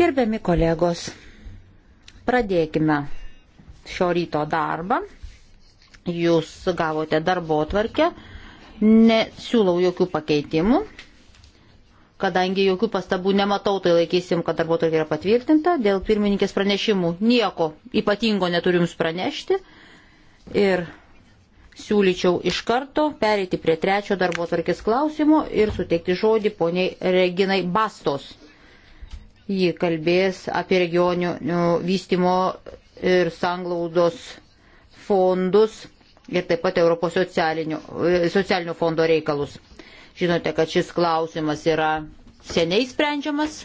Gerbiami kolegos, pradėkime šio ryto darbą. Jūs gavote darbo atvarkę, nesiūlau jokių pakeitimų. Kadangi jokių pastabų nematau, tai laikysim, kad darbo atvarkė yra patvirtinta. Dėl pirmininkės pranešimų nieko ypatingo neturiu jums pranešti. Ir siūlyčiau iš karto pereiti prie trečio darbo tvarkės klausimo ir suteikti žodį poniai Reginai Bastos. Ji kalbės apie regioninių nu, vystimo ir sanglaudos fondus ir taip pat Europos socialinio, socialinio fondo reikalus. Žinote, kad šis klausimas yra seniai sprendžiamas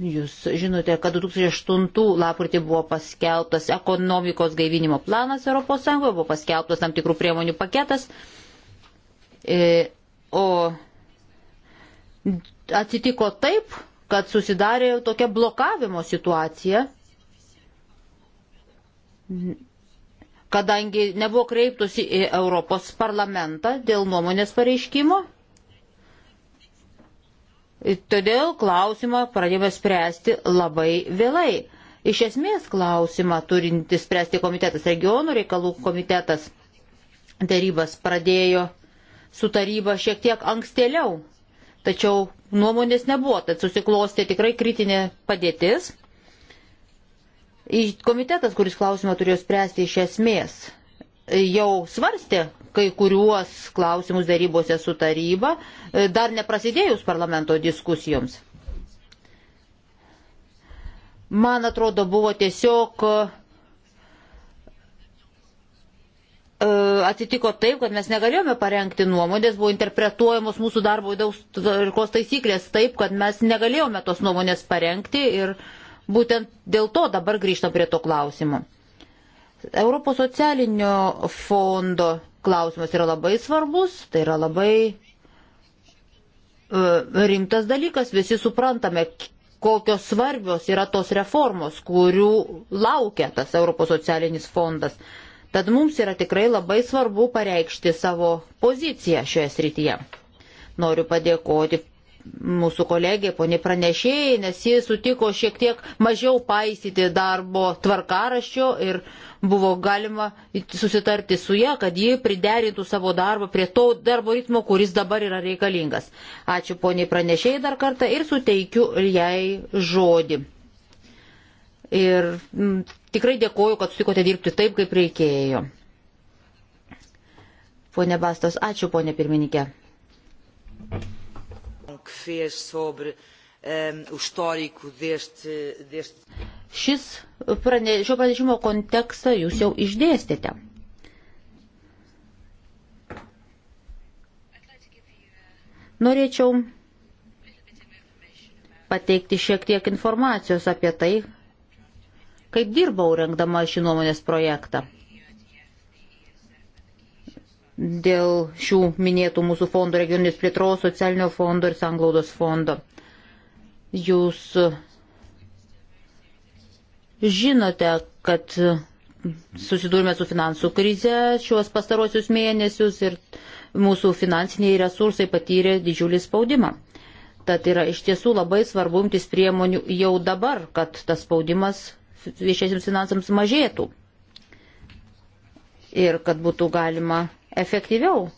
Jūs žinote, kad 2008 lapurtį buvo paskelbtas ekonomikos gaivinimo planas ES, buvo paskelbtas tam tikrų priemonių paketas, e, o atsitiko taip, kad susidarė tokia blokavimo situacija, kadangi nebuvo kreiptusi į Europos parlamentą dėl nuomonės pareiškimo. Todėl klausimą pradėjome spręsti labai vėlai. Iš esmės klausimą turinti spręsti komitetas, regionų reikalų komitetas darybas pradėjo su taryba šiek tiek ankstėliau, tačiau nuomonės nebuvo, tad susiklostė tikrai kritinė padėtis. Komitetas, kuris klausimą turėjo spręsti iš esmės, jau svarstė kai kuriuos klausimus darybose su taryba, e, dar neprasidėjus parlamento diskusijoms. Man atrodo, buvo tiesiog e, atsitiko taip, kad mes negalėjome parengti nuomonės, buvo interpretuojamos mūsų darbo vidaus tvarkos taisyklės taip, kad mes negalėjome tos nuomonės parengti ir būtent dėl to dabar grįžtam prie to klausimo. Europos socialinio fondo klausimas yra labai svarbus, tai yra labai e, rimtas dalykas, visi suprantame, kokios svarbios yra tos reformos, kurių laukia tas Europos socialinis fondas. Tad mums yra tikrai labai svarbu pareikšti savo poziciją šioje srityje. Noriu padėkoti mūsų kolegė, ponė pranešėjai, nes ji sutiko šiek tiek mažiau paisyti darbo tvarkaraščio ir buvo galima susitarti su ją, kad ji priderintų savo darbą prie to darbo ritmo, kuris dabar yra reikalingas. Ačiū poniai pranešėjai dar kartą ir suteikiu jai žodį. Ir m, tikrai dėkoju, kad sutikote dirbti taip, kaip reikėjo. Pone Bastos, ačiū, ponė pirmininkė. Thank you que fez sobre um, o histórico deste. deste... Šis prane, šio pranešimo kontekstą jūs jau išdėstėte. Norėčiau pateikti šiek tiek informacijos apie tai, kaip dirbau rengdama šį nuomonės projektą dėl šių minėtų mūsų fondų regioninės plėtros, socialinio fondo ir sanglaudos fondo. Jūs uh, žinote, kad uh, susidūrime su finansų krize šiuos pastarosius mėnesius ir mūsų finansiniai resursai patyrė didžiulį spaudimą. Tad yra iš tiesų labai svarbu imtis priemonių jau dabar, kad tas spaudimas viešiesiams finansams mažėtų ir kad būtų galima efektyviau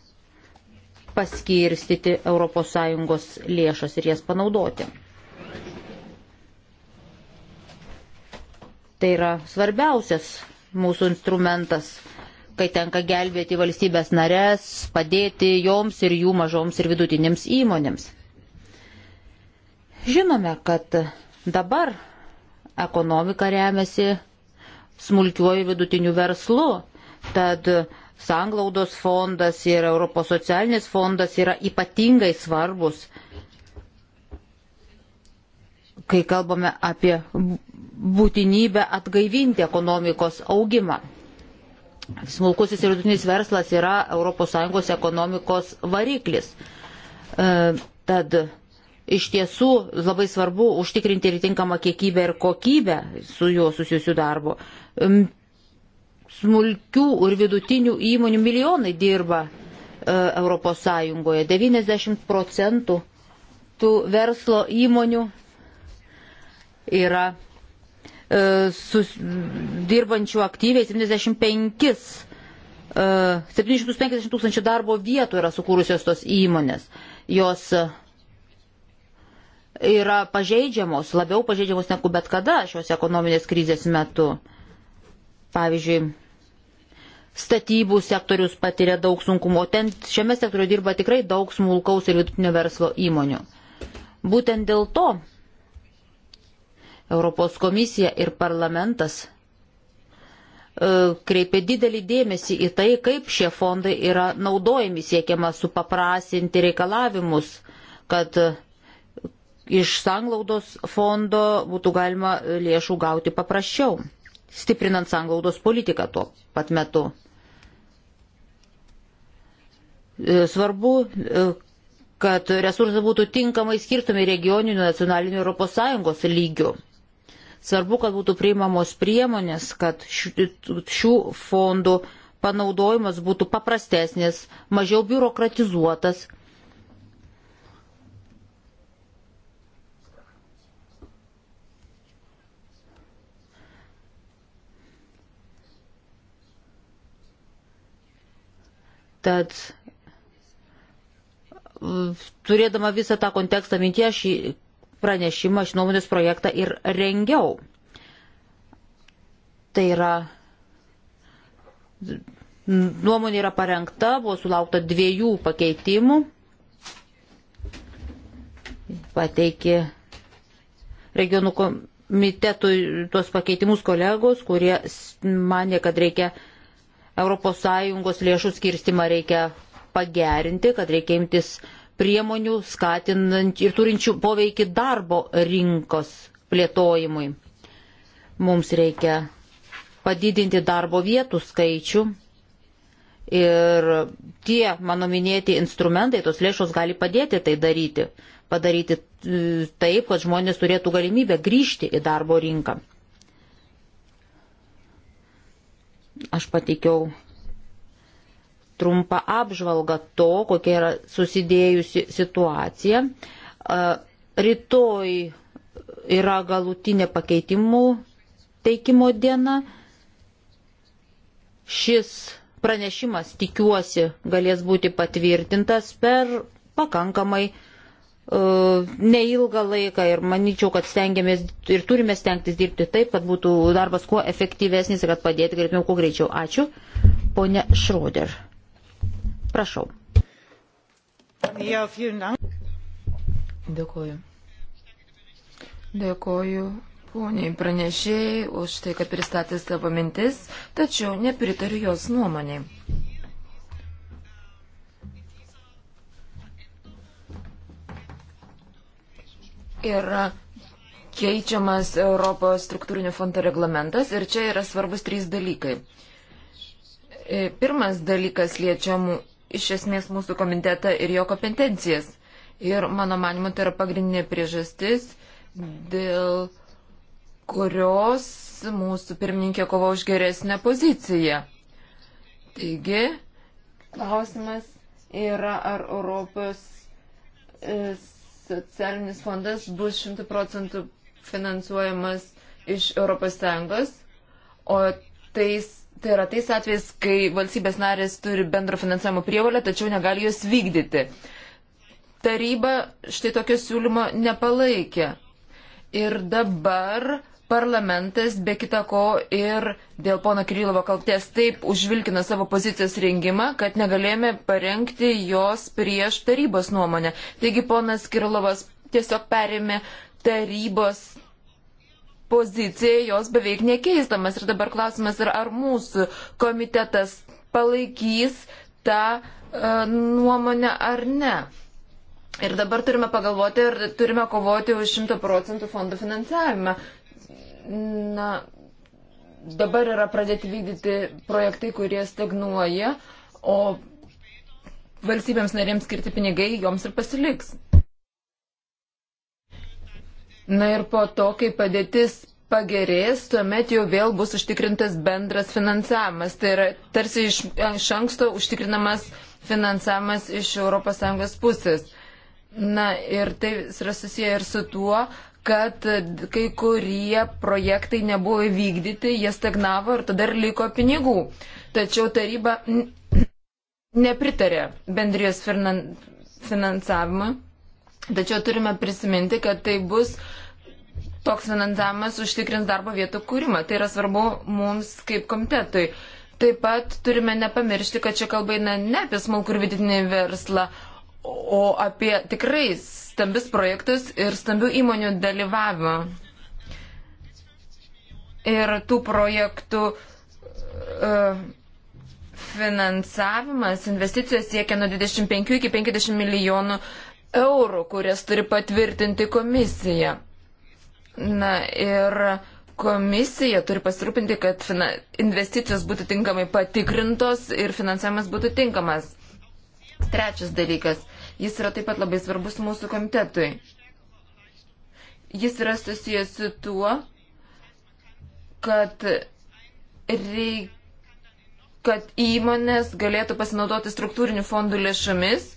paskirstyti ES lėšas ir jas panaudoti. Tai yra svarbiausias mūsų instrumentas, kai tenka gelbėti valstybės narės, padėti joms ir jų mažoms ir vidutinėms įmonėms. Žinome, kad dabar ekonomika remiasi smulkiuoju vidutiniu verslu, tad Sanglaudos fondas ir Europos socialinis fondas yra ypatingai svarbus, kai kalbame apie būtinybę atgaivinti ekonomikos augimą. Smulkusis ir vidutinis verslas yra ES ekonomikos variklis. E, tad iš tiesų labai svarbu užtikrinti ir tinkamą kiekybę ir kokybę su juo susijusių darbo smulkių ir vidutinių įmonių milijonai dirba ES. 90 procentų tų verslo įmonių yra e, sus, dirbančių aktyviai 75, 750 e, tūkstančių darbo vietų yra sukūrusios tos įmonės. Jos e, yra pažeidžiamos, labiau pažeidžiamos negu bet kada šios ekonominės krizės metu. Pavyzdžiui, statybų sektorius patiria daug sunkumų, o ten šiame sektoriu dirba tikrai daug smulkaus ir vidutinio verslo įmonių. Būtent dėl to Europos komisija ir parlamentas e, kreipia didelį dėmesį į tai, kaip šie fondai yra naudojami siekiama supaprasinti reikalavimus, kad iš sanglaudos fondo būtų galima lėšų gauti paprasčiau stiprinant sanglaudos politiką tuo pat metu. E, svarbu, e, kad resursai būtų tinkamai skirtumai regioninių nacionalinių ES lygių. Svarbu, kad būtų priimamos priemonės, kad šių fondų panaudojimas būtų paprastesnis, mažiau biurokratizuotas Tad turėdama visą tą kontekstą mintie, aš pranešimą, aš nuomonės projektą ir rengiau. Tai yra, nuomonė yra parengta, buvo sulaukta dviejų pakeitimų. Pateikė regionų komitetui tuos pakeitimus kolegos, kurie mane, kad reikia ES lėšų skirstimą reikia pagerinti, kad reikia imtis priemonių skatinant ir turinčių poveikį darbo rinkos plėtojimui. Mums reikia padidinti darbo vietų skaičių ir tie mano minėti instrumentai, tos lėšos gali padėti tai daryti, padaryti e, taip, kad žmonės turėtų galimybę grįžti į darbo rinką. Aš pateikiau trumpą apžvalgą to, kokia yra susidėjusi situacija. Rytoj yra galutinė pakeitimų teikimo diena. Šis pranešimas, tikiuosi, galės būti patvirtintas per pakankamai E, neilgą laiką ir manyčiau, kad stengiamės ir turime stengtis dirbti taip, kad būtų darbas kuo efektyvesnis ir kad padėti galėtume kuo greičiau. Ačiū. Pone Šroder. Prašau. Dėkuoju. Dėkuoju poniai pranešėjai už tai, kad pristatė savo mintis, tačiau nepritariu jos nuomonėje. yra keičiamas Europos struktūrinio fondo reglamentas ir čia yra svarbus trys dalykai. E, pirmas dalykas liečia mū, iš esmės mūsų komitetą ir jo kompetencijas. Ir mano manimu, tai yra pagrindinė priežastis, dėl kurios mūsų pirmininkė kovo už geresnę poziciją. Taigi, klausimas yra, ar Europos e, socialinis fondas bus 100 procentų finansuojamas iš ES, o tais, tai yra tais atvejais, kai valstybės narės turi bendro finansavimo prievalę, tačiau negali jos vykdyti. Taryba štai tokio siūlymo nepalaikė. Ir dabar parlamentas be kita ko ir dėl pono Kirilovo kalties taip užvilkina savo pozicijos rengimą, kad negalėjome parengti jos prieš tarybos nuomonę. Taigi ponas Kirilovas tiesiog perėmė tarybos poziciją, jos beveik nekeistamas. Ir dabar klausimas yra, ar mūsų komitetas palaikys tą e, nuomonę ar ne. Ir dabar turime pagalvoti, ar turime kovoti už 100 procentų fondo finansavimą na, dabar yra pradėti vykdyti projektai, kurie stagnuoja, o valstybėms narėms skirti pinigai joms ir pasiliks. Na ir po to, kai padėtis pagerės, tuomet jau vėl bus užtikrintas bendras finansavimas. Tai yra tarsi iš, iš anksto užtikrinamas finansavimas iš ES pusės. Na ir tai yra susiję ir su tuo, kad e, kai kurie projektai nebuvo įvykdyti, jie stagnavo ir tada liko pinigų. Tačiau taryba nepritarė bendrijos finansavimui. Tačiau turime prisiminti, kad tai bus toks finansavimas užtikrins darbo vietų kūrimą. Tai yra svarbu mums kaip komitetui. Taip pat turime nepamiršti, kad čia kalba eina ne apie smulkų ir vidutinį verslą, o apie tikrais stambius projektus ir stambių įmonių dalyvavimą. Ir tų projektų uh, finansavimas, investicijos siekia nuo 25 iki 50 milijonų eurų, kurias turi patvirtinti komisija. Na ir komisija turi pasirūpinti, kad investicijos būtų tinkamai patikrintos ir finansavimas būtų tinkamas. Trečias dalykas. Jis yra taip pat labai svarbus mūsų komitetui. Jis yra susijęs su tuo, kad, reik, kad įmonės galėtų pasinaudoti struktūrinių fondų lėšomis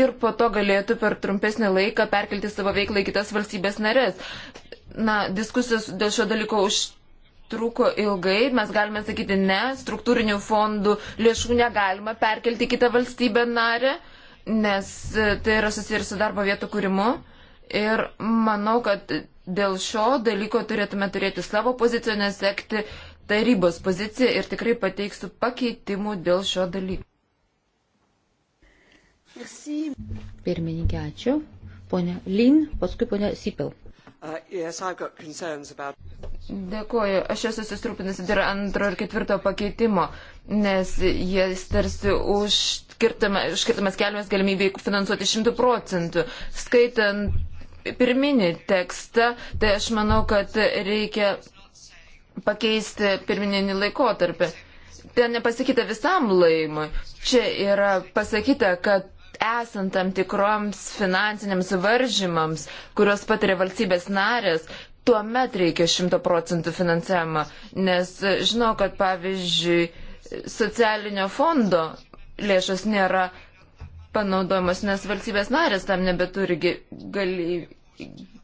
ir po to galėtų per trumpesnį laiką perkelti savo veiklą į kitas valstybės narės. Na, diskusijos dėl šio dalyko užtruko ilgai, mes galime sakyti ne, struktūrinių fondų lėšų negalima perkelti į kitą valstybę narę. Uh, nes e, tai yra susijęs su darbo vietų kūrimu. Ir manau, kad dėl šio dalyko turėtume turėti savo poziciją, nesekti tarybos poziciją ir tikrai pateiksiu pakeitimų dėl šio dalyko. Pirmininkė, ačiū. Pone Lin, paskui pone Sipel. Uh, yes, about... Dėkuoju, aš esu susirūpinusi dėl antro ir ketvirto pakeitimo, nes jie tarsi už skirtumas keliamas galimybė finansuoti 100 procentų. Skaitant pirminį tekstą, tai aš manau, kad reikia pakeisti pirmininį laikotarpį. Ten nepasakyta visam laimui. Čia yra pasakyta, kad esant tam tikroms finansiniams varžymams, kuriuos patiria valstybės narės, tuomet reikia 100 procentų finansavimą. Nes žinau, kad pavyzdžiui, socialinio fondo lėšos nėra panaudojamos, nes valstybės narės tam nebeturi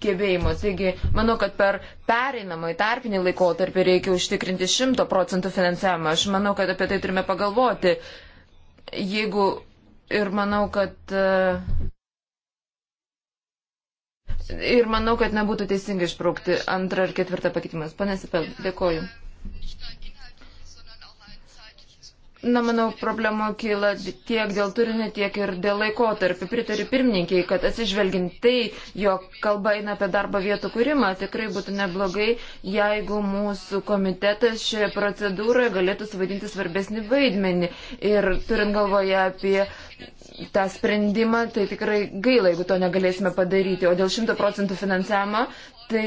gebėjimo. Taigi, manau, kad per pereinamą į tarpinį laikotarpį reikia užtikrinti 100 procentų finansavimą. Aš manau, kad apie tai turime pagalvoti. Jeigu ir manau, kad. Ir manau, kad nebūtų teisingai išbraukti antrą ar ketvirtą pakeitimas. Pane Sipel, dėkoju. Na, manau, problemų kyla tiek dėl turinio, tiek ir dėl laikotarpio. Pritariu pirmininkiai, kad atsižvelgiant tai, jog kalba eina apie darbo vietų kūrimą, tikrai būtų neblogai, jeigu mūsų komitetas šioje procedūroje galėtų suvaidinti svarbesnį vaidmenį. Ir turint galvoje apie tą sprendimą, tai tikrai gaila, jeigu to negalėsime padaryti. O dėl 100 procentų finansavimo, tai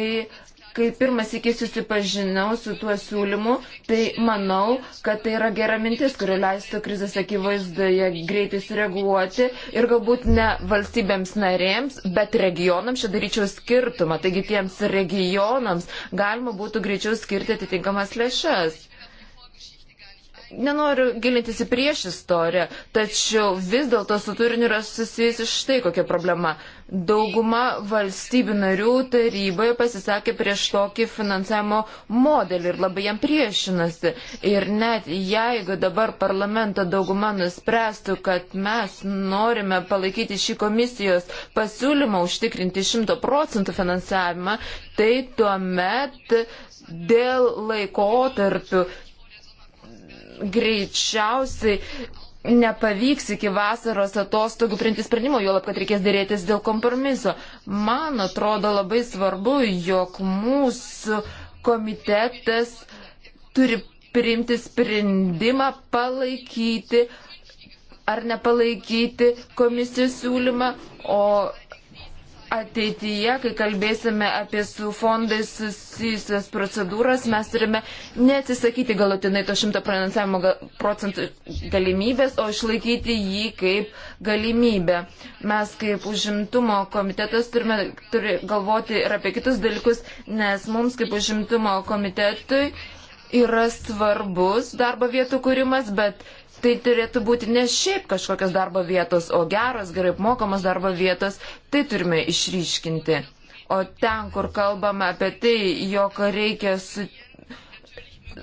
kai pirmas iki susipažinau su tuo siūlymu, tai manau, kad tai yra gera mintis, kuri leistų krizės akivaizdoje greitai sureaguoti ir galbūt ne valstybėms narėms, bet regionams čia daryčiau skirtumą. Taigi tiems regionams galima būtų greičiau skirti atitinkamas lėšas nenoriu gilintis į prieš istoriją, tačiau vis dėlto su turiniu yra susijusi štai kokia problema. Dauguma valstybių narių taryboje pasisakė prieš tokį finansavimo modelį ir labai jam priešinasi. Ir net jeigu dabar parlamento dauguma nuspręstų, kad mes norime palaikyti šį komisijos pasiūlymą užtikrinti 100 procentų finansavimą, tai tuomet dėl laikotarpių greičiausiai nepavyks iki vasaros atostogų priimti sprendimo, juolab, kad reikės dėrėtis dėl kompromiso. Man atrodo labai svarbu, jog mūsų komitetas turi priimti sprendimą palaikyti ar nepalaikyti komisijos siūlymą, o ateityje, kai kalbėsime apie su fondais susijusias procedūras, mes turime neatsisakyti galutinai to šimto finansavimo procentų galimybės, o išlaikyti jį kaip galimybę. Mes kaip užimtumo komitetas turime turi galvoti ir apie kitus dalykus, nes mums kaip užimtumo komitetui yra svarbus darbo vietų kūrimas, bet tai turėtų būti ne šiaip kažkokios darbo vietos, o geros, gerai apmokamos darbo vietos, tai turime išryškinti. O ten, kur kalbame apie tai, jog reikia su,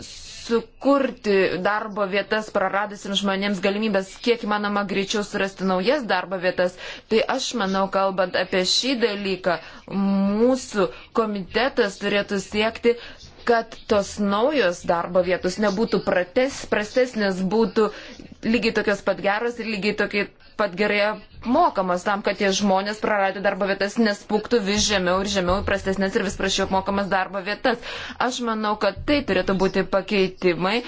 sukurti darbo vietas praradusiems žmonėms galimybės kiek įmanoma greičiau surasti naujas darbo vietas, tai aš manau, kalbant apie šį dalyką, mūsų komitetas turėtų siekti kad tos naujos darbo vietos nebūtų prates, prastesnės, būtų lygiai tokios pat geros ir lygiai tokiai pat gerai apmokamas tam, kad tie žmonės praradę darbo vietas nespūktų vis žemiau ir žemiau prastesnės ir vis prašiau apmokamas darbo vietas. Aš manau, kad tai turėtų būti pakeitimai,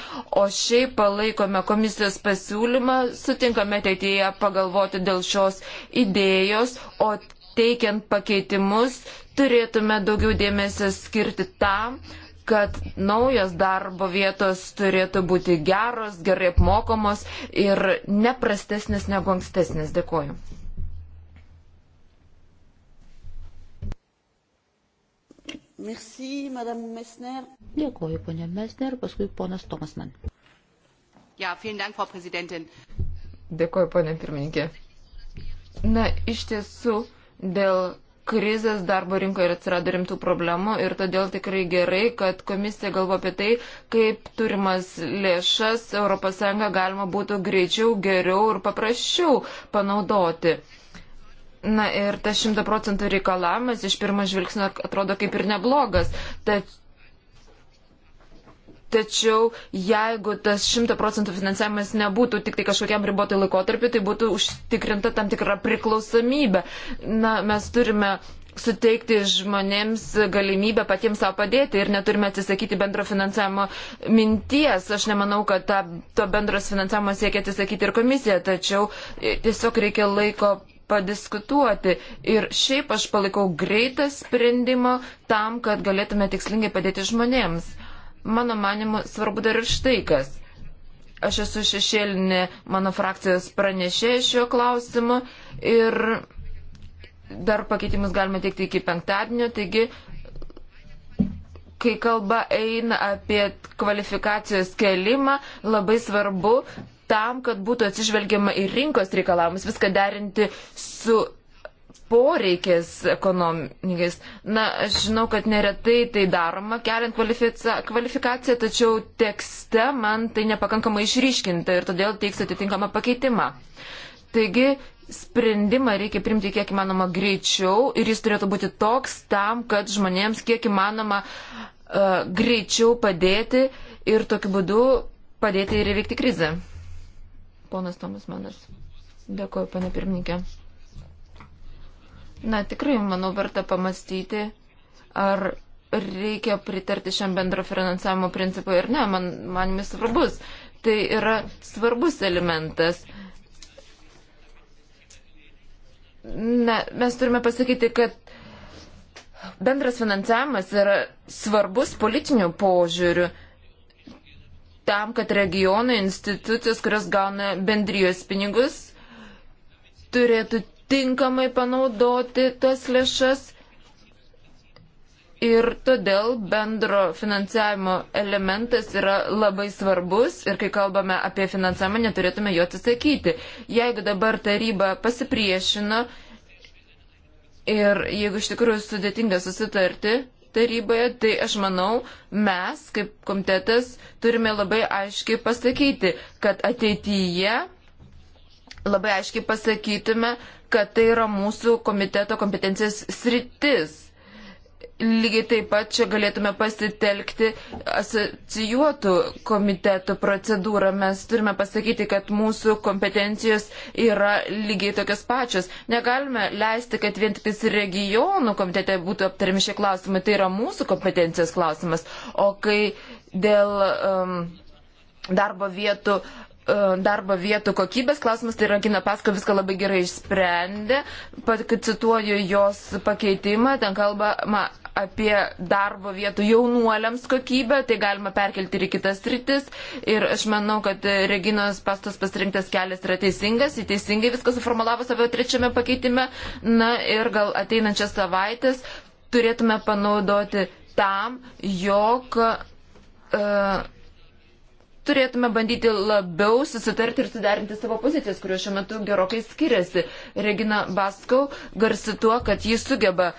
o šiaip palaikome komisijos pasiūlymą, sutinkame ateityje pagalvoti dėl šios idėjos, o teikiant pakeitimus turėtume daugiau dėmesio skirti tam, kad naujos darbo vietos turėtų būti geros, gerai apmokomos ir neprastesnės negu ankstesnės. Dėkuoju. Merci, Madame Messner. Dėkuoju, ponė Messner, paskui ponas Tomasman. Ja, Dank, Frau Dėkuoju, ponė pirmininkė. Na, iš tiesų, dėl krizės darbo rinkoje ir atsirado rimtų problemų ir todėl tikrai gerai, kad komisija galvo apie tai, kaip turimas lėšas ES galima būtų greičiau, geriau ir paprasčiau panaudoti. Na ir tas šimta procentų reikalavimas iš pirmo žvilgsnio atrodo kaip ir neblogas, tačiau Tačiau jeigu tas 100 procentų finansavimas nebūtų tik tai kažkokiam ribotai laikotarpiu, tai būtų užtikrinta tam tikra priklausomybė. Na, mes turime suteikti žmonėms galimybę patiems savo padėti ir neturime atsisakyti bendro finansavimo minties. Aš nemanau, kad ta, to bendros finansavimo siekia atsisakyti ir komisija, tačiau e, tiesiog reikia laiko padiskutuoti. Ir šiaip aš palaikau greitą sprendimą tam, kad galėtume tikslingai padėti žmonėms mano manimu, svarbu dar ir štai kas. Aš esu šešėlinė mano frakcijos pranešė šiuo klausimu ir dar pakeitimus galime teikti iki penktadienio, taigi kai kalba eina apie kvalifikacijos kelimą, labai svarbu tam, kad būtų atsižvelgiama į rinkos reikalavimus, viską derinti su poreikis ekonomikais. Na, aš žinau, kad neretai tai daroma, keliant kvalifikaciją, tačiau tekste man tai nepakankamai išryškinta ir todėl teiks atitinkamą pakeitimą. Taigi, sprendimą reikia primti kiek įmanoma greičiau ir jis turėtų būti toks tam, kad žmonėms kiek įmanoma uh, greičiau padėti ir tokiu būdu padėti ir įveikti krizę. Ponas Tomas Manas. Dėkuoju, pane pirmininkė. Na, tikrai, manau, verta pamastyti, ar reikia pritarti šiam bendro finansavimo principui ir ne, man, man jis svarbus. Tai yra svarbus elementas. Na, mes turime pasakyti, kad bendras finansavimas yra svarbus politinių požiūrių tam, kad regionai, institucijos, kurios gauna bendrijos pinigus, turėtų tinkamai panaudoti tas lėšas ir todėl bendro finansavimo elementas yra labai svarbus ir kai kalbame apie finansavimą neturėtume jo atsisakyti. Jeigu dabar taryba pasipriešino ir jeigu iš tikrųjų sudėtinga susitarti, taryboje, tai aš manau, mes kaip komitetas turime labai aiškiai pasakyti, kad ateityje labai aiškiai pasakytume, kad tai yra mūsų komiteto kompetencijos sritis. Lygiai taip pat čia galėtume pasitelkti asocijuotų komitetų procedūrą. Mes turime pasakyti, kad mūsų kompetencijos yra lygiai tokios pačios. Negalime leisti, kad vien tik regionų komitete būtų aptarimi šie klausimai. Tai yra mūsų kompetencijos klausimas. O kai dėl. Um, darbo vietų E, darbo vietų kokybės klausimas, tai Rankina Pasko viską labai gerai išsprendė. Pat, kad cituoju jos pakeitimą, ten kalbama apie darbo vietų jaunuoliams kokybę, tai galima perkelti ir į kitas rytis. Ir aš manau, kad Reginos pastos pasirinktas kelias yra teisingas, jis teisingai viską suformulavo savo trečiame pakeitime. Na ir gal ateinančias savaitės turėtume panaudoti tam, jog. Uh, turėtume bandyti labiau susitarti ir suderinti savo pozicijas, kurios šiuo metu gerokai skiriasi. Regina Baskau garsi tuo, kad jis sugeba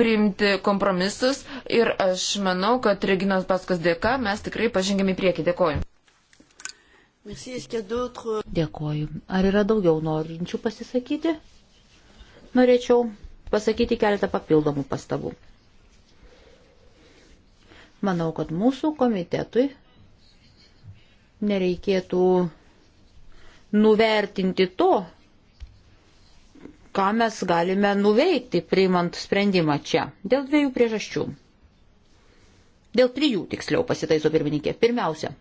priimti kompromisus ir aš manau, kad Reginos Baskos dėka mes tikrai pažengėme į priekį. Dėkoju. Dėkoju. Ar yra daugiau norinčių pasisakyti? Norėčiau pasakyti keletą papildomų pastabų. Manau, kad mūsų komitetui nereikėtų nuvertinti to, ką mes galime nuveikti, priimant sprendimą čia. Dėl dviejų priežasčių. Dėl trijų tiksliau pasitaiso pirmininkė. Pirmiausia,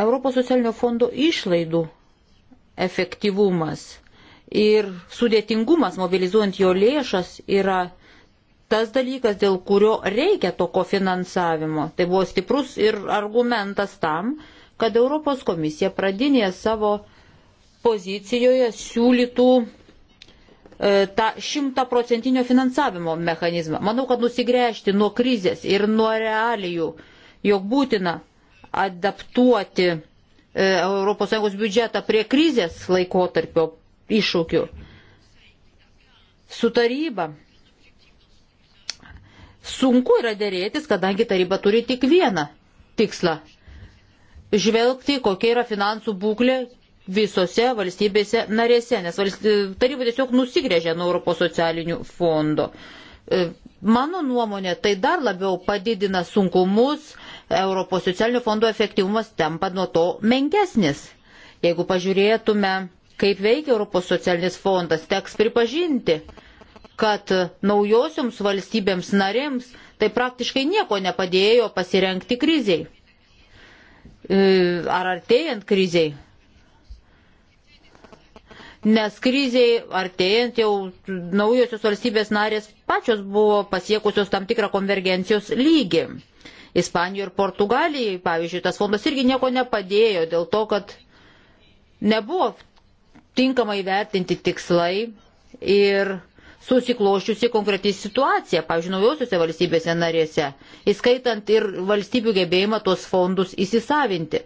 Europos socialinio fondo išlaidų efektyvumas ir sudėtingumas mobilizuojant jo lėšas yra tas dalykas, dėl kurio reikia to kofinansavimo. Tai buvo stiprus ir argumentas tam, kad Europos komisija pradinėje savo pozicijoje siūlytų e, tą šimtaprocentinio finansavimo mechanizmą. Manau, kad nusigręžti nuo krizės ir nuo realijų, jog būtina adaptuoti e, ES biudžetą prie krizės laikotarpio iššūkių. Su taryba sunku yra dėrėtis, kadangi taryba turi tik vieną tikslą - žvelgti, kokia yra finansų būklė visose valstybėse narėse, nes taryba tiesiog nusigrėžė nuo Europos socialinių fondo. E, mano nuomonė, tai dar labiau padidina sunkumus, Europos socialinio fondo efektyvumas tampa nuo to menkesnis. Jeigu pažiūrėtume, kaip veikia Europos socialinis fondas, teks pripažinti, kad naujosioms valstybėms narėms tai praktiškai nieko nepadėjo pasirenkti kriziai e, ar artėjant kriziai. Nes kriziai artėjant jau naujosios valstybės narės pačios buvo pasiekusios tam tikrą konvergencijos lygį. Ispanijoje ir Portugalijai, pavyzdžiui, tas fondas irgi nieko nepadėjo dėl to, kad nebuvo tinkamai vertinti tikslai ir susikloščiusi konkreti situacija, pavyzdžiui, naujosiuose valstybėse narėse, įskaitant ir valstybių gebėjimą tuos fondus įsisavinti.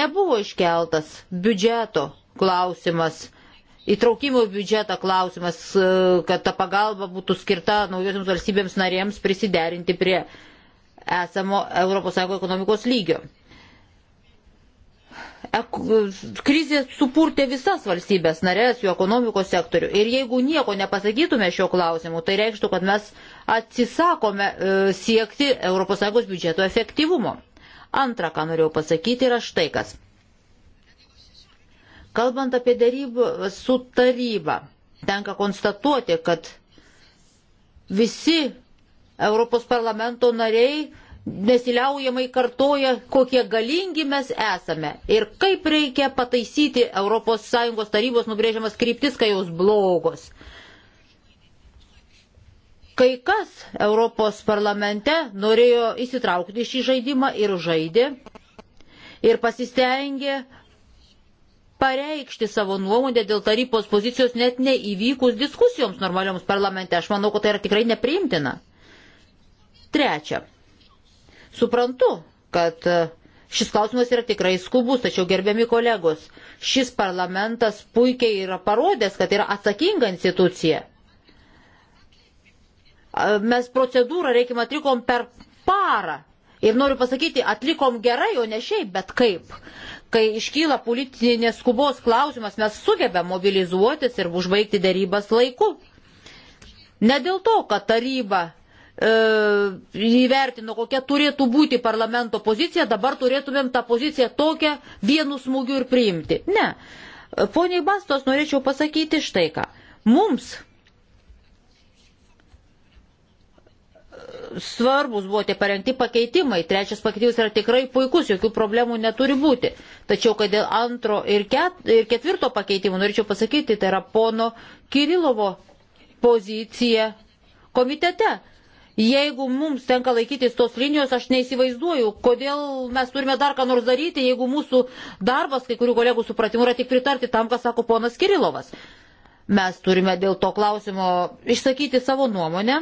Nebuvo iškeltas biudžeto klausimas, įtraukimo biudžetą klausimas, e, kad ta pagalba būtų skirta naujosiams valstybėms narėms prisiderinti prie esamo ES ekonomikos lygio. Krizė supurtė visas valstybės narės, jų ekonomikos sektorių. Ir jeigu nieko nepasakytume šio klausimu, tai reikštų, kad mes atsisakome e, siekti ES biudžeto efektyvumo. Antra, ką norėjau pasakyti, yra štai kas. Kalbant apie darybą su taryba, tenka konstatuoti, kad visi Europos parlamento nariai nesiliaujamai kartoja, kokie galingi mes esame ir kaip reikia pataisyti ES tarybos nubrėžiamas kryptis, kai jos blogos. Kai kas Europos parlamente norėjo įsitraukti į šį žaidimą ir žaidė ir pasistengė pareikšti savo nuomonę dėl tarybos pozicijos net neįvykus diskusijoms normalioms parlamente. Aš manau, kad tai yra tikrai nepriimtina. Trečia Suprantu, kad e, šis klausimas yra tikrai skubus, tačiau gerbiami kolegos, šis parlamentas puikiai yra parodęs, kad yra atsakinga institucija. E, mes procedūrą reikim atlikom per parą. Ir noriu pasakyti, atlikom gerai, o ne šiaip, bet kaip. Kai iškyla politinės skubos klausimas, mes sugebėm mobilizuotis ir užbaigti dėrybas laiku. Ne dėl to, kad taryba E, įvertino, kokia turėtų būti parlamento pozicija, dabar turėtumėm tą poziciją tokią vienu smūgiu ir priimti. Ne. E, poniai Bastos norėčiau pasakyti štai ką. Mums e, svarbus buvo tie parengti pakeitimai. Trečias pakeitimas yra tikrai puikus, jokių problemų neturi būti. Tačiau, kad dėl antro ir, ket, ir ketvirto pakeitimų norėčiau pasakyti, tai yra pono Kirilovo pozicija komitete Jeigu mums tenka laikytis tos linijos, aš neįsivaizduoju, kodėl mes turime dar ką nors daryti, jeigu mūsų darbas, kai kurių kolegų supratimu, yra tik pritarti tam, ką sako ponas Kirilovas. Mes turime dėl to klausimo išsakyti savo nuomonę.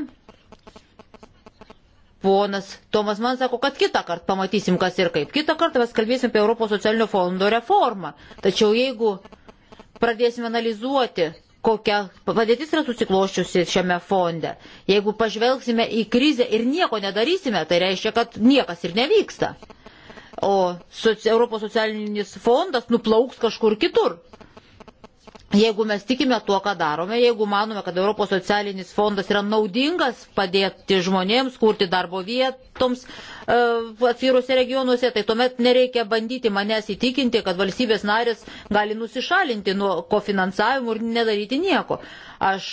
Ponas Tomas man sako, kad kitą kartą pamatysim, kas ir kaip. Kitą kartą mes kalbėsim apie Europos socialinio fondo reformą. Tačiau jeigu pradėsime analizuoti kokia padėtis yra susikloščiusi šiame fonde. Jeigu pažvelgsime į krizę ir nieko nedarysime, tai reiškia, kad niekas ir nevyksta. O Europos socialinis fondas nuplauks kažkur kitur. Jeigu mes tikime tuo, ką darome, jeigu manome, kad Europos socialinis fondas yra naudingas padėti žmonėms, kurti darbo vietoms e, atviruose regionuose, tai tuomet nereikia bandyti manęs įtikinti, kad valstybės narės gali nusišalinti nuo kofinansavimų ir nedaryti nieko. Aš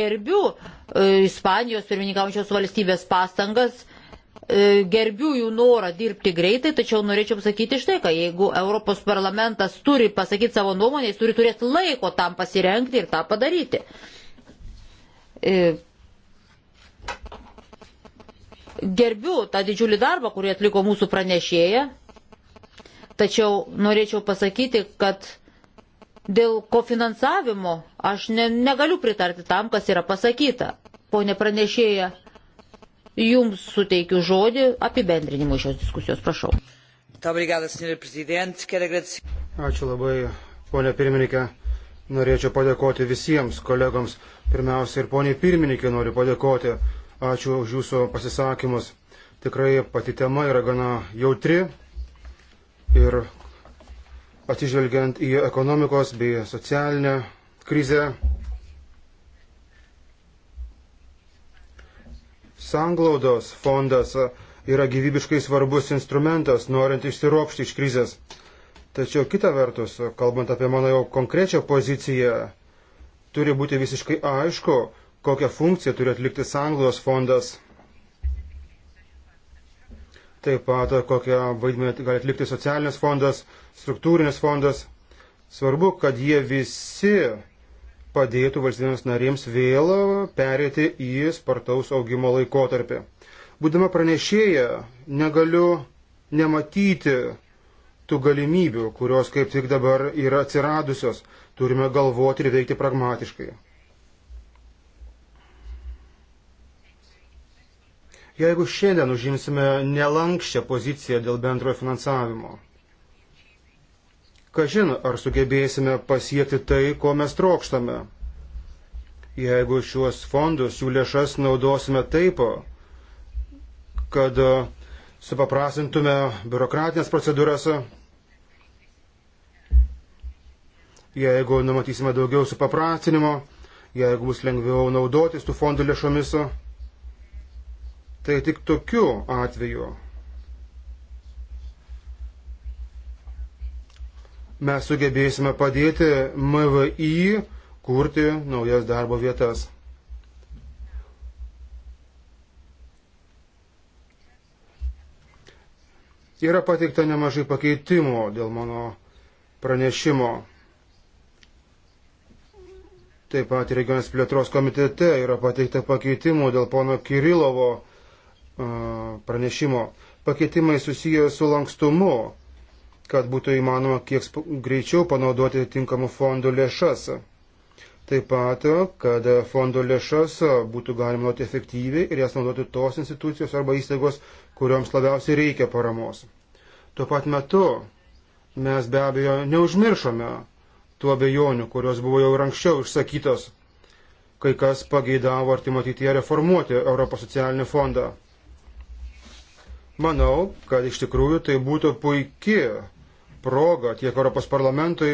gerbiu e, Ispanijos pirmininkaujančios valstybės pastangas E, gerbiu jų norą dirbti greitai, tačiau norėčiau pasakyti štai, kad jeigu Europos parlamentas turi pasakyti savo nuomonę, jis turi turėti laiko tam pasirenkti ir tą padaryti. E, gerbiu tą didžiulį darbą, kurį atliko mūsų pranešėja, tačiau norėčiau pasakyti, kad dėl kofinansavimo aš ne, negaliu pritarti tam, kas yra pasakyta. Pone pranešėja, Jums suteikiu žodį apibendrinimui šios diskusijos, prašau. Ačiū labai, ponė pirmininkė. Norėčiau padėkoti visiems kolegoms. Pirmiausia ir poniai pirmininkė noriu padėkoti. Ačiū už jūsų pasisakymus. Tikrai pati tema yra gana jautri ir atsižvelgiant į ekonomikos bei socialinę krizę Sanglaudos fondas yra gyvybiškai svarbus instrumentas, norint išsiropšti iš krizės. Tačiau kita vertus, kalbant apie mano jau konkrečią poziciją, turi būti visiškai aišku, kokią funkciją turi atlikti Sanglaudos fondas. Taip pat, kokią vaidmenį gali atlikti socialinis fondas, struktūrinis fondas. Svarbu, kad jie visi padėtų valstybėms narėms vėl perėti į spartaus augimo laikotarpį. Būdama pranešėja, negaliu nematyti tų galimybių, kurios kaip tik dabar yra atsiradusios. Turime galvoti ir veikti pragmatiškai. Jeigu šiandien užimsime nelankščią poziciją dėl bendrojo finansavimo, Kažin, ar sugebėsime pasiekti tai, ko mes trokštame. Jeigu šiuos fondus, jų lėšas naudosime taip, kad supaprasintume biurokratinės procedūras, jeigu numatysime daugiau supaprastinimo, jeigu bus lengviau naudotis tų fondų lėšomis, tai tik tokiu atveju mes sugebėsime padėti MVI kurti naujas darbo vietas. Yra pateikta nemažai pakeitimų dėl mano pranešimo. Taip pat regionės plėtros komitete yra pateikta pakeitimų dėl pono Kirilovo pranešimo. Pakeitimai susiję su lankstumu, kad būtų įmanoma kiek greičiau panaudoti tinkamų fondų lėšas. Taip pat, kad fondų lėšas būtų galima naudoti efektyviai ir jas naudoti tos institucijos arba įstaigos, kurioms labiausiai reikia paramos. Tuo pat metu mes be abejo neužmiršome tų abejonių, kurios buvo jau ir anksčiau išsakytos, kai kas pageidavo artimatytie reformuoti Europos socialinį fondą. Manau, kad iš tikrųjų tai būtų puikia proga tiek Europos parlamentui,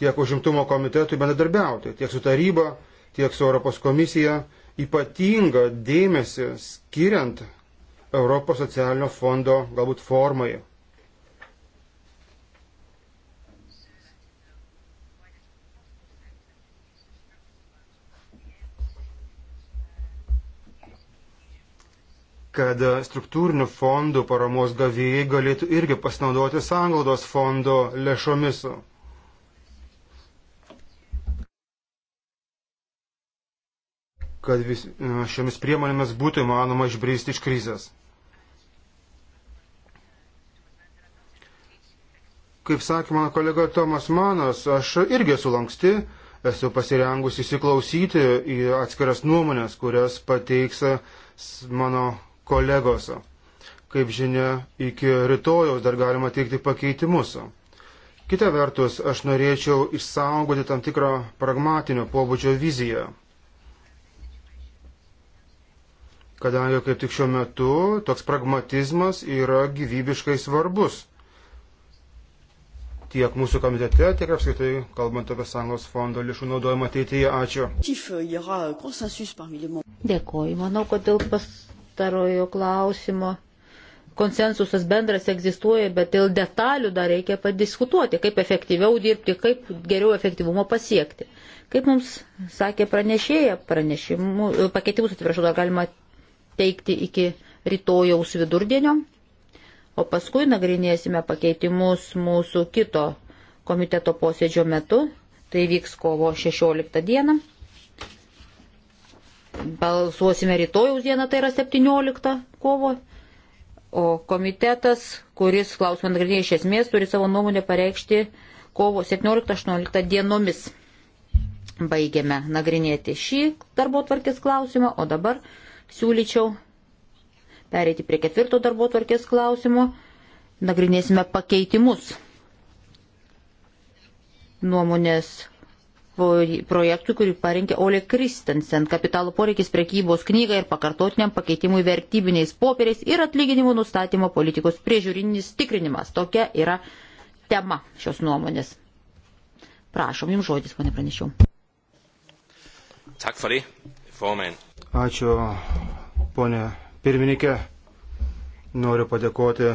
tiek užimtumo komitetui bendradarbiauti, tiek su taryba, tiek su Europos komisija, ypatingą dėmesį skiriant Europos socialinio fondo galbūt formai. kad struktūrinių fondų paramos gavėjai galėtų irgi pasinaudoti sanglaudos fondo lėšomis. kad vis, e, šiomis priemonėmis būtų įmanoma išbristi iš krizės. Kaip sakė mano kolega Tomas Manas, aš irgi esu lanksti, esu pasirengusi įsiklausyti į atskiras nuomonės, kurias pateiks mano kolegos. Kaip žinia, iki rytojaus dar galima teikti pakeitimus. Kita vertus, aš norėčiau išsaugoti tam tikrą pragmatinio pobūdžio viziją. Kadangi kaip tik šiuo metu toks pragmatizmas yra gyvybiškai svarbus. Tiek mūsų komitete, tiek apskritai, kalbant apie Sanglos fondo lėšų naudojimą ateityje. Ačiū. Dėkoju. Manau, kad dėl pas pastarojo klausimo konsensusas bendras egzistuoja, bet dėl detalių dar reikia padiskutuoti, kaip efektyviau dirbti, kaip geriau efektyvumo pasiekti. Kaip mums sakė pranešėja, pakeitimus atsiprašau, dar galima teikti iki rytojaus vidurdienio, o paskui nagrinėsime pakeitimus mūsų kito komiteto posėdžio metu, tai vyks kovo 16 dieną. Balsuosime rytojaus dieną, tai yra 17 kovo. O komitetas, kuris klausimą nagrinėja iš esmės, turi savo nuomonę pareikšti kovo 17-18 dienomis. Baigėme nagrinėti šį darbo tvarkės klausimą, o dabar siūlyčiau pereiti prie ketvirto darbo tvarkės klausimo. Nagrinėsime pakeitimus nuomonės projektui, kurį parinkė Ole Kristensen, kapitalo poreikis prekybos knyga ir pakartotiniam pakeitimui vertybiniais popieriais ir atlyginimų nustatymo politikos priežiūrinis tikrinimas. Tokia yra tema šios nuomonės. Prašom, jums žodis, ponė pranešiau. Ačiū, ponė pirmininkė. Noriu padėkoti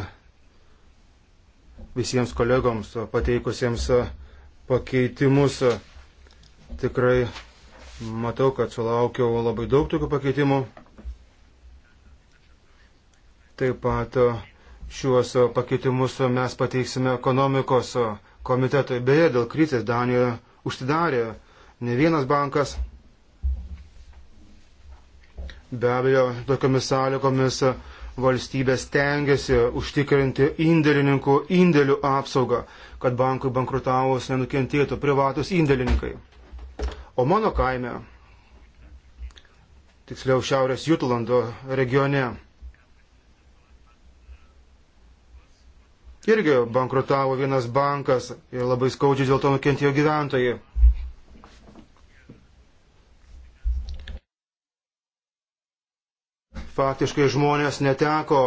visiems kolegoms pateikusiems pakeitimus Tikrai matau, kad sulaukiau labai daug tokių pakeitimų. Taip pat e, šiuos pakeitimus mes pateiksime ekonomikos komitetui. Beje, dėl krizės Danijoje užsidarė ne vienas bankas. Be abejo, tokiamis sąlygomis valstybės tengiasi užtikrinti indėlininkų indėlių apsaugą, kad bankui bankrutavus nenukentėtų privatus indėlininkai. O mano kaime, tiksliau Šiaurės Jutlando regione, irgi bankrutavo vienas bankas ir labai skaudžiai dėl to nukentėjo gyventojai. Faktiškai žmonės neteko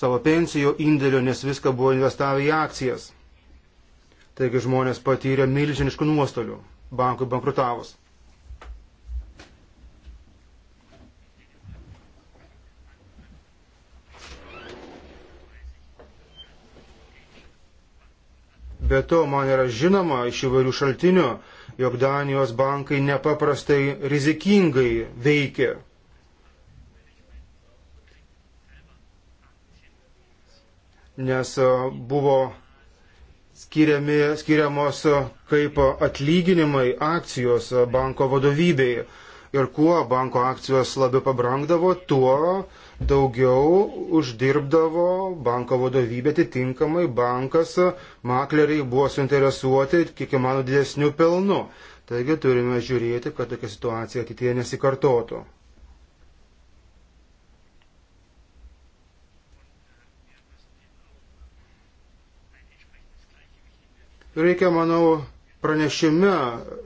savo pensijų indėlio, nes viską buvo investavę į akcijas. Taigi žmonės patyrė milžiniškų nuostolių bankui bankrutavus. Be to, man yra žinoma iš įvairių šaltinių, jog Danijos bankai nepaprastai rizikingai veikia. Nes e, buvo skiriami, skiriamos e, kaip atlyginimai akcijos e, banko vadovybei. Ir kuo banko akcijos labiau pabrangdavo, tuo daugiau uždirbdavo banko vadovybė atitinkamai, bankas, e, makleriai buvo suinteresuoti kiek įmanoma didesniu pelnu. Taigi turime žiūrėti, kad tokia situacija ateityje nesikartotų. Reikia, manau, pranešime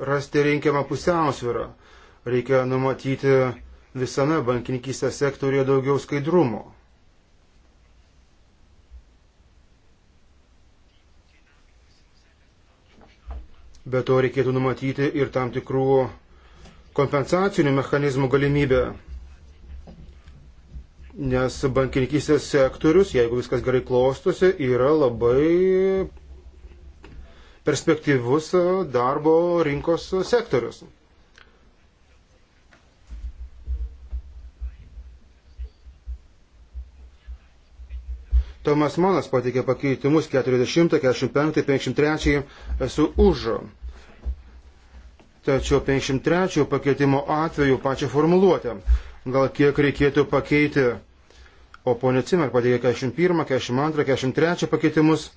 rasti reikiamą pusiausvyrą. Reikia numatyti visame bankininkystės sektorėje daugiau skaidrumo. Be to reikėtų numatyti ir tam tikrų kompensacinių mechanizmų galimybę. Nes bankininkystės sektorius, jeigu viskas gerai klostosi, yra labai perspektyvus e, darbo rinkos sektorius. Tomas Manas pateikė pakeitimus 40, 45, 53, esu už. Tačiau 53 pakeitimo atveju pačią formuluotę. Gal kiek reikėtų pakeiti. O ponė Cimer pateikė 41, 42, 43 pakeitimus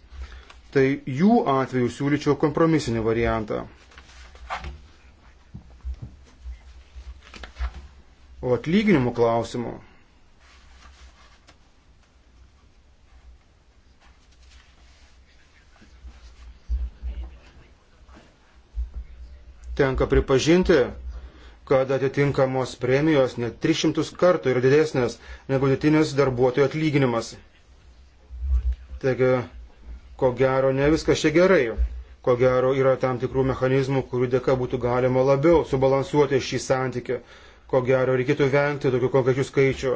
tai jų atveju siūlyčiau kompromisinį variantą. O atlyginimų klausimų tenka pripažinti, kad atitinkamos premijos net 300 kartų yra didesnės negu vidutinis darbuotojų atlyginimas. Taigi ko gero ne viskas čia gerai. Ko gero yra tam tikrų mechanizmų, kurių dėka būtų galima labiau subalansuoti šį santykį. Ko gero reikėtų vengti tokių konkrečių skaičių.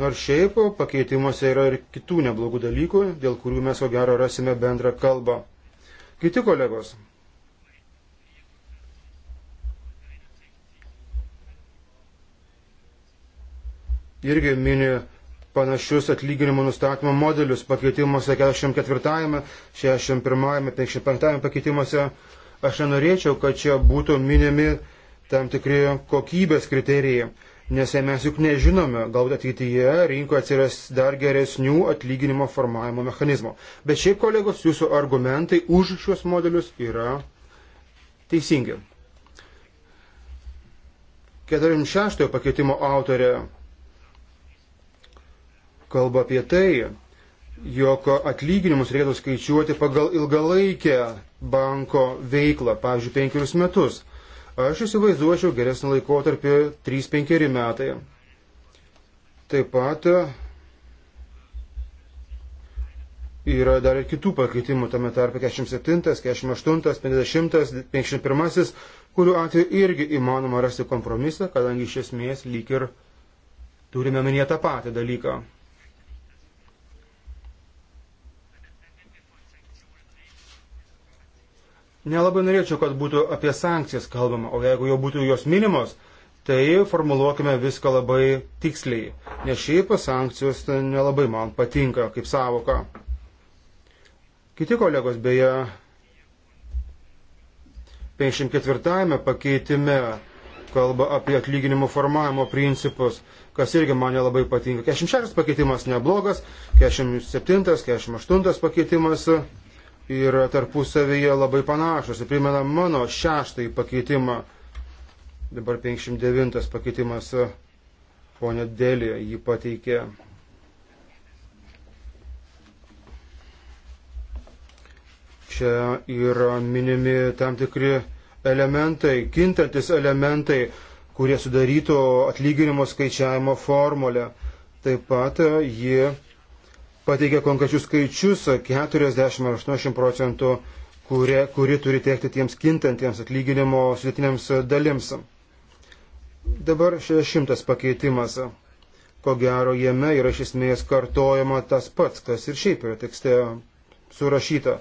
Nors šiaip pakeitimuose yra ir kitų neblogų dalykų, dėl kurių mes ko gero rasime bendrą kalbą. Kiti kolegos. Irgi mini panašius atlyginimų nustatymo modelius pakeitimuose 44, 61, 55 pakeitimuose. Aš nenorėčiau, kad čia būtų minimi tam tikri kokybės kriterijai, nes mes juk nežinome, galbūt ateityje rinkoje atsiras dar geresnių atlyginimo formavimo mechanizmų. Bet šiaip, kolegos, jūsų argumentai už šios modelius yra teisingi. 46 pakeitimo autorė kalba apie tai, jog atlyginimus reikėtų skaičiuoti pagal ilgalaikę banko veiklą, pavyzdžiui, penkerius metus. Aš įsivaizduočiau geresnį laikotarpį 3-5 metai. Taip pat yra dar ir kitų pakeitimų, tame tarpe 47, 48, 50, 51, kurių atveju irgi įmanoma rasti kompromisą, kadangi iš esmės lyg ir turime minėti tą patį dalyką. Nelabai norėčiau, kad būtų apie sankcijas kalbama, o jeigu jau būtų jos minimos, tai formuluokime viską labai tiksliai, nes šiaip sankcijos tai nelabai man patinka kaip savoka. Kiti kolegos beje 54-ame pakeitime kalba apie atlyginimų formavimo principus, kas irgi man nelabai patinka. 46 pakeitimas neblogas, 47, 48 pakeitimas. pakeitimas yra tarpusavyje labai panašus ir primena mano šeštąjį pakeitimą. Dabar 59 pakeitimas e, ponė Delė jį pateikė. Čia yra minimi tam tikri elementai, kintantis elementai, kurie sudarytų atlyginimo skaičiavimo formulę. Taip pat e, ji pateikė konkrečius skaičius - 40-80 procentų, kurie, kuri turi tiekti tiems kintantiems atlyginimo sudėtiniams dalims. Dabar 60 pakeitimas. Ko gero, jame yra iš esmės kartojama tas pats, kas ir šiaip yra tekste surašyta.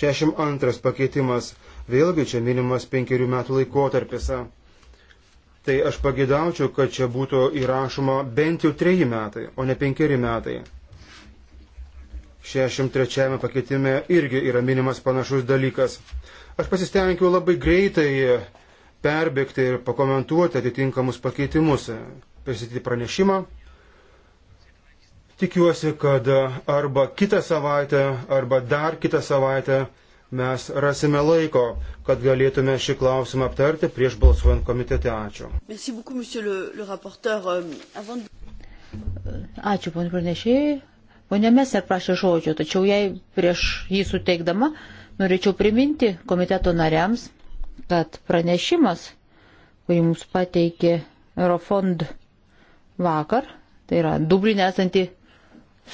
62 pakeitimas. Vėlgi čia minimas penkerių metų laikotarpis. Tai aš pagėdaučiau, kad čia būtų įrašoma bent jau treji metai, o ne penkeri metai. 63 pakeitime irgi yra minimas panašus dalykas. Aš pasistengiau labai greitai perbėgti ir pakomentuoti atitinkamus pakeitimus, pristatyti pranešimą. Tikiuosi, kad arba kitą savaitę, arba dar kitą savaitę mes rasime laiko, kad galėtume šį klausimą aptarti prieš balsuojant komitete. Ačiū. Euh, Ačiū, ponė pranešėjai. Pone Meser prašė žodžio, tačiau jai prieš jį suteikdama norėčiau priminti komiteto nariams, kad pranešimas, kurį mums pateikė Eurofond vakar, tai yra Dublinė esanti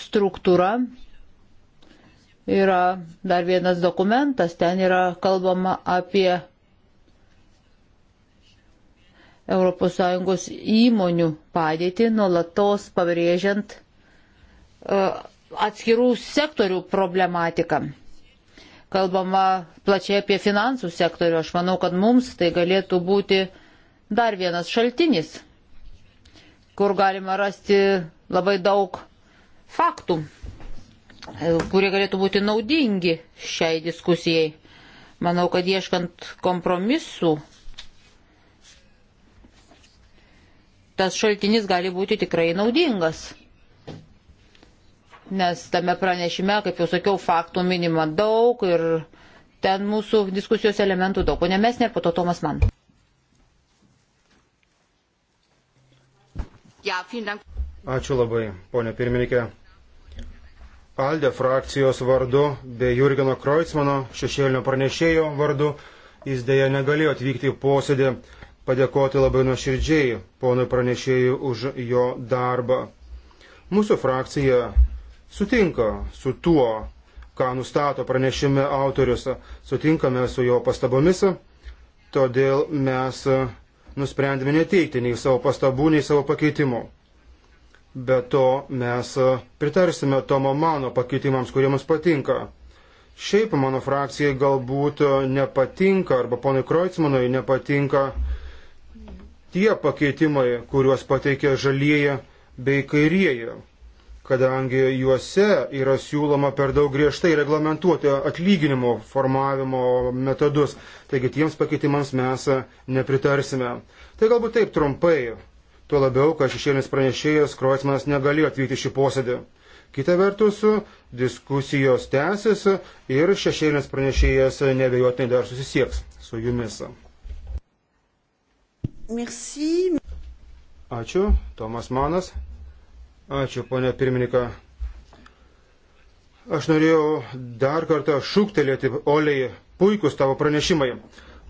struktūra, yra dar vienas dokumentas, ten yra kalbama apie ES įmonių padėtį, nuolatos pabrėžiant E, atskirų sektorių problematiką. Kalbama plačiai apie finansų sektorių. Aš manau, kad mums tai galėtų būti dar vienas šaltinis, kur galima rasti labai daug faktų, e, kurie galėtų būti naudingi šiai diskusijai. Manau, kad ieškant kompromisų, tas šaltinis gali būti tikrai naudingas nes tame pranešime, kaip jau sakiau, faktų minima daug ir ten mūsų diskusijos elementų daug. Pone Mesner, po to Tomas man. Ačiū labai, ponė pirmininkė. Alde frakcijos vardu bei Jurgeno Kreutzmano šešėlinio pranešėjo vardu jis dėja negalėjo atvykti į posėdį, padėkoti labai nuoširdžiai ponui pranešėjui už jo darbą. Mūsų frakcija sutinka su tuo, ką nustato pranešime autorius, sutinkame su jo pastabomis, todėl mes nusprendėme neteikti nei savo pastabų, nei savo pakeitimų. Be to mes pritarsime Tomo mano pakeitimams, kurie mums patinka. Šiaip mano frakcijai galbūt nepatinka arba ponui Kreutzmanui nepatinka tie pakeitimai, kuriuos pateikė žalieji bei kairieji kadangi juose yra siūloma per daug griežtai reglamentuoti atlyginimo formavimo metodus. Taigi tiems pakeitimams mes nepritarsime. Tai galbūt taip trumpai, tuo labiau, kad šešėlinis pranešėjas Kroismanas negalėjo atvykti šį posėdį. Kita vertus, diskusijos tęsis ir šešėlinis pranešėjas nebejotinai dar susisieks su jumis. Merci. Ačiū, Tomas Manas. Ačiū, ponia pirmininka. Aš norėjau dar kartą šūktelėti, Oliai, puikus tavo pranešimai.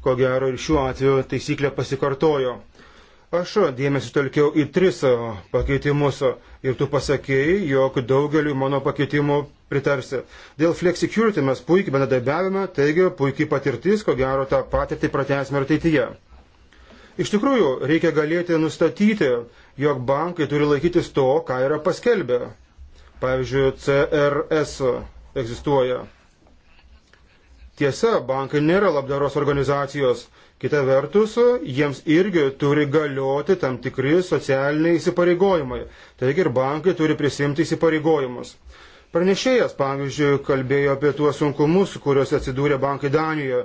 Ko gero ir šiuo atveju taisyklė pasikartojo. Aš dėmesį telkiau į tris pakeitimus ir tu pasakėjai, jog daugeliu mano pakeitimų pritarsi. Dėl flexicurity mes puikiai bendradarbiavime, taigi puikiai patirtis, ko gero tą patirtį pratęsime ir ateityje. Iš tikrųjų, reikia galėti nustatyti, jog bankai turi laikytis to, ką yra paskelbę. Pavyzdžiui, CRS egzistuoja. Tiesa, bankai nėra labdaros organizacijos. Kita vertus, jiems irgi turi galioti tam tikri socialiniai įsipareigojimai. Taigi ir bankai turi prisimti įsipareigojimus. Pranešėjas, pavyzdžiui, kalbėjo apie tuos sunkumus, kuriuose atsidūrė bankai Danijoje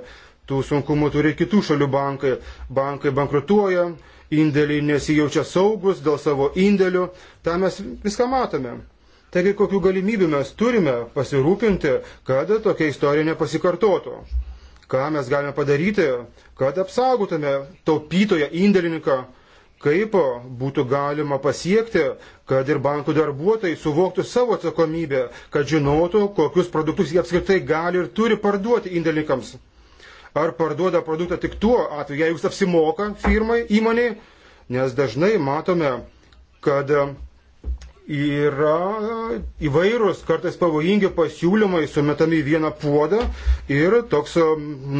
tų sunkumų turi kitų šalių bankai. Bankai bankrutuoja, indėliai nesijaučia saugus dėl savo indėlių. Ta mes viską matome. Taigi kokiu galimybių mes turime pasirūpinti, kad tokia istorija nepasikartotų. Ką mes galime padaryti, kad apsaugotume taupytoją indėlininką, kaip būtų galima pasiekti, kad ir bankų darbuotojai suvoktų savo atsakomybę, kad žinotų, kokius produktus jie apskritai gali ir turi parduoti indėlininkams ar parduoda produktą tik tuo atveju, jeigu jis apsimoka firmai, įmoniai, nes dažnai matome, kad e, yra e, įvairūs, kartais pavojingi pasiūlymai sumetami į vieną puodą ir toks e,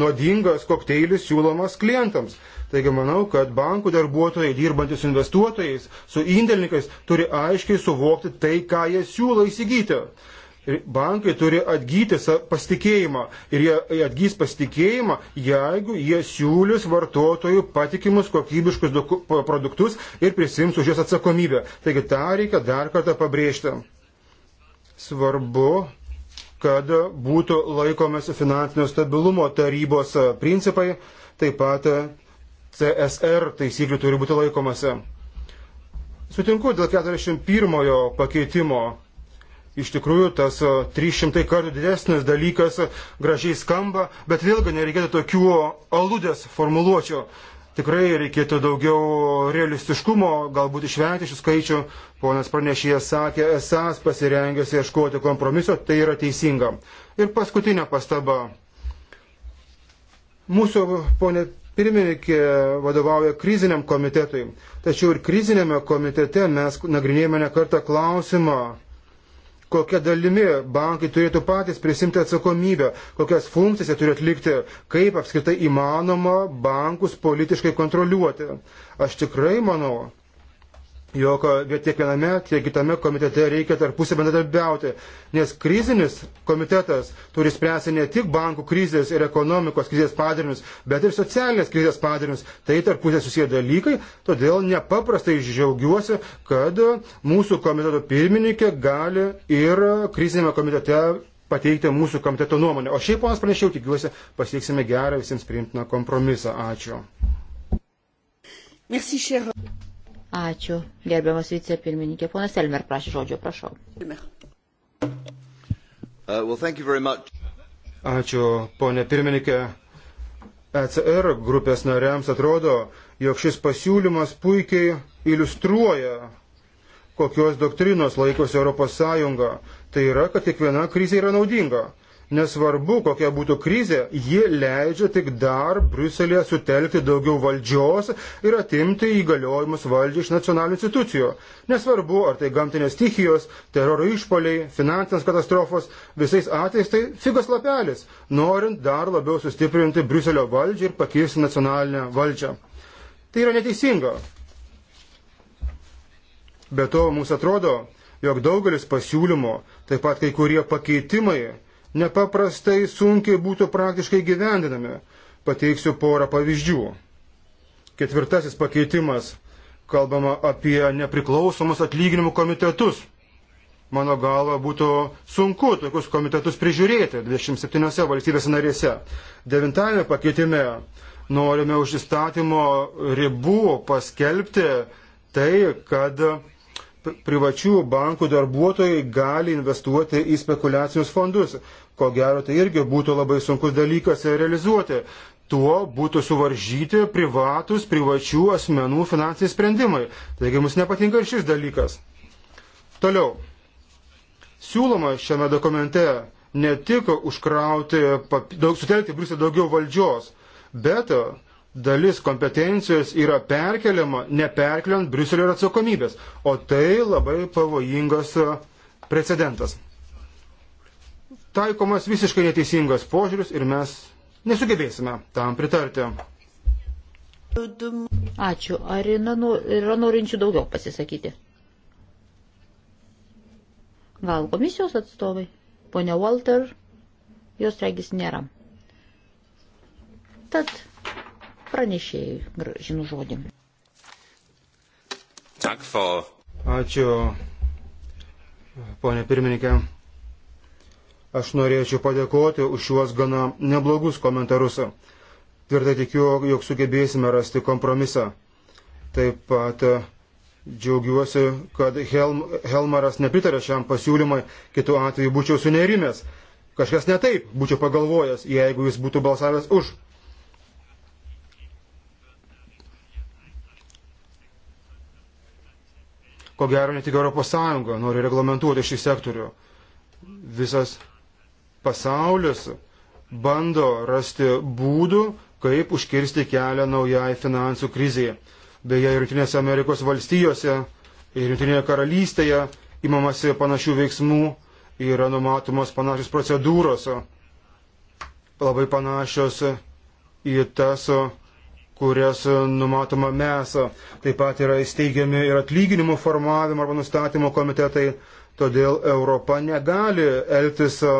nuodingas kokteilis siūlomas klientams. Taigi manau, kad bankų darbuotojai, dirbantys su investuotojais, su indėlininkais, turi aiškiai suvokti tai, ką jie siūlo įsigyti. Bankai turi atgyti pasitikėjimą ir jie atgys pasitikėjimą, jeigu jie siūlius vartotojų patikimus kokybiškus produktus ir prisims už juos atsakomybę. Taigi tą reikia dar kartą pabrėžti. Svarbu, kad būtų laikomasi finansinio stabilumo tarybos principai, taip pat CSR taisyklių turi būti laikomasi. Sutinku dėl 41 pakeitimo Iš tikrųjų, tas 300 kartų didesnis dalykas gražiai skamba, bet vėlgi nereikėtų tokių aludės formuluočio. Tikrai reikėtų daugiau realistiškumo, galbūt išvengti šių skaičių. Ponas pranešėjas sakė, esas pasirengęs ieškoti kompromiso, tai yra teisinga. Ir paskutinė pastaba. Mūsų, ponė pirmininkė vadovauja kriziniam komitetui. Tačiau ir krizinėme komitete mes nagrinėjame nekartą klausimą, kokia dalimi bankai turėtų patys prisimti atsakomybę, kokias funkcijas jie turi atlikti, kaip apskritai įmanoma bankus politiškai kontroliuoti. Aš tikrai manau, jog tiek viename, tiek kitame komitete reikia tarpusę bendradarbiauti, nes krizinis komitetas turi spręsti ne tik bankų krizės ir ekonomikos krizės padarinius, bet ir socialinės krizės padarinius. Tai tarpusė susiję dalykai, todėl nepaprastai žiaugiuosi, kad mūsų komiteto pirmininkė gali ir krizinėme komitete pateikti mūsų komiteto nuomonę. O šiaip, ponas pranešiau, tikiuosi, pasieksime gerą visiems priimtiną kompromisą. Ačiū. Merci, cher. Ačiū, gerbiamas vicepirmininkė. Ponas Elmer prašė žodžio, prašau. Uh, well, Ačiū, ponė pirmininkė. ECR grupės nariams atrodo, jog šis pasiūlymas puikiai iliustruoja, kokios doktrinos laikosi ES. Tai yra, kad kiekviena krizė yra naudinga. Nesvarbu, kokia būtų krizė, ji leidžia tik dar Bruselėje sutelkti daugiau valdžios ir atimti įgaliojimus valdžiai iš nacionalinių institucijų. Nesvarbu, ar tai gamtinės stichijos, teroro išpoliai, finansinės katastrofos, visais atvejais tai figas lapelis, norint dar labiau sustiprinti Bruselio valdžią ir pakirsti nacionalinę valdžią. Tai yra neteisinga. Be to, mums atrodo, jog daugelis pasiūlymų, taip pat kai kurie pakeitimai, nepaprastai sunkiai būtų praktiškai gyvendinami. Pateiksiu porą pavyzdžių. Ketvirtasis pakeitimas. Kalbama apie nepriklausomus atlyginimų komitetus. Mano galva būtų sunku tokius komitetus prižiūrėti 27 valstybėse narėse. Devintame pakeitime norime už įstatymo ribų paskelbti tai, kad privačių bankų darbuotojai gali investuoti į spekulacinius fondus. Ko gero, tai irgi būtų labai sunkus dalykas realizuoti. Tuo būtų suvaržyti privatus, privačių asmenų finansiniai sprendimai. Taigi mums nepatinka ir šis dalykas. Toliau. Siūloma šiame dokumente ne tik užkrauti, daug, sutelkti Briuselį daugiau valdžios, bet dalis kompetencijos yra perkeliama, neperkeliant Briuselio ir atsakomybės. O tai labai pavojingas e, precedentas. Taikomas visiškai neteisingas požiūris ir mes nesugebėsime tam pritarti. Ačiū. Ar yra norinčių daugiau pasisakyti? Gal komisijos atstovai? Pone Walter, jos regis nėra. Tad pranešėjui gražinu žodį. Ačiū, ponė pirmininkė. Aš norėčiau padėkoti už juos gana neblogus komentarus. Tvirtai tikiu, jog sugebėsime rasti kompromisą. Taip pat e, džiaugiuosi, kad Helm, Helmaras nepritarė šiam pasiūlymui, kitu atveju būčiau sunerimęs. Kažkas ne taip būčiau pagalvojęs, jeigu jis būtų balsavęs už Ko gero, ne tik ES nori reglamentuoti šį sektorių. Visas pasaulis bando rasti būdų, kaip užkirsti kelią naujai finansų krizėje. Beje, Junktinėse Amerikos valstijose ir Junktinėje karalystėje imamasi panašių veiksmų, yra numatomos panašios procedūros, labai panašios į tas kurias e, numatoma mesa. Taip pat yra įsteigiami ir atlyginimų formavimo arba nustatymo komitetai. Todėl Europa negali elgtis e,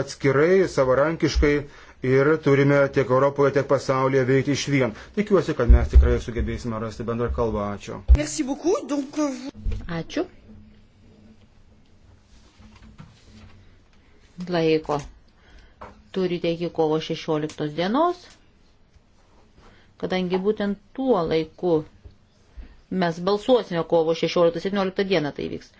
atskirai, savarankiškai ir turime tiek Europoje, tiek pasaulyje veikti iš vien. Tikiuosi, kad mes tikrai sugebėsime rasti bendrą kalbą. Ačiū. Euh, Ačiū. Laiko turite iki kovo 16 dienos kadangi būtent tuo laiku mes balsuosime kovo 16-17 dieną tai vyks.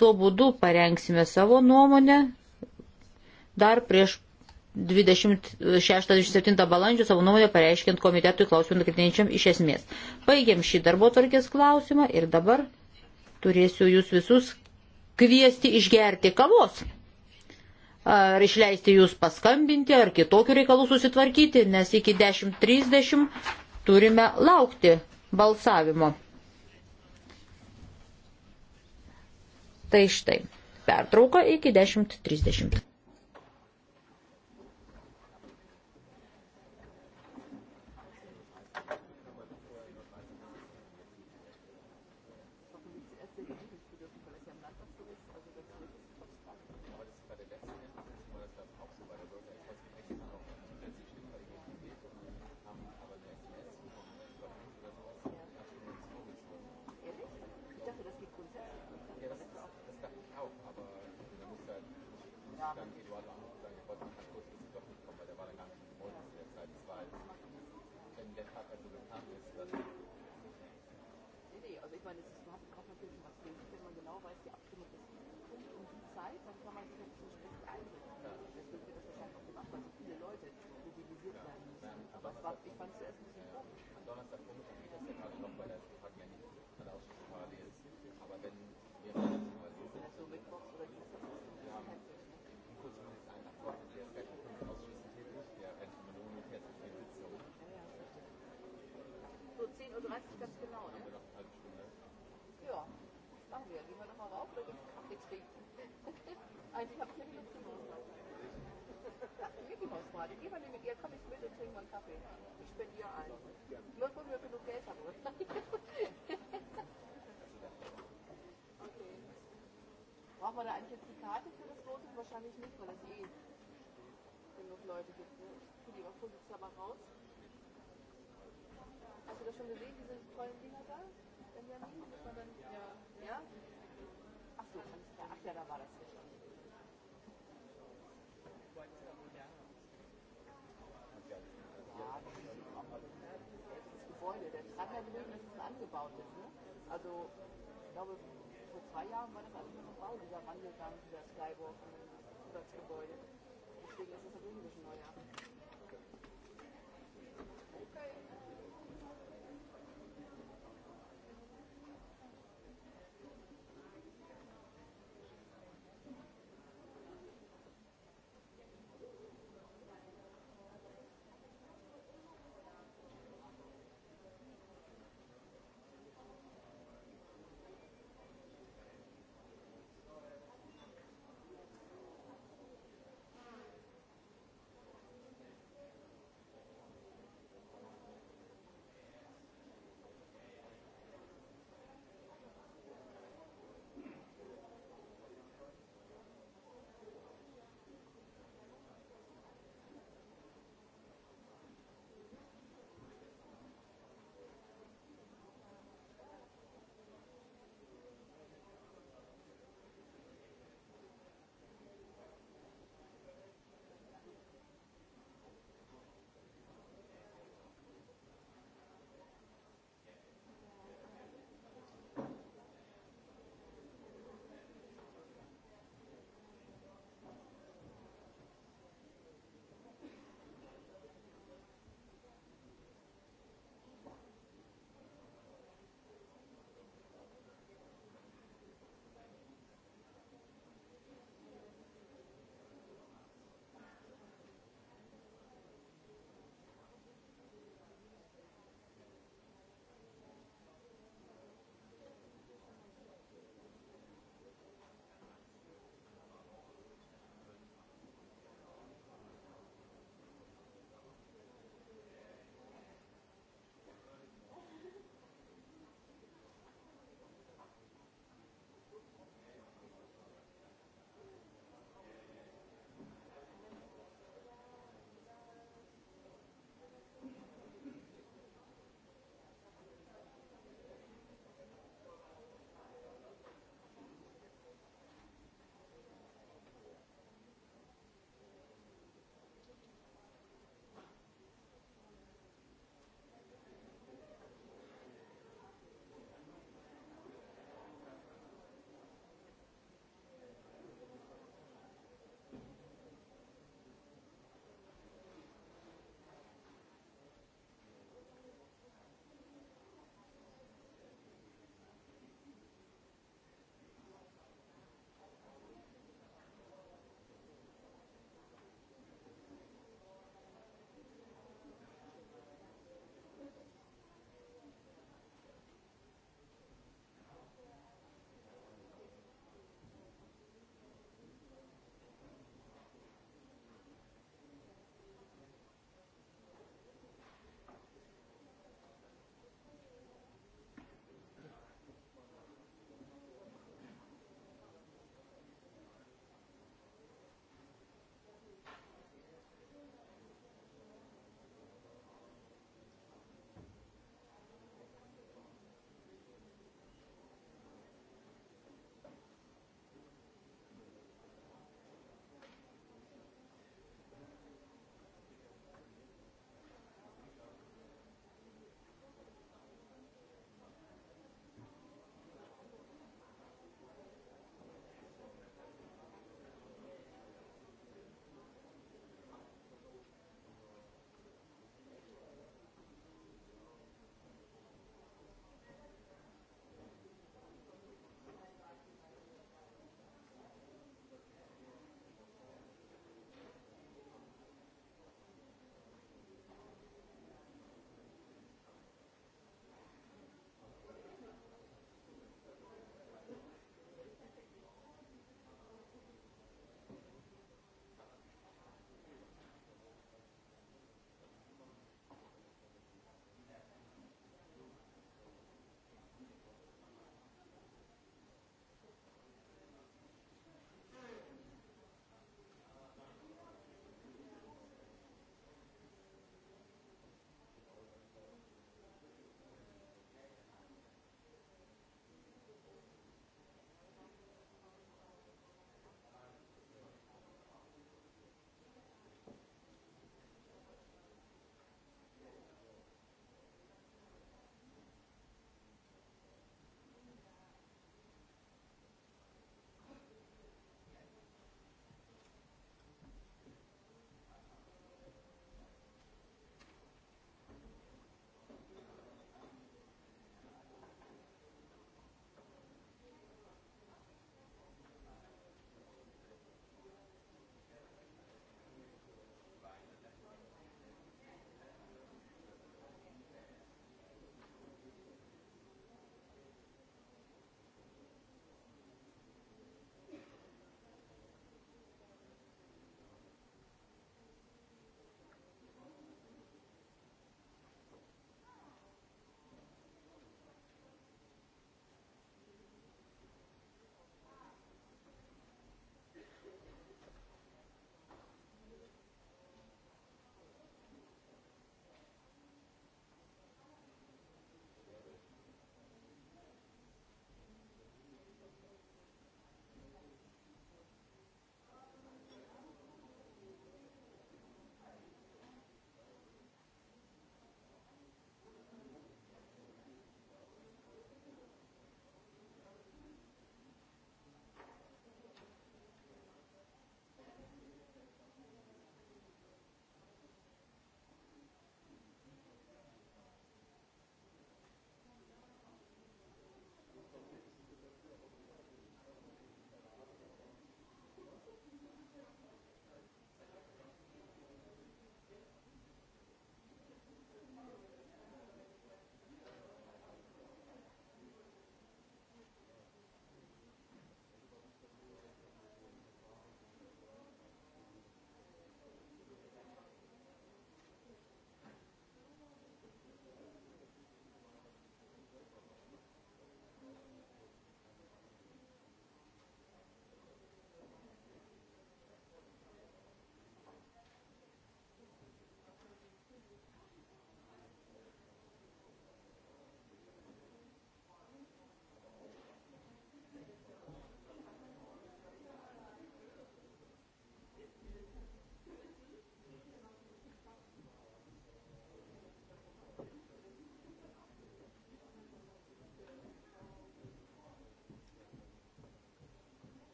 Tuo būdu parengsime savo nuomonę dar prieš 26-27 balandžio savo nuomonę pareiškiant komitetui klausimų nagrinėjančiam iš esmės. Baigiam šį darbo tvarkės klausimą ir dabar turėsiu jūs visus kviesti išgerti kavos ar išleisti jūs paskambinti, ar kitokių reikalų susitvarkyti, nes iki 10.30 turime laukti balsavimo. Tai štai, pertrauka iki 10.30. wahrscheinlich nicht, weil es eh genug Leute gibt. Ne? Ich finde die Überflutung aber raus. Hast du das schon gesehen, diese tollen Dinger da? Benjamin? Muss man dann, ja. ja? Ach so, alles klar. Ach ja, da war das ja schon. Ja, das ist auch das Gebäude. Der Strand da drüben, das ist ein angebautes. Ne? Also, ich glaube, vor zwei Jahren war das alles noch blau, dieser Wandelgang, dieser Skywalk. Und das Gebäude. Deswegen ist es ruhig neu. Okay.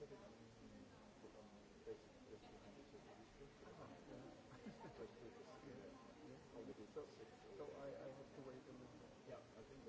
So I, I have to wait a little. Yeah, I think.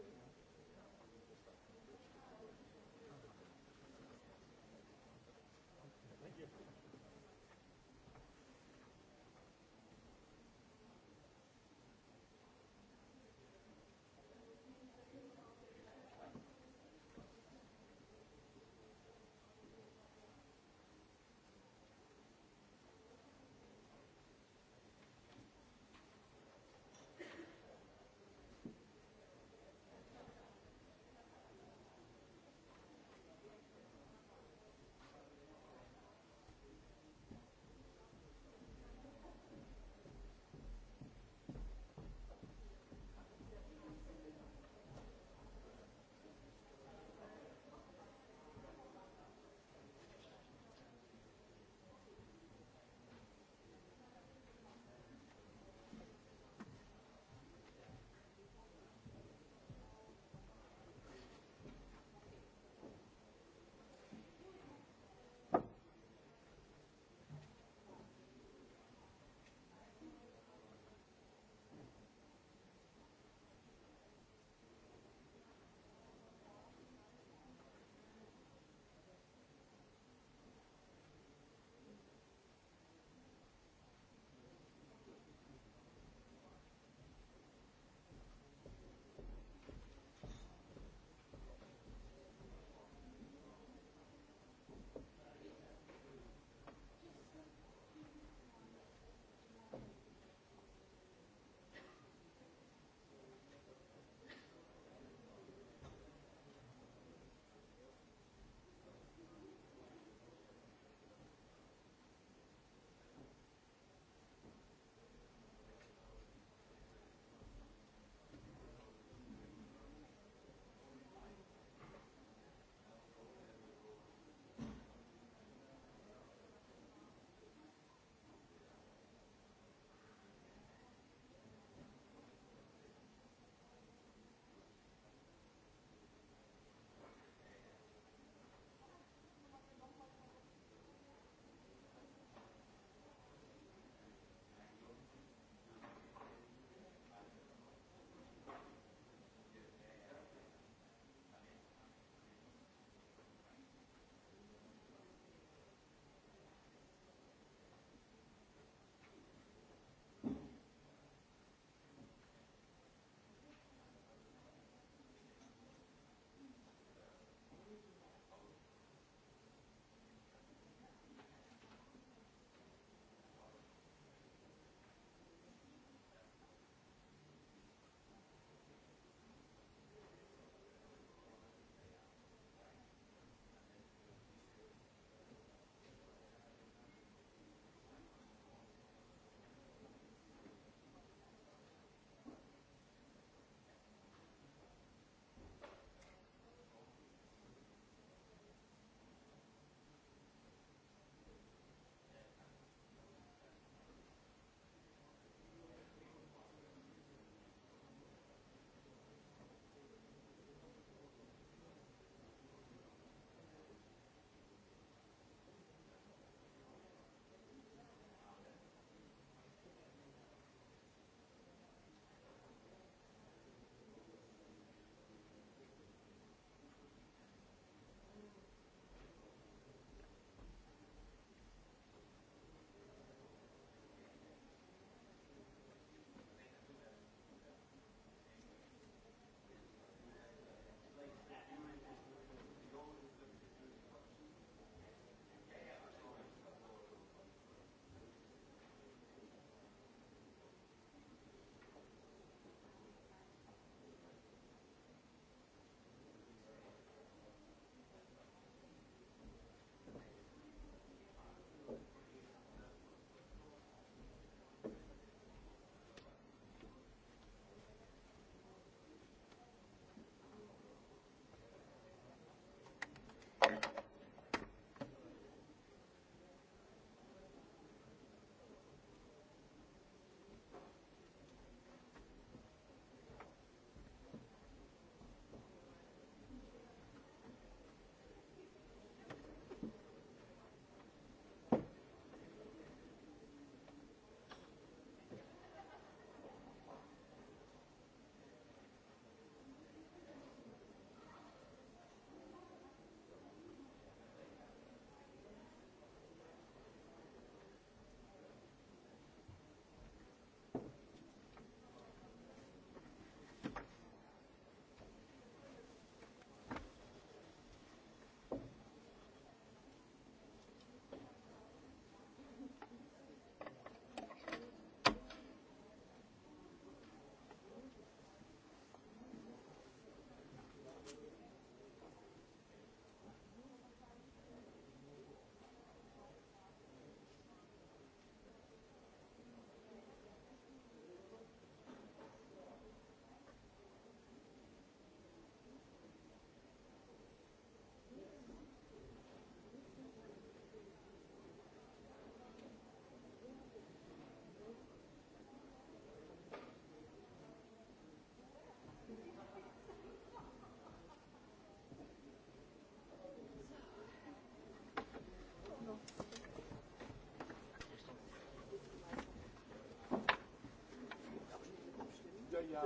ja,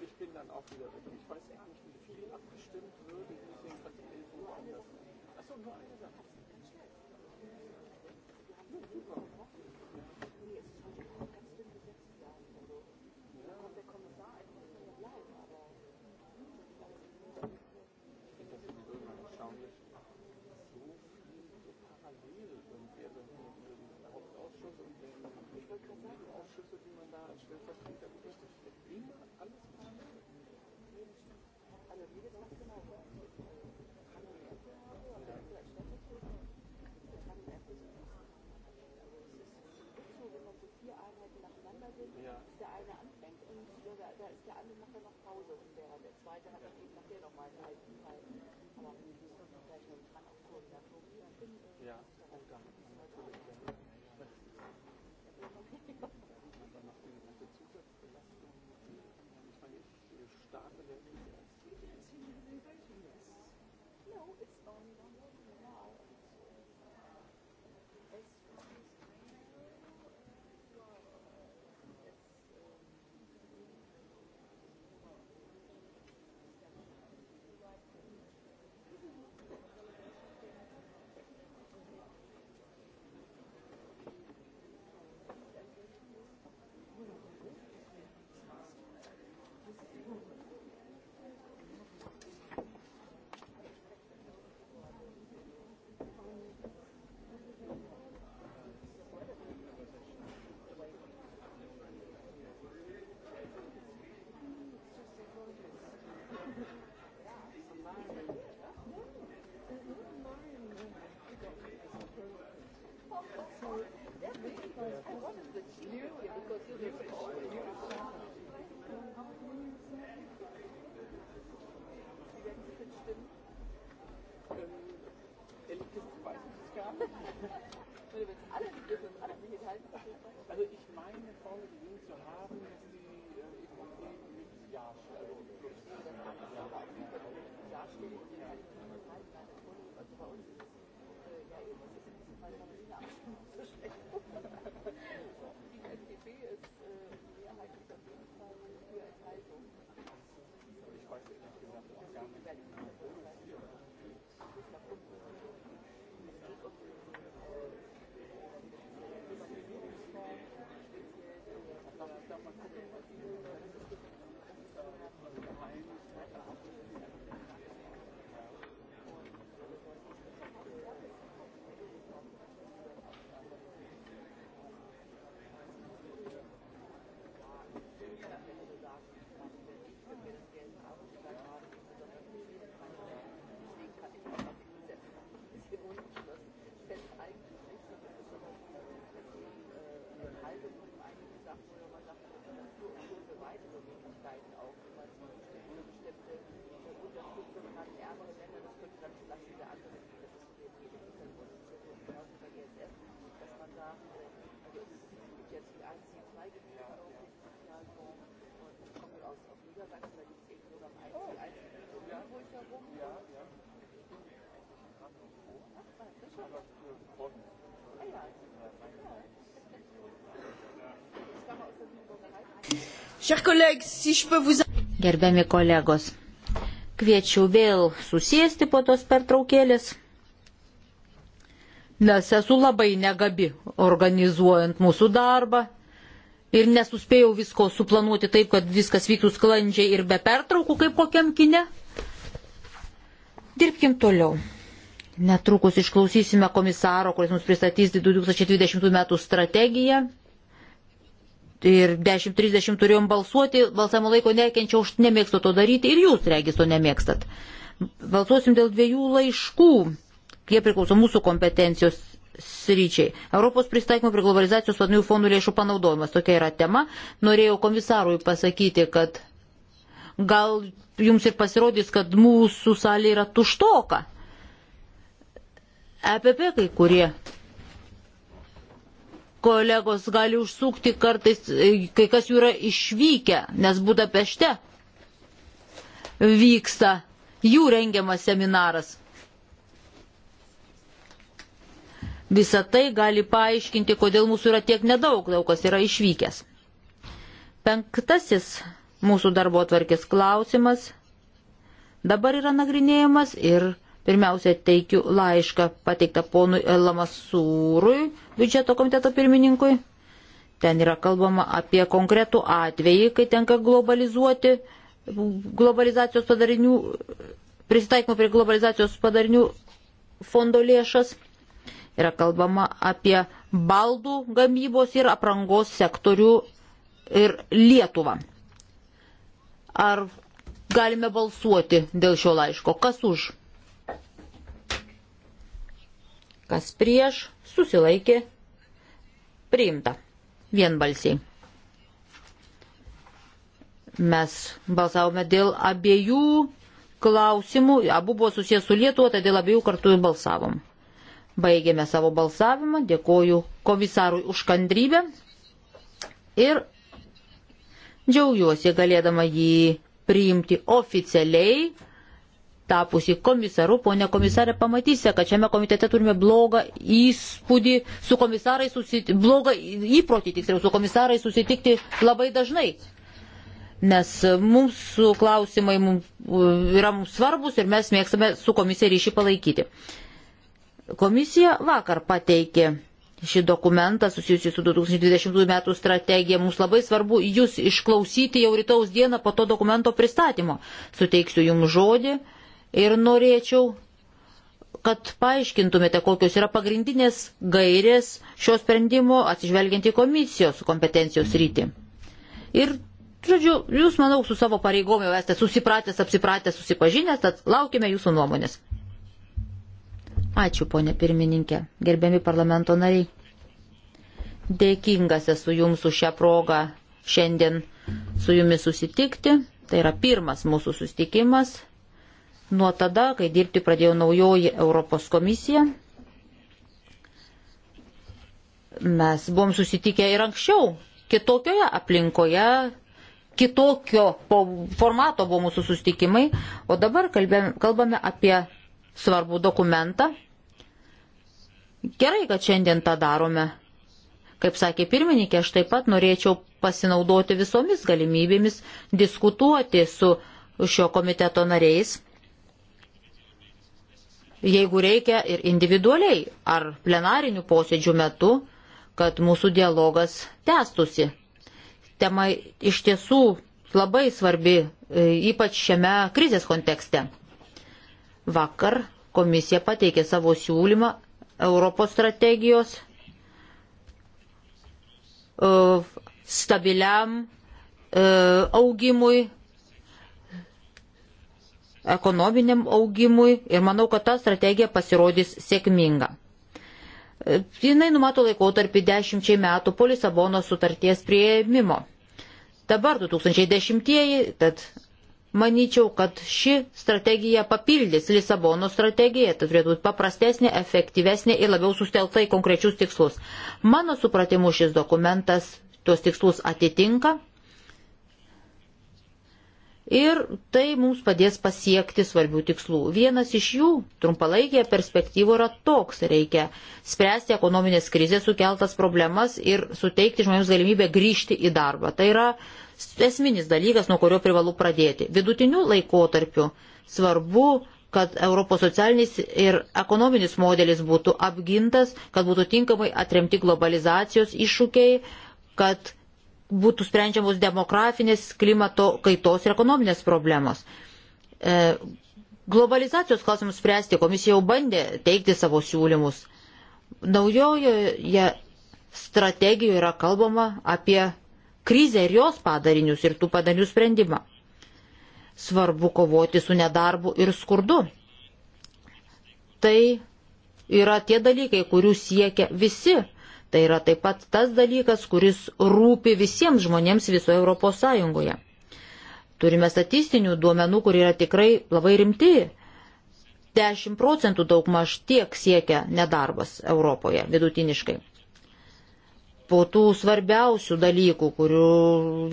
ich bin dann auch wieder weg. Ich weiß gar nicht, wie viel abgestimmt würde. Ich muss jedenfalls um 11 Uhr anders. Achso, nur eine Sache. Ja, auch dann. Natürlich, wenn aber nach den Zusatzbelastungen, ich meine, ich starte ja Wenn du jetzt alle die Grippe weitere Möglichkeiten auch, wie man zum Beispiel eine bestimmte Unterstützung gerade ärmere Länder, das könnte dann zum Beispiel der andere Ziel, das ist jetzt jede Hintergrunddiskussion, genauso bei ISF, dass man sagt, äh, also es gibt jetzt die 1, die 2 Gebiete ja, auf dem Sozialfonds und ich komme aus, aus Niedersachsen, da gibt es eben nur noch 1, die 1 ja. wo ich herum. Ja, ja. Ach, war das schon? Gerbiami kolegos, kviečiu vėl susėsti po tos pertraukėlės, nes esu labai negabi organizuojant mūsų darbą ir nesuspėjau visko suplanuoti taip, kad viskas vyktų sklandžiai ir be pertraukų kaip kokiam kine. Dirbkim toliau. Netrukus išklausysime komisaro, kuris mums pristatys 2020 m. strategiją ir 10.30 turėjom balsuoti, balsavimo laiko nekenčiau, aš nemėgstu to daryti ir jūs, regis, to nemėgstat. Balsuosim dėl dviejų laiškų, jie priklauso mūsų kompetencijos sryčiai. Europos pristaikymo prie globalizacijos vadinamųjų fondų lėšų panaudojimas. Tokia yra tema. Norėjau komisarui pasakyti, kad gal jums ir pasirodys, kad mūsų salė yra tuštoka. EPP kai kurie kolegos gali užsukti kartais, e, kai kas jų yra išvykę, nes Budapešte vyksta jų rengiamas seminaras. Visą tai gali paaiškinti, kodėl mūsų yra tiek nedaug, daug kas yra išvykęs. Penktasis mūsų darbo atvarkės klausimas dabar yra nagrinėjamas ir Pirmiausia, teikiu laišką pateiktą ponui Lamasūrui, biudžeto komiteto pirmininkui. Ten yra kalbama apie konkretų atvejį, kai tenka globalizuoti globalizacijos padarinių, prisitaikymo prie globalizacijos padarinių fondo lėšas. Yra kalbama apie baldų gamybos ir aprangos sektorių ir Lietuvą. Ar galime balsuoti dėl šio laiško? Kas už? kas prieš, susilaikė, priimta. Vienbalsiai. Mes balsavome dėl abiejų klausimų, abu buvo susijęs su Lietuva, tai dėl abiejų kartų ir balsavom. Baigėme savo balsavimą, dėkoju komisarui už kantrybę ir džiaugiuosi galėdama jį priimti oficialiai tapusi komisaru, ponė komisarė, pamatysite, kad šiame komitete turime blogą įspūdį su komisarai susitikti, blogą įprotį tiksliau su komisarai susitikti labai dažnai. Nes mūsų klausimai mums, yra mums svarbus ir mes mėgstame su komisija ryšį palaikyti. Komisija vakar pateikė šį dokumentą susijusi su 2020 metų strategija. Mums labai svarbu jūs išklausyti jau rytaus dieną po to dokumento pristatymo. Suteiksiu jums žodį ir norėčiau, kad paaiškintumėte, kokios yra pagrindinės gairės šio sprendimo atsižvelgiant į komisijos kompetencijos rytį. Ir, žodžiu, jūs, manau, su savo pareigom jau esate susipratęs, apsipratęs, susipažinęs, tad laukime jūsų nuomonės. Ačiū, ponė pirmininkė, gerbiami parlamento nariai. Dėkingas esu jums už šią progą šiandien su jumis susitikti. Tai yra pirmas mūsų susitikimas Nuo tada, kai dirbti pradėjo naujoji Europos komisija, mes buvom susitikę ir anksčiau, kitokioje aplinkoje, kitokio formato buvo mūsų susitikimai, o dabar kalbėm, kalbame apie svarbų dokumentą. Gerai, kad šiandien tą darome. Kaip sakė pirmininkė, aš taip pat norėčiau pasinaudoti visomis galimybėmis diskutuoti su šio komiteto nariais jeigu reikia, ir individualiai ar plenarinių posėdžių metu, kad mūsų dialogas tęstusi. Tema iš tiesų labai svarbi, e, ypač šiame krizės kontekste. Vakar komisija pateikė savo siūlymą Europos strategijos e, stabiliam e, augimui ekonominiam augimui ir manau, kad ta strategija pasirodys sėkminga. E, jinai numato laikotarpį dešimčiai metų po Lisabono sutarties prieimimo. Dabar 2010-ieji, tad manyčiau, kad ši strategija papildys Lisabono strategiją, tai turėtų būti paprastesnė, efektyvesnė ir labiau sustelta į konkrečius tikslus. Mano supratimu šis dokumentas tuos tikslus atitinka ir tai mums padės pasiekti svarbių tikslų. Vienas iš jų trumpalaikėje perspektyvoje yra toks - reikia spręsti ekonominės krizės sukeltas problemas ir suteikti žmonėms galimybę grįžti į darbą. Tai yra esminis dalykas, nuo kurio privalu pradėti. Vidutiniu laikotarpiu svarbu kad Europos socialinis ir ekonominis modelis būtų apgintas, kad būtų tinkamai atremti globalizacijos iššūkiai, kad būtų sprendžiamos demografinės, klimato kaitos ir ekonominės problemos. E, globalizacijos klausimus spręsti komisija jau bandė teikti savo siūlymus. Naujojoje strategijoje yra kalbama apie krizę ir jos padarinius ir tų padarinių sprendimą. Svarbu kovoti su nedarbu ir skurdu. Tai yra tie dalykai, kurių siekia visi Tai yra taip pat tas dalykas, kuris rūpi visiems žmonėms visoje Europos Sąjungoje. Turime statistinių duomenų, kurie yra tikrai labai rimti. 10 procentų daugmaž tiek siekia nedarbas Europoje vidutiniškai. Po tų svarbiausių dalykų, kurių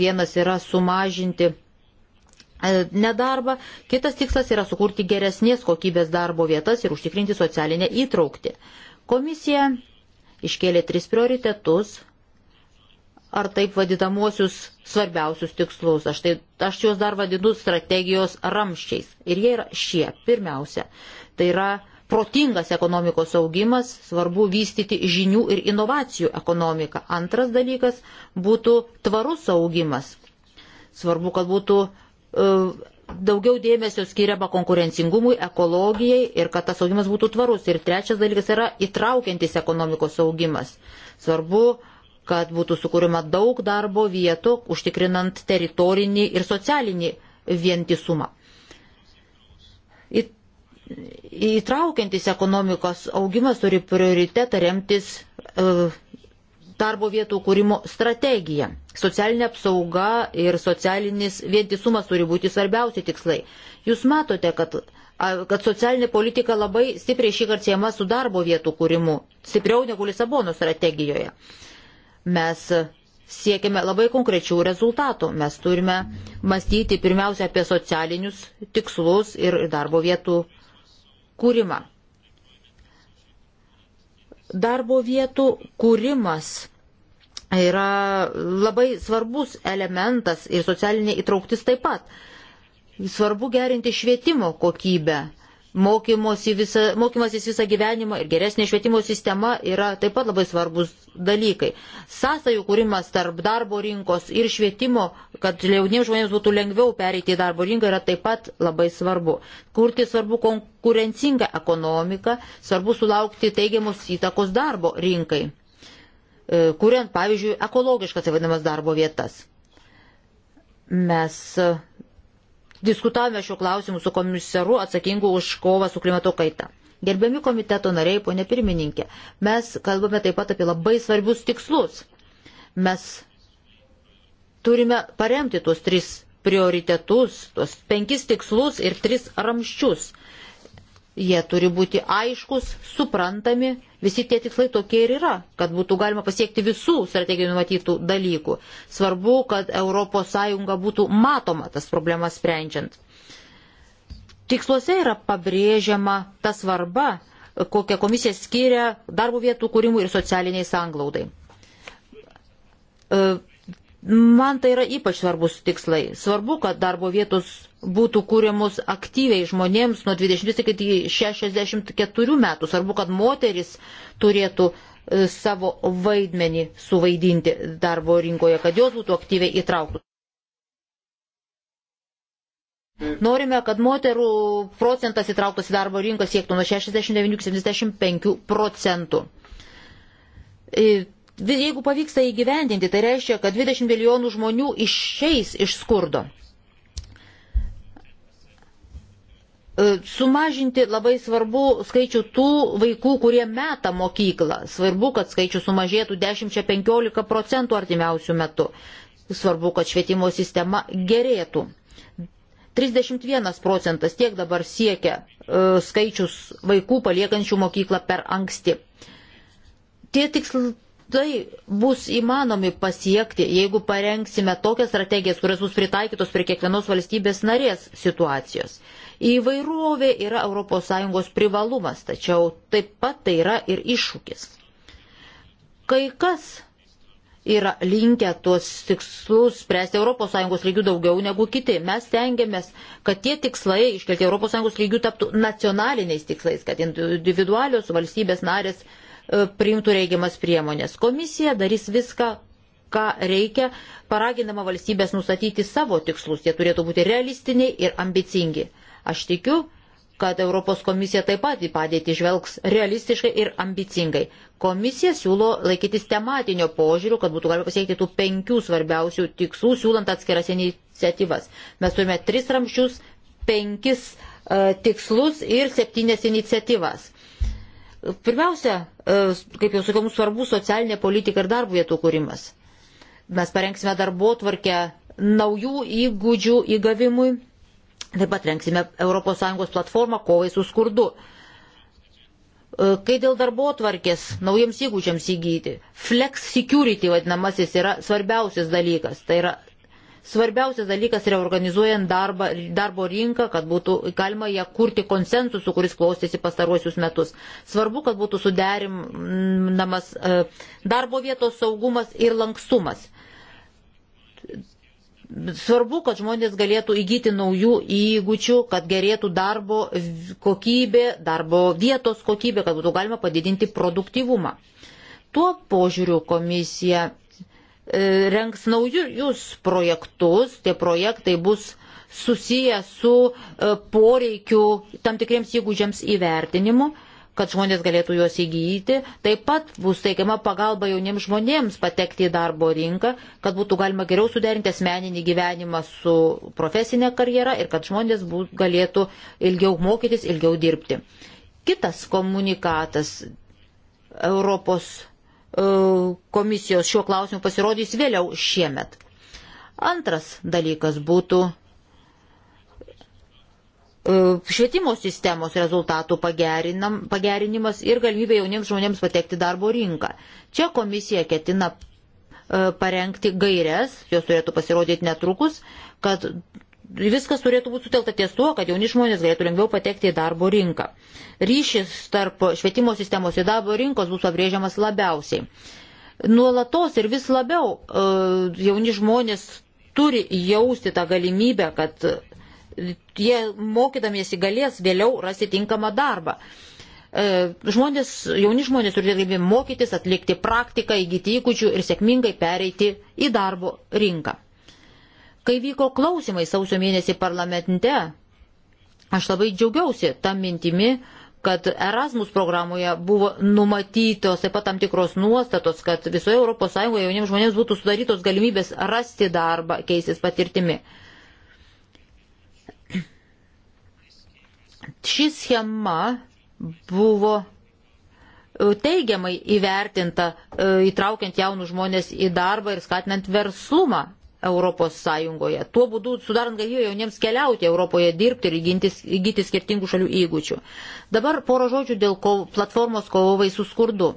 vienas yra sumažinti e, nedarbą, kitas tikslas yra sukurti geresnės kokybės darbo vietas ir užtikrinti socialinę įtraukti. Komisija iškėlė tris prioritetus ar taip vadinamosius svarbiausius tikslus. Aš, tai, aš juos dar vadinu strategijos ramščiais. Ir jie yra šie. Pirmiausia, tai yra protingas ekonomikos augimas, svarbu vystyti žinių ir inovacijų ekonomiką. Antras dalykas būtų tvarus augimas. Svarbu, kad būtų uh, daugiau dėmesio skiriama konkurencingumui, ekologijai ir kad tas augimas būtų tvarus. Ir trečias dalykas yra įtraukiantis ekonomikos augimas. Svarbu, kad būtų sukūrima daug darbo vietų, užtikrinant teritorinį ir socialinį vientisumą. Į, įtraukiantis ekonomikos augimas turi prioritetą remtis. Uh, e, darbo vietų kūrimo strategiją. Socialinė apsauga ir socialinis vientisumas turi būti svarbiausi tikslai. Jūs matote, kad, kad socialinė politika labai stipriai šį kartą siejama su darbo vietų kūrimu, stipriau negu Lisabono strategijoje. Mes siekiame labai konkrečių rezultatų. Mes turime mąstyti pirmiausia apie socialinius tikslus ir darbo vietų kūrimą. Darbo vietų kūrimas yra labai svarbus elementas ir socialinė įtrauktis taip pat. Svarbu gerinti švietimo kokybę, visa, mokymasis visą gyvenimą ir geresnė švietimo sistema yra taip pat labai svarbus dalykai. Sąsajų kūrimas tarp darbo rinkos ir švietimo, kad jauniems žmonėms būtų lengviau pereiti į darbo rinką, yra taip pat labai svarbu. Kurti svarbu konkurencingą ekonomiką, svarbu sulaukti teigiamus įtakos darbo rinkai, e, kuriant, pavyzdžiui, ekologiškas, vadinamas, darbo vietas. Mes diskutavome šiuo klausimu su komisaru atsakingu už kovą su klimato kaita. Gerbiami komiteto nariai, ponė pirmininkė, mes kalbame taip pat apie labai svarbius tikslus. Mes turime paremti tuos tris prioritetus, tuos penkis tikslus ir tris ramščius. Jie turi būti aiškus, suprantami, visi tie tikslai tokie ir yra, kad būtų galima pasiekti visų strategijų numatytų dalykų. Svarbu, kad ES būtų matoma tas problemas sprendžiant. Tiksluose yra pabrėžiama ta svarba, kokią komisija skiria darbo vietų kūrimui ir socialiniai sanglaudai. E, Man tai yra ypač svarbus tikslai. Svarbu, kad darbo vietos būtų kūriamos aktyviai žmonėms nuo 20 iki 64 metų. Svarbu, kad moteris turėtų e, savo vaidmenį suvaidinti darbo rinkoje, kad jos būtų aktyviai įtrauktų. Norime, kad moterų procentas įtrauktas į darbo rinką siektų nuo 69 iki 75 procentų. E, jeigu pavyks tai įgyvendinti, tai reiškia, kad 20 milijonų žmonių išeis iš skurdo. E, sumažinti labai svarbu skaičių tų vaikų, kurie meta mokyklą. Svarbu, kad skaičių sumažėtų 10-15 procentų artimiausių metų. Svarbu, kad švietimo sistema gerėtų. 31 procentas tiek dabar siekia e, skaičius vaikų paliekančių mokyklą per anksti. Tie tikslai tai bus įmanomi pasiekti, jeigu parengsime tokias strategijas, kurios bus pritaikytos prie kiekvienos valstybės narės situacijos. Įvairovė yra ES privalumas, tačiau taip pat tai yra ir iššūkis. Kai kas yra linkę tuos tikslus spręsti ES lygių daugiau negu kiti. Mes tengiamės, kad tie tikslai iškelti ES lygių taptų nacionaliniais tikslais, kad individualios valstybės narės E, priimtų reikiamas priemonės. Komisija darys viską, ką reikia, paragindama valstybės nustatyti savo tikslus. Jie turėtų būti realistiniai ir ambicingi. Aš tikiu, kad Europos komisija taip pat į padėtį žvelgs realistiškai ir ambicingai. Komisija siūlo laikytis tematinio požiūrių, kad būtų galima pasiekti tų penkių svarbiausių tikslų, siūlant atskiras iniciatyvas. Mes turime tris ramščius, penkis e, tikslus ir septynės iniciatyvas. Pirmiausia, e, kaip jau sakiau, mums svarbu socialinė politika ir darbo vietų kūrimas. Mes parengsime darbo tvarkę naujų įgūdžių įgavimui, taip pat rengsime ES platformą kovai su skurdu. E, kai dėl darbo tvarkės naujiems įgūdžiams įgyti, flex security vadinamasis yra svarbiausias dalykas, tai yra Svarbiausias dalykas yra organizuojant darbą, darbo rinką, kad būtų galima ją kurti konsensusu, kuris klostėsi pastaruosius metus. Svarbu, kad būtų suderinamas e, darbo vietos saugumas ir lankstumas. Svarbu, kad žmonės galėtų įgyti naujų įgūdžių, kad gerėtų darbo kokybė, darbo vietos kokybė, kad būtų galima padidinti produktivumą. Tuo požiūriu komisija E, renks naujus projektus, tie projektai bus susiję su e, poreikiu tam tikriems įgūdžiams įvertinimu, kad žmonės galėtų juos įgyti. Taip pat bus teikiama pagalba jauniems žmonėms patekti į darbo rinką, kad būtų galima geriau suderinti asmeninį gyvenimą su profesinė karjera ir kad žmonės būt, galėtų ilgiau mokytis, ilgiau dirbti. Kitas komunikatas Europos E, komisijos šiuo klausimu pasirodys vėliau šiemet. Antras dalykas būtų e, švietimo sistemos rezultatų pagerinimas ir galimybė jauniems žmonėms patekti darbo rinką. Čia komisija ketina e, parengti gairias, jos turėtų pasirodyti netrukus, kad viskas turėtų būti sutelta ties tuo, kad jauni žmonės galėtų lengviau patekti į darbo rinką. Ryšys tarp švietimo sistemos ir darbo rinkos bus pabrėžiamas labiausiai. Nuolatos ir vis labiau uh, jauni žmonės turi jausti tą galimybę, kad jie mokydamiesi galės vėliau rasti tinkamą darbą. E, žmonės, jauni žmonės turi galimybę mokytis, atlikti praktiką, įgyti įgūdžių ir sėkmingai pereiti į darbo rinką. Kai vyko klausimai sausio mėnesį parlamente, aš labai džiaugiausi tą mintimį, kad Erasmus programoje buvo numatytos taip pat tam tikros nuostatos, kad visoje ES jauniems žmonėms būtų sudarytos galimybės rasti darbą, keistis patirtimi. Ši schema buvo e, teigiamai įvertinta, e, įtraukiant jaunus žmonės į darbą ir skatinant verslumą Europos Sąjungoje. Tuo būdu sudarant galimybę jauniems keliauti Europoje, dirbti ir įginti, įgyti skirtingų šalių įgūdžių. Dabar poro žodžių dėl kovo, platformos kovovai su skurdu.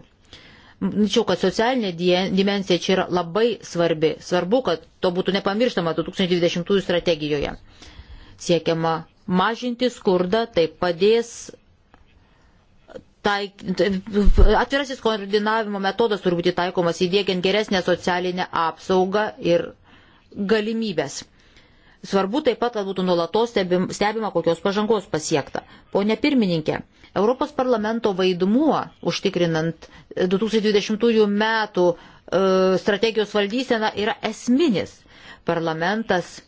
Mačiau, kad socialinė dimensija čia yra labai svarbi. Svarbu, kad to būtų nepamirštama 2020 strategijoje. Siekiama mažinti skurdą, tai padės taik, atvirasis koordinavimo metodas turi būti taikomas įdėgiant geresnę socialinę apsaugą ir galimybės. Svarbu taip pat, kad būtų nuolatos stebima, kokios pažangos pasiekta. Pone pirmininkė, Europos parlamento vaidmuo užtikrinant 2020 e, metų e, strategijos valdysena yra esminis. Parlamentas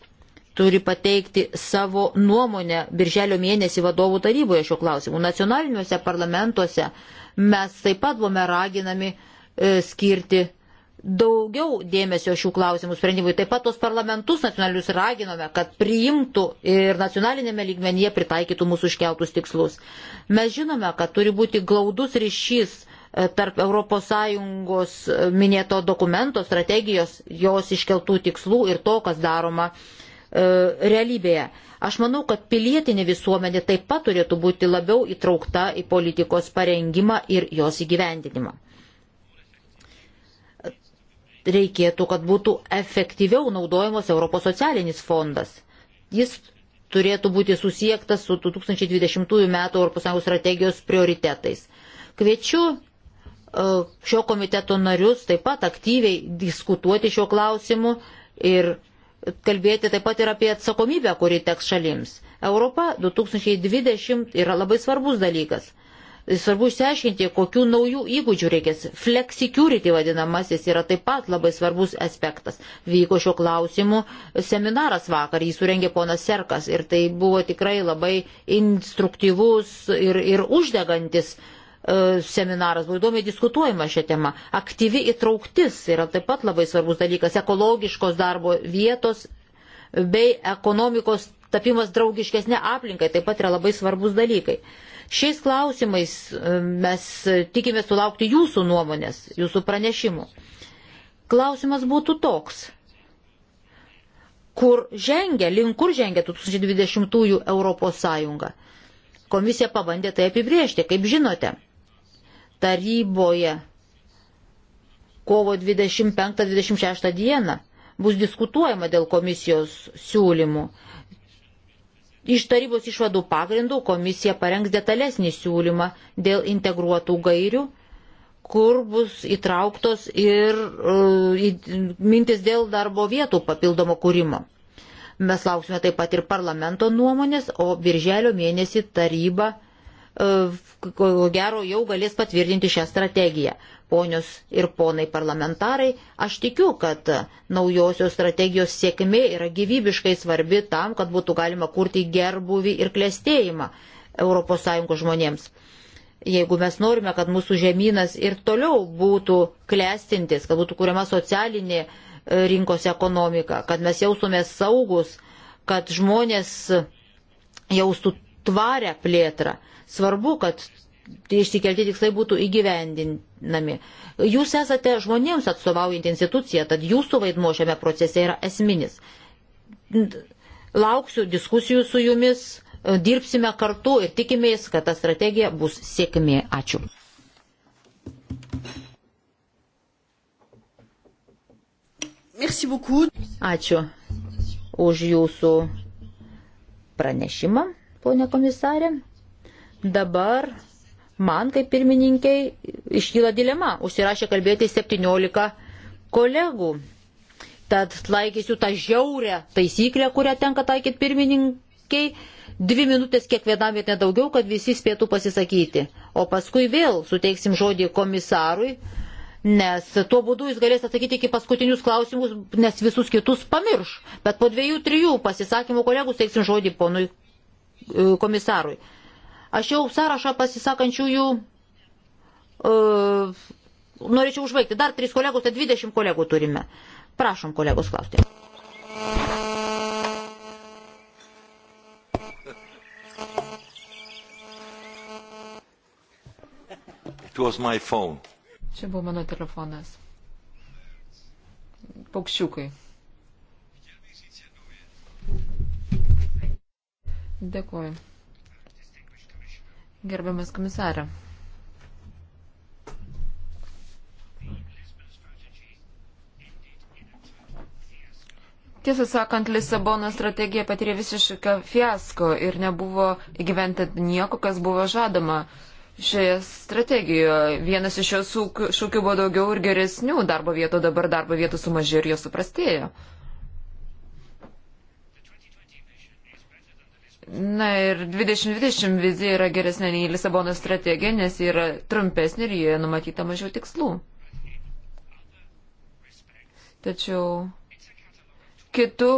turi pateikti savo nuomonę Birželio mėnesį vadovų taryboje šiuo klausimu. Nacionaliniuose parlamentuose mes taip pat buvome raginami e, skirti daugiau dėmesio šių klausimų sprendimui. Taip pat tos parlamentus nacionalius raginome, kad priimtų ir nacionalinėme lygmenyje pritaikytų mūsų iškeltus tikslus. Mes žinome, kad turi būti glaudus ryšys e, tarp ES e, minėto dokumento, strategijos, jos iškeltų tikslų ir to, kas daroma e, realybėje. Aš manau, kad pilietinė visuomenė taip pat turėtų būti labiau įtraukta į politikos parengimą ir jos įgyvendinimą reikėtų, kad būtų efektyviau naudojamos Europos socialinis fondas. Jis turėtų būti susiektas su 2020 m. ES strategijos prioritetais. Kviečiu e, šio komiteto narius taip pat aktyviai diskutuoti šiuo klausimu ir kalbėti taip pat ir apie atsakomybę, kuri teks šalims. Europa 2020 yra labai svarbus dalykas. Svarbu išsiaiškinti, kokių naujų įgūdžių reikės. Flexicurity vadinamasis yra taip pat labai svarbus aspektas. Vyko šio klausimu seminaras vakar, jį surengė ponas Serkas ir tai buvo tikrai labai instruktyvus ir, ir uždegantis e, seminaras, buvo įdomiai diskutuojama šią temą. Aktyvi įtrauktis yra taip pat labai svarbus dalykas, ekologiškos darbo vietos bei ekonomikos tapimas draugiškesnė aplinkai taip pat yra labai svarbus dalykai. Šiais klausimais e, mes tikime sulaukti jūsų nuomonės, jūsų pranešimų. Klausimas būtų toks. Kur žengia, link kur žengia 2020-ųjų Europos Sąjunga? Komisija pabandė tai apibriežti, kaip žinote. Taryboje kovo 25-26 dieną bus diskutuojama dėl komisijos siūlymų. Iš tarybos išvadų pagrindų komisija parengs detalesnį siūlymą dėl integruotų gairių, kur bus įtrauktos ir uh, mintis dėl darbo vietų papildomo kūrimo. Mes lauksime taip pat ir parlamento nuomonės, o birželio mėnesį taryba uh, ko gero jau galės patvirtinti šią strategiją ponios ir ponai parlamentarai, aš tikiu, kad naujosios strategijos sėkmė yra gyvybiškai svarbi tam, kad būtų galima kurti gerbuvį ir klėstėjimą ES žmonėms. Jeigu mes norime, kad mūsų žemynas ir toliau būtų klestintis, kad būtų kuriama socialinė e, rinkos ekonomika, kad mes jaustumės saugus, kad žmonės jaustų tvarę plėtrą, svarbu, kad išsikelti tikslai būtų įgyvendinami. Jūs esate žmonėms atstovaujant instituciją, tad jūsų vaidmo šiame procese yra esminis. Lauksiu diskusijų su jumis, dirbsime kartu ir tikimės, kad ta strategija bus sėkmė. Ačiū. Ačiū už jūsų pranešimą, ponė komisarė. Dabar man kaip pirmininkiai iškyla dilema. Užsirašė kalbėti 17 kolegų. Tad laikysiu tą žiaurę taisyklę, kurią tenka taikyti pirmininkiai. Dvi minutės kiekvienam ir nedaugiau, kad visi spėtų pasisakyti. O paskui vėl suteiksim žodį komisarui, nes tuo būdu jis galės atsakyti iki paskutinius klausimus, nes visus kitus pamirš. Bet po dviejų, trijų pasisakymų kolegų suteiksim žodį ponui e, komisarui. Aš jau sąrašą pasisakančiųjų uh, norėčiau užbaigti. Dar trys kolegos, tai 20 kolegų turime. Prašom kolegos klausti. Čia buvo mano telefonas. Paukščiukai. Dėkuoju. Gerbiamas komisarė. Tiesą sakant, Lisabono strategija patyrė visišką fiasko ir nebuvo įgyventinti nieko, kas buvo žadama šioje strategijoje. Vienas iš jos šūkių buvo daugiau ir geresnių darbo vietų, dabar darbo vietų sumažėjo ir jos suprastėjo. Na ir 2020 vizija yra geresnė nei Lisabono strategija, nes yra trumpesnė ir joje numatyta mažiau tikslų. Tačiau kitų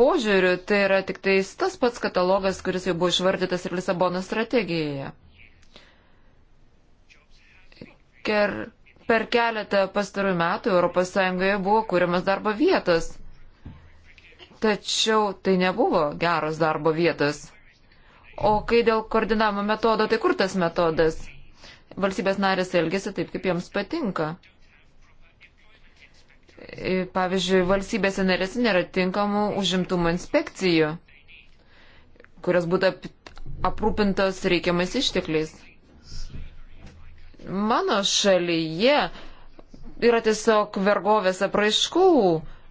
požiūrių tai yra tik tais tas pats katalogas, kuris jau buvo išvardytas ir Lisabono strategijoje. Ker per keletą pastarųjų metų ES buvo kūriamas darbo vietos Tačiau tai nebuvo geros darbo vietos. O kai dėl koordinavimo metodo, tai kur tas metodas? Valstybės narės elgesi taip, kaip jiems patinka. E, pavyzdžiui, valstybėse narėse nėra tinkamų užimtumo inspekcijų, kurios būtų aprūpintos reikiamais ištekliais. Mano šalyje yra tiesiog vergovės apraiškų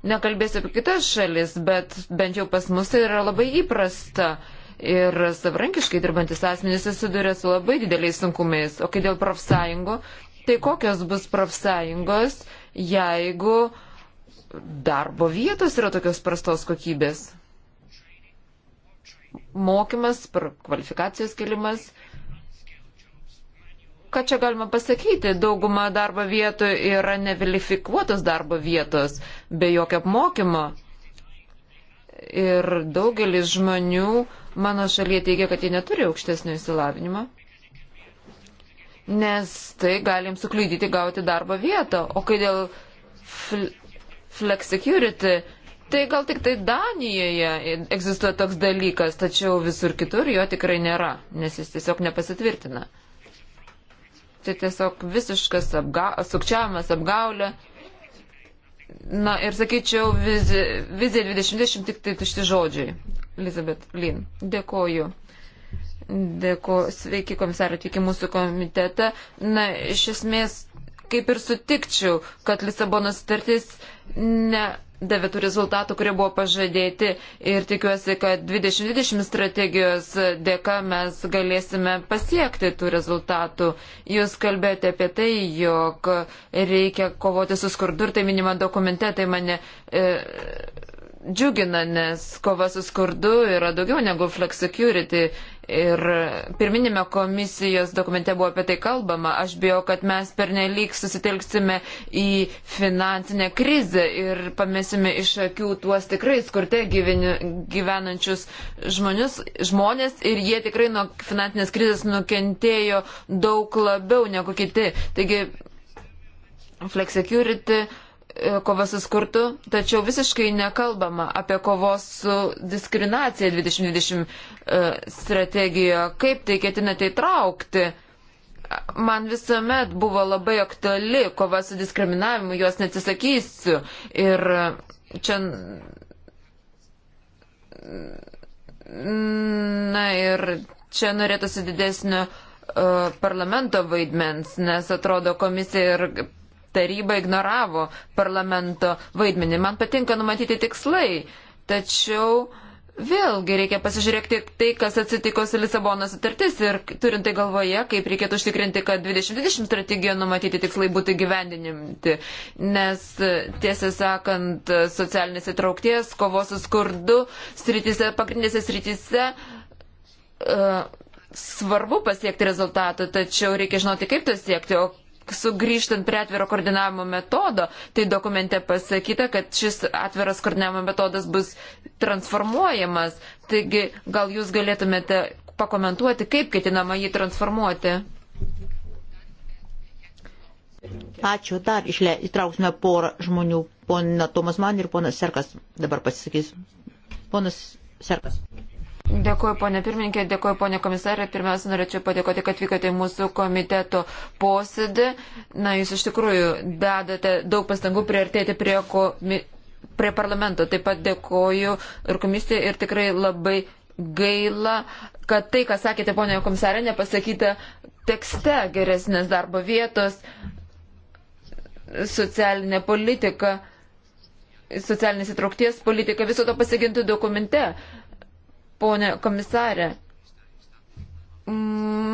Nekalbėsiu apie kitas šalis, bet bent jau pas mus tai yra labai įprasta. Ir savarankiškai dirbantis asmenys susiduria su labai dideliais sunkumais. O kai dėl profsąjungų, tai kokios bus profsąjungos, jeigu darbo vietos yra tokios prastos kokybės? Mokymas, kvalifikacijos kelimas ką čia galima pasakyti? Dauguma darbo vietų yra nevilifikuotos darbo vietos, be jokio apmokymo. Ir daugelis žmonių mano šalyje teigia, kad jie neturi aukštesnio įsilavinimo. Nes tai galim suklydyti gauti darbo vietą. O kai dėl flex security, tai gal tik tai Danijoje egzistuoja toks dalykas, tačiau visur kitur jo tikrai nėra, nes jis tiesiog nepasitvirtina tai tiesiog visiškas apga sukčiavimas, apgaulė. Na ir sakyčiau, vizija 2020 tik tai tušti žodžiai. Elizabeth Lin, dėkoju. Dėkoju, sveiki komisarė, tik į mūsų komitetą. Na, iš esmės, kaip ir sutikčiau, kad Lisabonos sutartis ne davė tų rezultatų, kurie buvo pažadėti ir tikiuosi, kad 2020 strategijos dėka mes galėsime pasiekti tų rezultatų. Jūs kalbėjote apie tai, jog reikia kovoti su skurdu ir tai minima dokumente, tai mane e, džiugina, nes kova su skurdu yra daugiau negu flexicurity. Ir pirminėme komisijos dokumente buvo apie tai kalbama. Aš bijau, kad mes pernelyg susitelksime į finansinę krizę ir pamėsime iš akių tuos tikrai skurte gyvenančius žmonius, žmonės ir jie tikrai nuo finansinės krizės nukentėjo daug labiau negu kiti. Taigi, Flexicurity E, kovas su skurtu, tačiau visiškai nekalbama apie kovos su diskriminacija 2020 e, strategijoje. Kaip tai ketinate įtraukti? man visuomet buvo labai aktuali kova su diskriminavimu, jos neatsisakysiu. Ir e, čia. Na ir čia norėtųsi didesnio uh, parlamento vaidmens, nes atrodo komisija ir taryba ignoravo parlamento vaidmenį. Man patinka numatyti tikslai, tačiau vėlgi reikia pasižiūrėti tai, kas atsitiko su Lisabono sutartis ir turint tai galvoje, kaip reikėtų užtikrinti, kad 2020 strategijoje numatyti tikslai būtų gyvendinimti. Nes tiesą sakant, socialinės įtraukties, kovos su skurdu, sritise, pagrindinėse sritise. Uh, e, svarbu pasiekti rezultatų, tačiau reikia žinoti, kaip to siekti, o sugrįžtant prie atviro koordinavimo metodo, tai dokumente pasakyta, kad šis atviras koordinavimo metodas bus transformuojamas. Taigi, gal jūs galėtumėte pakomentuoti, kaip ketinama jį transformuoti? Ačiū, dar išle, įtrauksime porą žmonių, pona Tomas Man ir ponas Serkas dabar pasisakys. Ponas Serkas. Dėkuoju, ponė pirmininkė, dėkuoju, ponė komisarė. Pirmiausia, norėčiau padėkoti, kad vykote į mūsų komiteto posėdį. Na, jūs iš tikrųjų dedate daug pastangų priartėti prie, komi... prie parlamento. Taip pat dėkuoju ir komisijai ir tikrai labai gaila, kad tai, ką sakėte, ponė komisarė, nepasakyta tekste geresnės darbo vietos, socialinė politika, socialinės įtraukties politika, viso to pasiginti dokumente. Pone komisarė,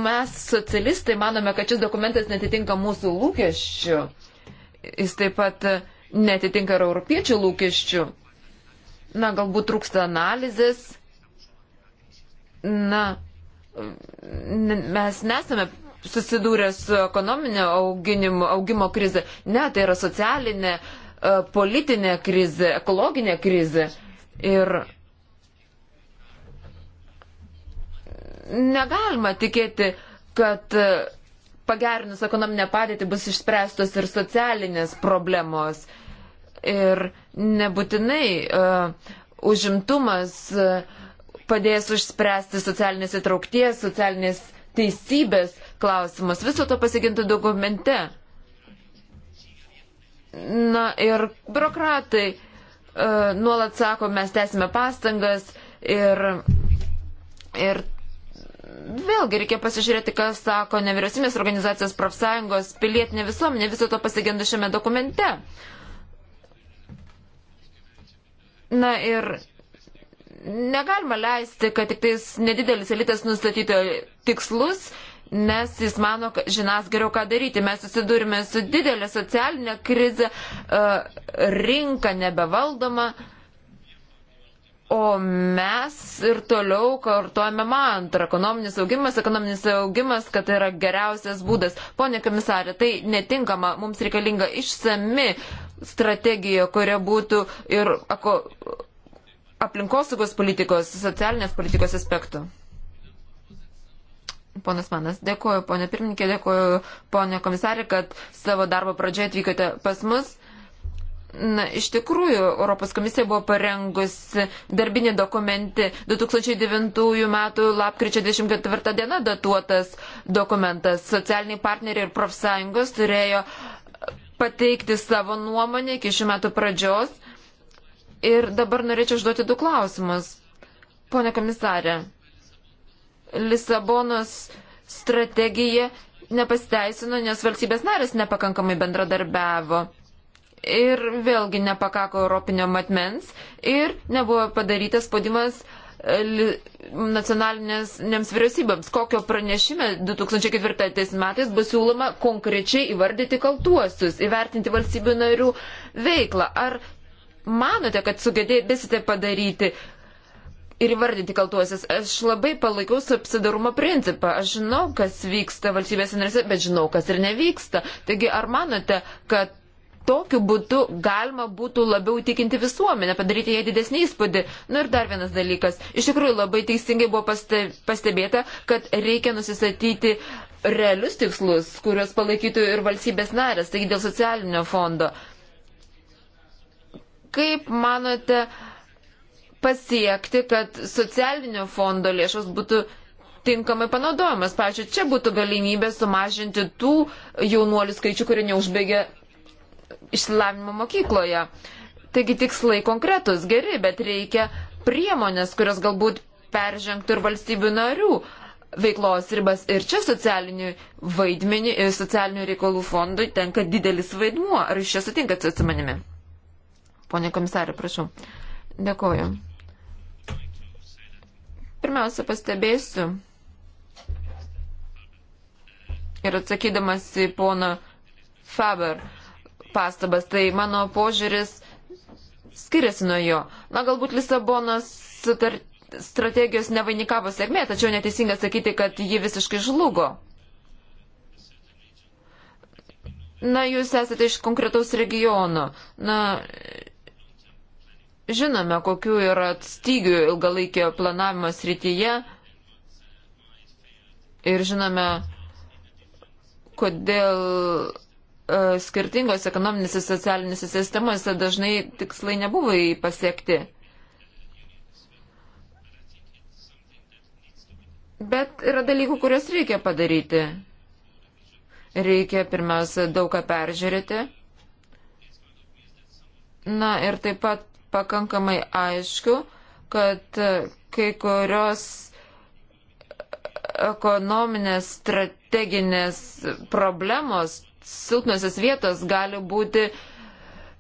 mes socialistai manome, kad šis dokumentas netitinka mūsų lūkesčių. Jis taip pat netitinka ir europiečių lūkesčių. Na, galbūt trūksta analizės. Na, mes nesame susidūrę su ekonominio auginimo, augimo krize. Ne, tai yra socialinė, e, politinė krize, ekologinė krize. Ir negalima tikėti, kad e, pagerinus ekonominę padėtį bus išspręstos ir socialinės problemos. Ir nebūtinai uh, užimtumas uh, padės išspręsti socialinės įtraukties, socialinės teisybės klausimus. Viso to pasigintų dokumente. Na ir biurokratai uh, nuolat sako, mes tęsime pastangas ir, ir vėlgi reikia pasižiūrėti, kas sako nevyriausybės organizacijos, profsąjungos, pilietinė visuomenė, viso to pasigendu šiame dokumente. Na ir negalima leisti, kad tik tais nedidelis elitas nustatytų tikslus, nes jis mano, žinas geriau ką daryti. Mes susidurime su didelė socialinė krize, rinka nebevaldoma. Uh, O mes ir toliau kartuojame mantrą. Ekonominis augimas, ekonominis augimas, kad tai yra geriausias būdas. Pone komisarė, tai netinkama, mums reikalinga išsami strategija, kuria būtų ir ako, aplinkosaugos politikos, socialinės politikos aspektų. Ponas Manas, dėkoju, ponė pirmininkė, dėkoju, ponė komisarė, kad savo darbo pradžioje atvykote pas mus. Na, iš tikrųjų, Europos komisija buvo parengusi darbinį dokumentį 2009 m. lapkričio 24 d. datuotas dokumentas. Socialiniai partneriai ir profsąjungos turėjo pateikti savo nuomonę iki šių metų pradžios. Ir dabar norėčiau užduoti du klausimus. Pone komisarė, Lisabonos strategija nepasteisino, nes valstybės narės nepakankamai bendradarbiavo ir vėlgi nepakako europinio matmens ir nebuvo padarytas spaudimas e, nacionalinėms vyriausybėms, kokio pranešime 2004 metais bus siūloma konkrečiai įvardyti kaltuosius, įvertinti valstybių narių veiklą. Ar manote, kad sugebėsite padaryti ir įvardinti kaltuosius. Aš labai palaikau subsidarumo principą. Aš žinau, kas vyksta valstybės narėse, bet žinau, kas ir nevyksta. Taigi, ar manote, kad tokiu būdu galima būtų labiau tikinti visuomenę, padaryti ją didesnį įspūdį. Na nu ir dar vienas dalykas. Iš tikrųjų labai teisingai buvo pastebėta, kad reikia nusistatyti realius tikslus, kuriuos palaikytų ir valstybės narės, taigi dėl socialinio fondo. Kaip manote pasiekti, kad socialinio fondo lėšos būtų tinkamai panaudojamas. Pavyzdžiui, čia būtų galimybė sumažinti tų jaunuolių skaičių, kurie neužbaigia išsilavinimo mokykloje. Taigi tikslai konkretus, geri, bet reikia priemonės, kurios galbūt peržengtų ir valstybių narių veiklos ribas. Ir čia socialinių vaidmenį ir socialinių reikalų fondui tenka didelis vaidmuo. Ar jūs čia sutinkate su manimi? Pone komisarė, prašau. Dėkoju. Pirmiausia, pastebėsiu. Ir atsakydamas į poną Faber. Uh, pastabas, tai mano požiūris skiriasi nuo jo. Na, galbūt Lisabonos sutar... strategijos nevainikavo sėkmė, tačiau neteisinga sakyti, kad ji visiškai žlugo. Na, jūs esate iš konkretaus regiono. Na, žinome, kokiu yra stygių ilgalaikio planavimo srityje. Ir žinome, kodėl E, skirtingose ekonominėse socialinėse sistemose dažnai tikslai nebuvo pasiekti. Bet yra dalykų, kurias reikia padaryti. Reikia pirmiausia daug ką peržiūrėti. Na ir taip pat pakankamai aišku, kad kai kurios ekonominės strateginės problemos silpnosios vietos gali būti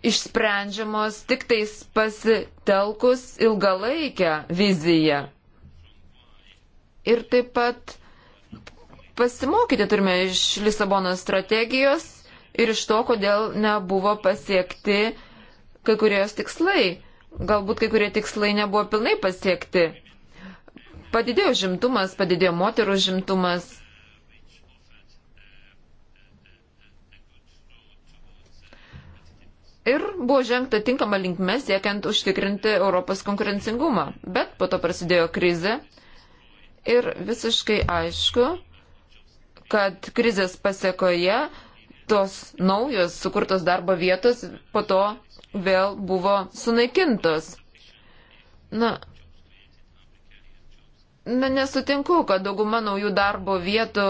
išsprendžiamos tik tais pasitelkus ilgalaikę viziją. Ir taip pat pasimokyti turime iš Lisabono strategijos ir iš to, kodėl nebuvo pasiekti kai kurios tikslai. Galbūt kai kurie tikslai nebuvo pilnai pasiekti. Padidėjo žimtumas, padidėjo moterų žimtumas, ir buvo žengta tinkama linkme siekiant užtikrinti Europos konkurencingumą. Bet po to prasidėjo krizė ir visiškai aišku, kad krizės pasiekoje tos naujos sukurtos darbo vietos po to vėl buvo sunaikintos. Na, na nesutinku, kad dauguma naujų darbo vietų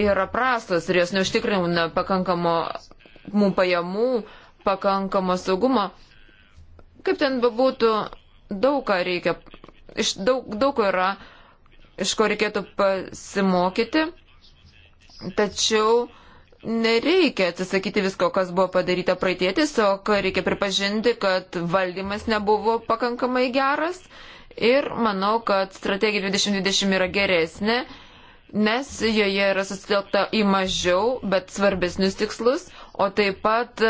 yra prastas ir jos neužtikrina pakankamo mum pajamų pakankamo saugumo. Kaip ten bebūtų, daug ką reikia, iš daug, daug yra, iš ko reikėtų pasimokyti, tačiau nereikia atsisakyti visko, kas buvo padaryta praeitie, tiesiog reikia pripažinti, kad valdymas nebuvo pakankamai geras ir manau, kad strategija 2020 yra geresnė nes joje yra susitelkta į mažiau, bet svarbesnius tikslus, o taip pat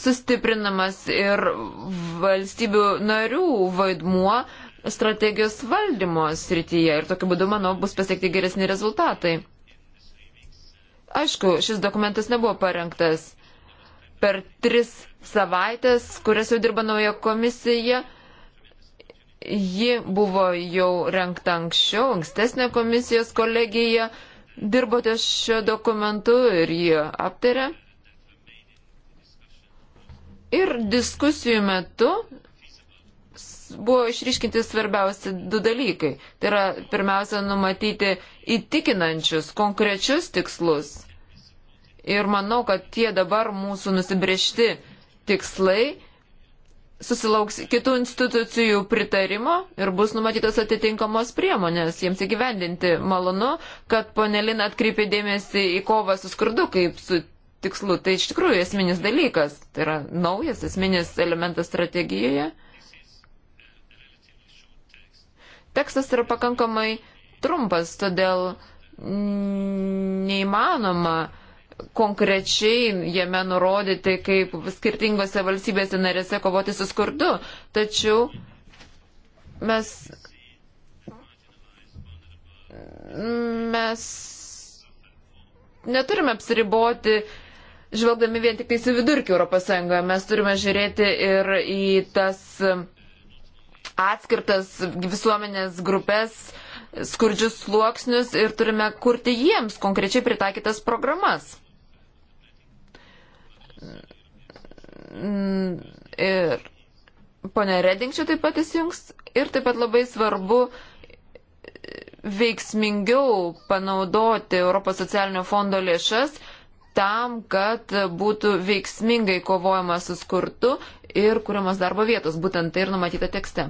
sustiprinamas ir valstybių narių vaidmuo strategijos valdymo srityje ir tokiu būdu, manau, bus pasiekti geresni rezultatai. Aišku, šis dokumentas nebuvo parengtas per tris savaitės, kurias jau dirba nauja komisija. Ji buvo jau renkta anksčiau, ankstesnė komisijos kolegija dirbote šio dokumentu ir jį aptarė. Ir diskusijų metu buvo išryškinti svarbiausi du dalykai. Tai yra pirmiausia numatyti įtikinančius, konkrečius tikslus. Ir manau, kad tie dabar mūsų nusibriežti tikslai susilauks kitų institucijų pritarimo ir bus numatytos atitinkamos priemonės jiems įgyvendinti. Malonu, kad ponelin atkreipė dėmesį į kovą su skurdu kaip su tikslų. Tai iš tikrųjų esminis dalykas, tai yra naujas esminis elementas strategijoje. Tekstas yra pakankamai trumpas, todėl neįmanoma konkrečiai jame nurodyti, kaip skirtingose valstybėse narėse kovoti su skurdu. Tačiau mes. Mes neturime apsiriboti žvelgdami vien tik į vidurkį Europos Sąjungoje. Mes turime žiūrėti ir į tas atskirtas visuomenės grupės, skurdžius sluoksnius ir turime kurti jiems konkrečiai pritaikytas programas. Ir ponė Reding čia taip pat įsijungs ir taip pat labai svarbu veiksmingiau panaudoti Europos socialinio fondo lėšas tam, kad būtų veiksmingai kovojama su skurtu ir kuriamas darbo vietos. Būtent tai ir numatyta tekste.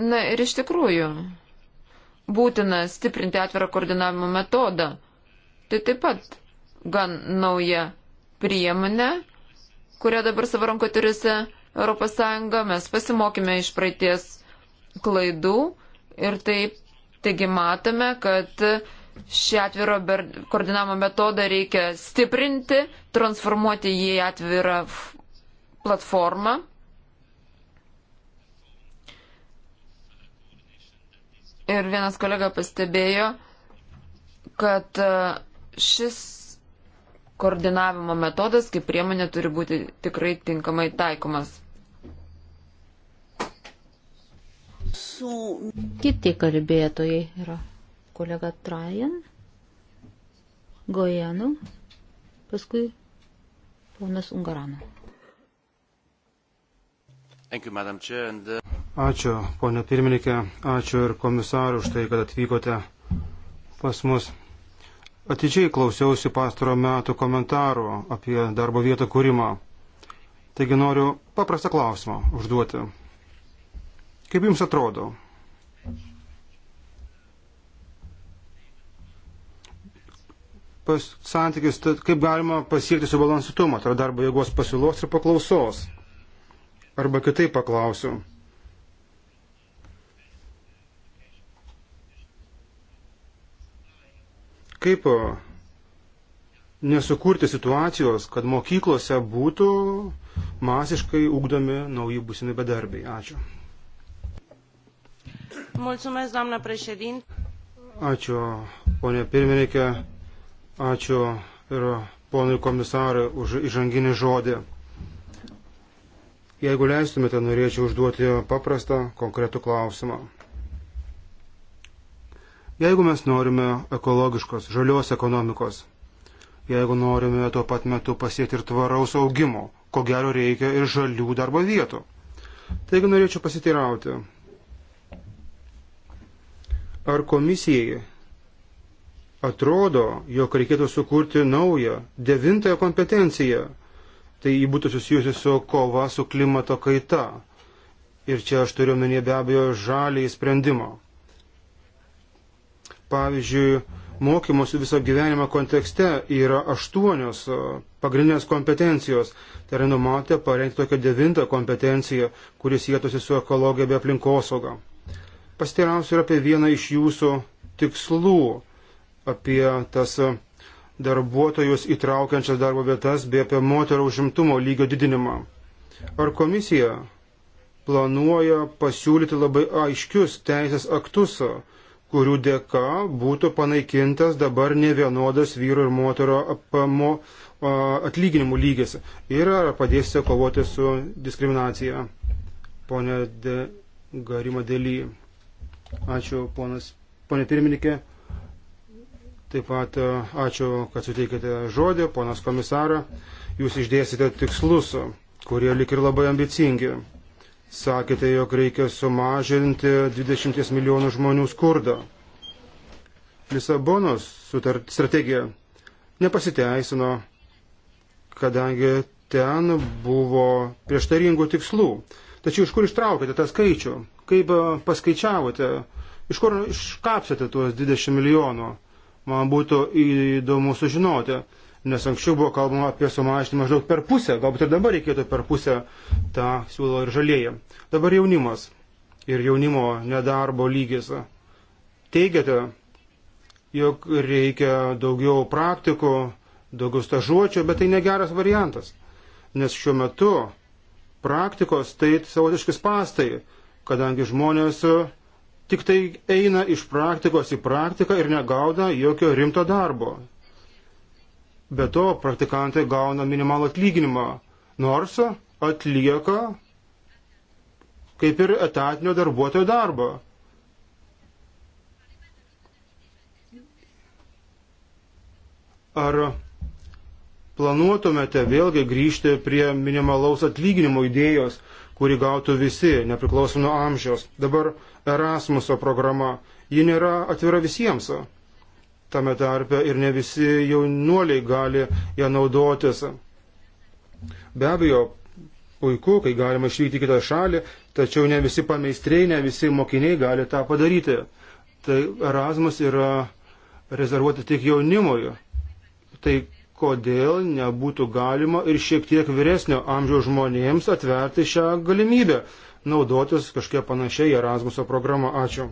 Na ir iš tikrųjų, būtina stiprinti atvirą koordinavimo metodą. Tai taip pat gan nauja priemonė, kurią dabar savo ranko turisi ES, mes pasimokime iš praeities klaidų ir taip, taigi matome, kad šį atviro koordinavimo metodą reikia stiprinti, transformuoti jį į atvirą platformą. Ir vienas kolega pastebėjo, kad e, šis koordinavimo metodas kaip priemonė turi būti tikrai tinkamai taikomas. Kiti kalbėtojai yra kolega Trajan, Gojanu, paskui ponas Ungarano. Uh, ačiū, ponė pirmininkė, ačiū ir komisarų už tai, kad atvykote pas mus atidžiai klausiausi pastaro metų komentarų apie darbo vietų kūrimą. Taigi noriu paprastą klausimą užduoti. Kaip Jums atrodo? Pas, santykis, kaip galima pasiekti subalansuotumą tarp darbo jėgos pasiūlos ir paklausos? Arba kitaip paklausiu Kaip nesukurti situacijos, kad mokyklose būtų masiškai ugdomi nauji būsimi bedarbiai. Ačiū. Mulțumesc, doamnă președinte. Ačiū, ponė pirmininkė. Ačiū ir ponui komisarui už įžanginį žodį. Jeigu leistumėte, norėčiau užduoti paprastą, konkretų klausimą. Jeigu mes norime ekologiškos, žalios ekonomikos, jeigu norime tuo pat metu pasiekti ir tvaraus augimo, ko gero reikia ir žalių darbo vietų. Taigi norėčiau pasiteirauti, ar komisijai atrodo, jog reikėtų sukurti naują, devintąją kompetenciją. Tai jį būtų susijusi su kova su klimato kaita. Ir čia aš turiu menį be abejo žalį sprendimą pavyzdžiui, mokymosi viso gyvenimo kontekste yra aštuonios pagrindinės kompetencijos. Tai yra numatę parengti tokią devintą kompetenciją, kuris sėtųsi su ekologija bei aplinkosauga. Pasteirausiu ir apie vieną iš jūsų tikslų, apie tas e, darbuotojus įtraukiančias darbo vietas bei apie moterų užimtumo lygio didinimą. Ar komisija planuoja pasiūlyti labai aiškius teisės aktus, kurių dėka būtų panaikintas dabar ne vienodas vyru ir moterio apamo atlyginimų lygis ir ar padėsite kovoti su diskriminacija. Pone De Garima Dely. Ačiū, ponas, ponė pirmininkė. Taip pat ačiū, kad suteikėte žodį, ponas komisarą. Jūs išdėsite tikslus, kurie lik ir labai ambicingi sakėte, jog reikia sumažinti 20 milijonų žmonių skurdą. Lisabonos strategija nepasiteisino, kadangi ten buvo prieštaringų tikslų. Tačiau iš kur ištraukėte tą skaičių? Kaip e, paskaičiavote? Iš kur iškapsėte tuos 20 milijonų? Man būtų įdomu sužinoti nes anksčiau buvo kalbama apie sumažinimą maždaug per pusę, galbūt ir dabar reikėtų per pusę, tą siūlo ir žalieji. Dabar jaunimas ir jaunimo nedarbo lygis. Teigiate, jog reikia daugiau praktikų, daugiau stažuočių, bet tai negeras variantas, nes šiuo metu praktikos tai savotiški pastai, kadangi žmonės tik tai eina iš praktikos į praktiką ir negauna jokio rimto darbo. Be to, praktikantai gauna minimalų atlyginimą, nors atlieka kaip ir etatinio darbuotojo darbą. Ar planuotumėte vėlgi grįžti prie minimalaus atlyginimo idėjos, kuri gautų visi, nepriklausomai nuo amžiaus? Dabar Erasmuso programa, ji nėra atvira visiems tame tarpe ir ne visi jaunuoliai gali ją naudotis. Be abejo, puiku, kai galima išvykti į kitą šalį, tačiau ne visi pameistriai, ne visi mokiniai gali tą padaryti. Tai Erasmus yra rezervuoti tik jaunimui. Tai kodėl nebūtų galima ir šiek tiek vyresnio amžiaus žmonėms atverti šią galimybę naudotis kažkiek panašiai Erasmuso programą. Ačiū.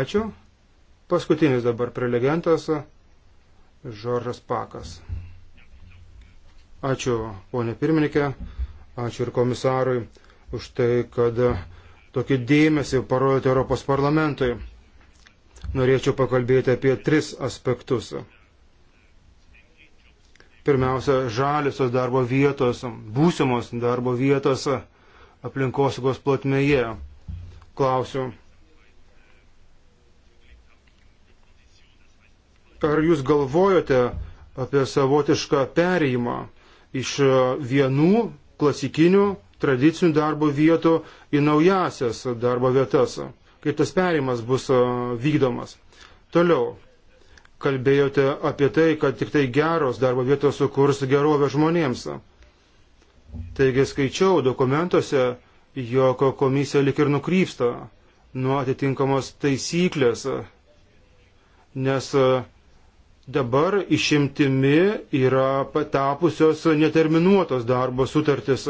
Ačiū. Paskutinis dabar prelegentas Žoržas Pakas. Ačiū, ponė pirmininkė, ačiū ir komisarui už tai, kad tokį dėmesį parodėte Europos parlamentui. Norėčiau pakalbėti apie tris aspektus. Pirmiausia, žalisos darbo vietos, būsimos darbo vietos aplinkosaugos plotmėje. Klausiu, ar jūs galvojote apie savotišką perėjimą iš e, vienų klasikinių tradicinių darbo vietų į naujasias darbo vietas? Kaip tas perėjimas bus e, vykdomas? Toliau. Kalbėjote apie tai, kad tik tai geros darbo vietos sukurs gerovę žmonėms. Taigi skaičiau dokumentuose, jog komisija lik ir nukrypsta nuo atitinkamos taisyklės, nes e, dabar išimtimi yra patapusios neterminuotos darbo sutartys.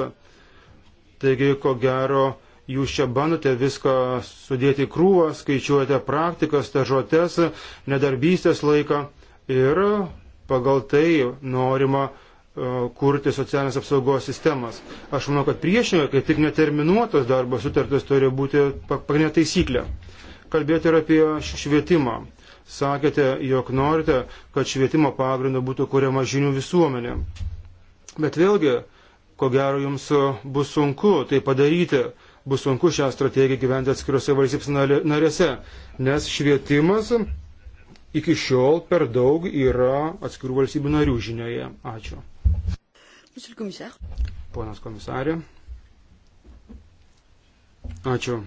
Taigi, ko gero, jūs čia bandote viską sudėti krūvą, skaičiuojate praktikas, stažuotes, nedarbystės laiką ir pagal tai norima e, kurti socialinės apsaugos sistemas. Aš manau, kad priešingai, kaip tik neterminuotos darbo sutartys turi būti pagrindinė taisyklė. Kalbėti ir apie švietimą sakėte, jog norite, kad švietimo pagrindu būtų kuriama žinių visuomenė. Bet vėlgi, ko gero jums bus sunku tai padaryti, bus sunku šią strategiją gyventi atskiriuose valstybės narėse, nes švietimas iki šiol per daug yra atskirų valstybių narių žinioje. Ačiū. Ponas komisarė. Ačiū.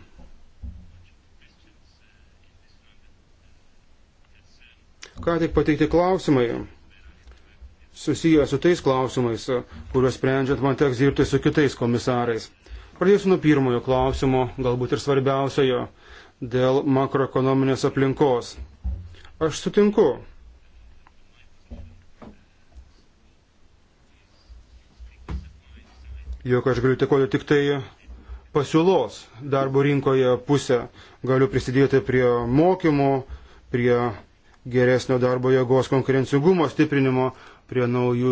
Ką tik pateikti klausimai susiję su tais klausimais, kuriuos sprendžiant man teks dirbti su kitais komisarais. Pradėsiu nuo pirmojo klausimo, galbūt ir svarbiausiojo, dėl makroekonominės aplinkos. Aš sutinku, jog aš galiu tikoti tik tai pasiūlos darbo rinkoje pusę, galiu prisidėti prie mokymų, prie geresnio darbo jėgos konkurencingumo stiprinimo, prie naujų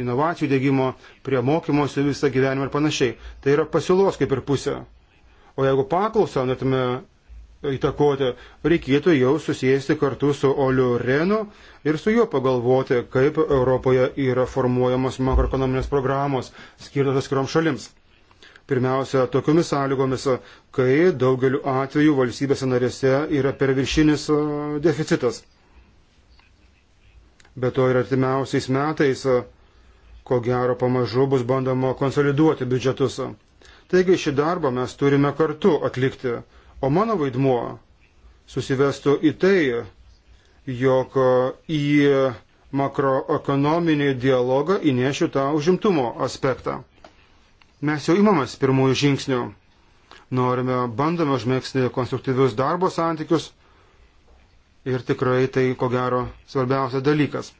inovacijų dėgymo, prie mokymosi visą gyvenimą ir panašiai. Tai yra pasiūlos kaip ir pusė. O jeigu paklausą norėtume įtakoti, reikėtų jau susijęsti kartu su Oliu Renu ir su juo pagalvoti, kaip Europoje yra formuojamos makroekonominės programos skirtos atskiroms šalims. Pirmiausia, tokiomis sąlygomis, kai daugeliu atveju valstybėse narėse yra perviršinis deficitas. Be to ir artimiausiais metais, ko gero, pamažu bus bandoma konsoliduoti biudžetus. Taigi šį darbą mes turime kartu atlikti, o mano vaidmuo susivestų į tai, jog į makroekonominį dialogą įnešiu tą užimtumo aspektą. Mes jau imamės pirmųjų žingsnių. Norime, bandome užmėgsti konstruktyvius darbo santykius ir tikrai tai, ko gero, svarbiausias dalykas.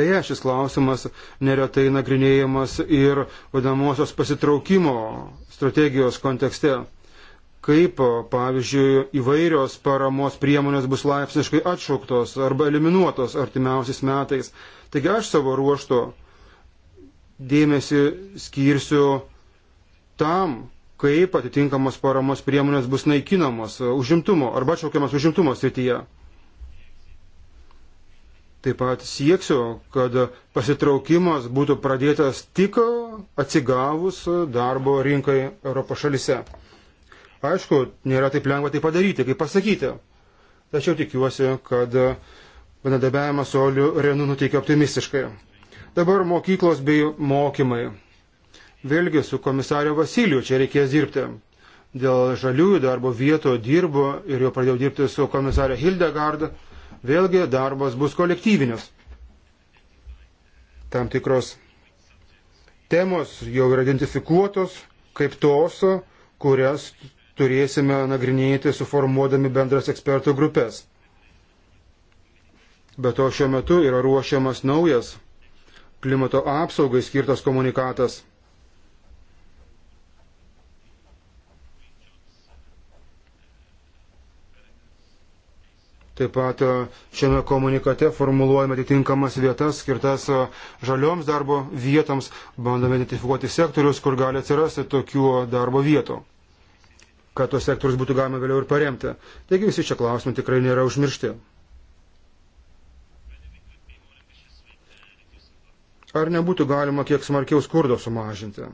Beje, šis klausimas neretai nagrinėjamas ir vadinamosios pasitraukimo strategijos kontekste. Kaip, pavyzdžiui, įvairios paramos priemonės bus laipsniškai atšauktos arba eliminuotos artimiausiais metais. Taigi aš savo ruoštų dėmesį skirsiu tam, kaip atitinkamos paramos priemonės bus naikinamos užimtumo arba atšaukiamas užimtumo srityje. Taip pat sieksiu, kad pasitraukimas būtų pradėtas tik atsigavus darbo rinkai Europos šalise. Aišku, nėra taip lengva tai padaryti, kaip pasakyti. Tačiau tikiuosi, kad bendradarbiavimas su Oliu Renu nuteikia optimistiškai. Dabar mokyklos bei mokymai. Vėlgi su komisario Vasiliu čia reikės dirbti. Dėl žaliųjų darbo vietų dirbu ir jau pradėjau dirbti su komisarė Hildegard. Vėlgi darbas bus kolektyvinis. Tam tikros temos jau yra identifikuotos kaip tos, kurias turėsime nagrinėti suformuodami bendras ekspertų grupės. Be to šiuo metu yra ruošiamas naujas klimato apsaugai skirtas komunikatas. Taip pat e, šiame komunikate formuluojame atitinkamas vietas skirtas e, žalioms darbo vietoms, bandome identifikuoti sektorius, kur gali atsirasti tokių darbo vietų, kad tos sektorius būtų galima vėliau ir paremti. Taigi visi šie klausimai tikrai nėra užmiršti. Ar nebūtų galima kiek smarkiau skurdo sumažinti?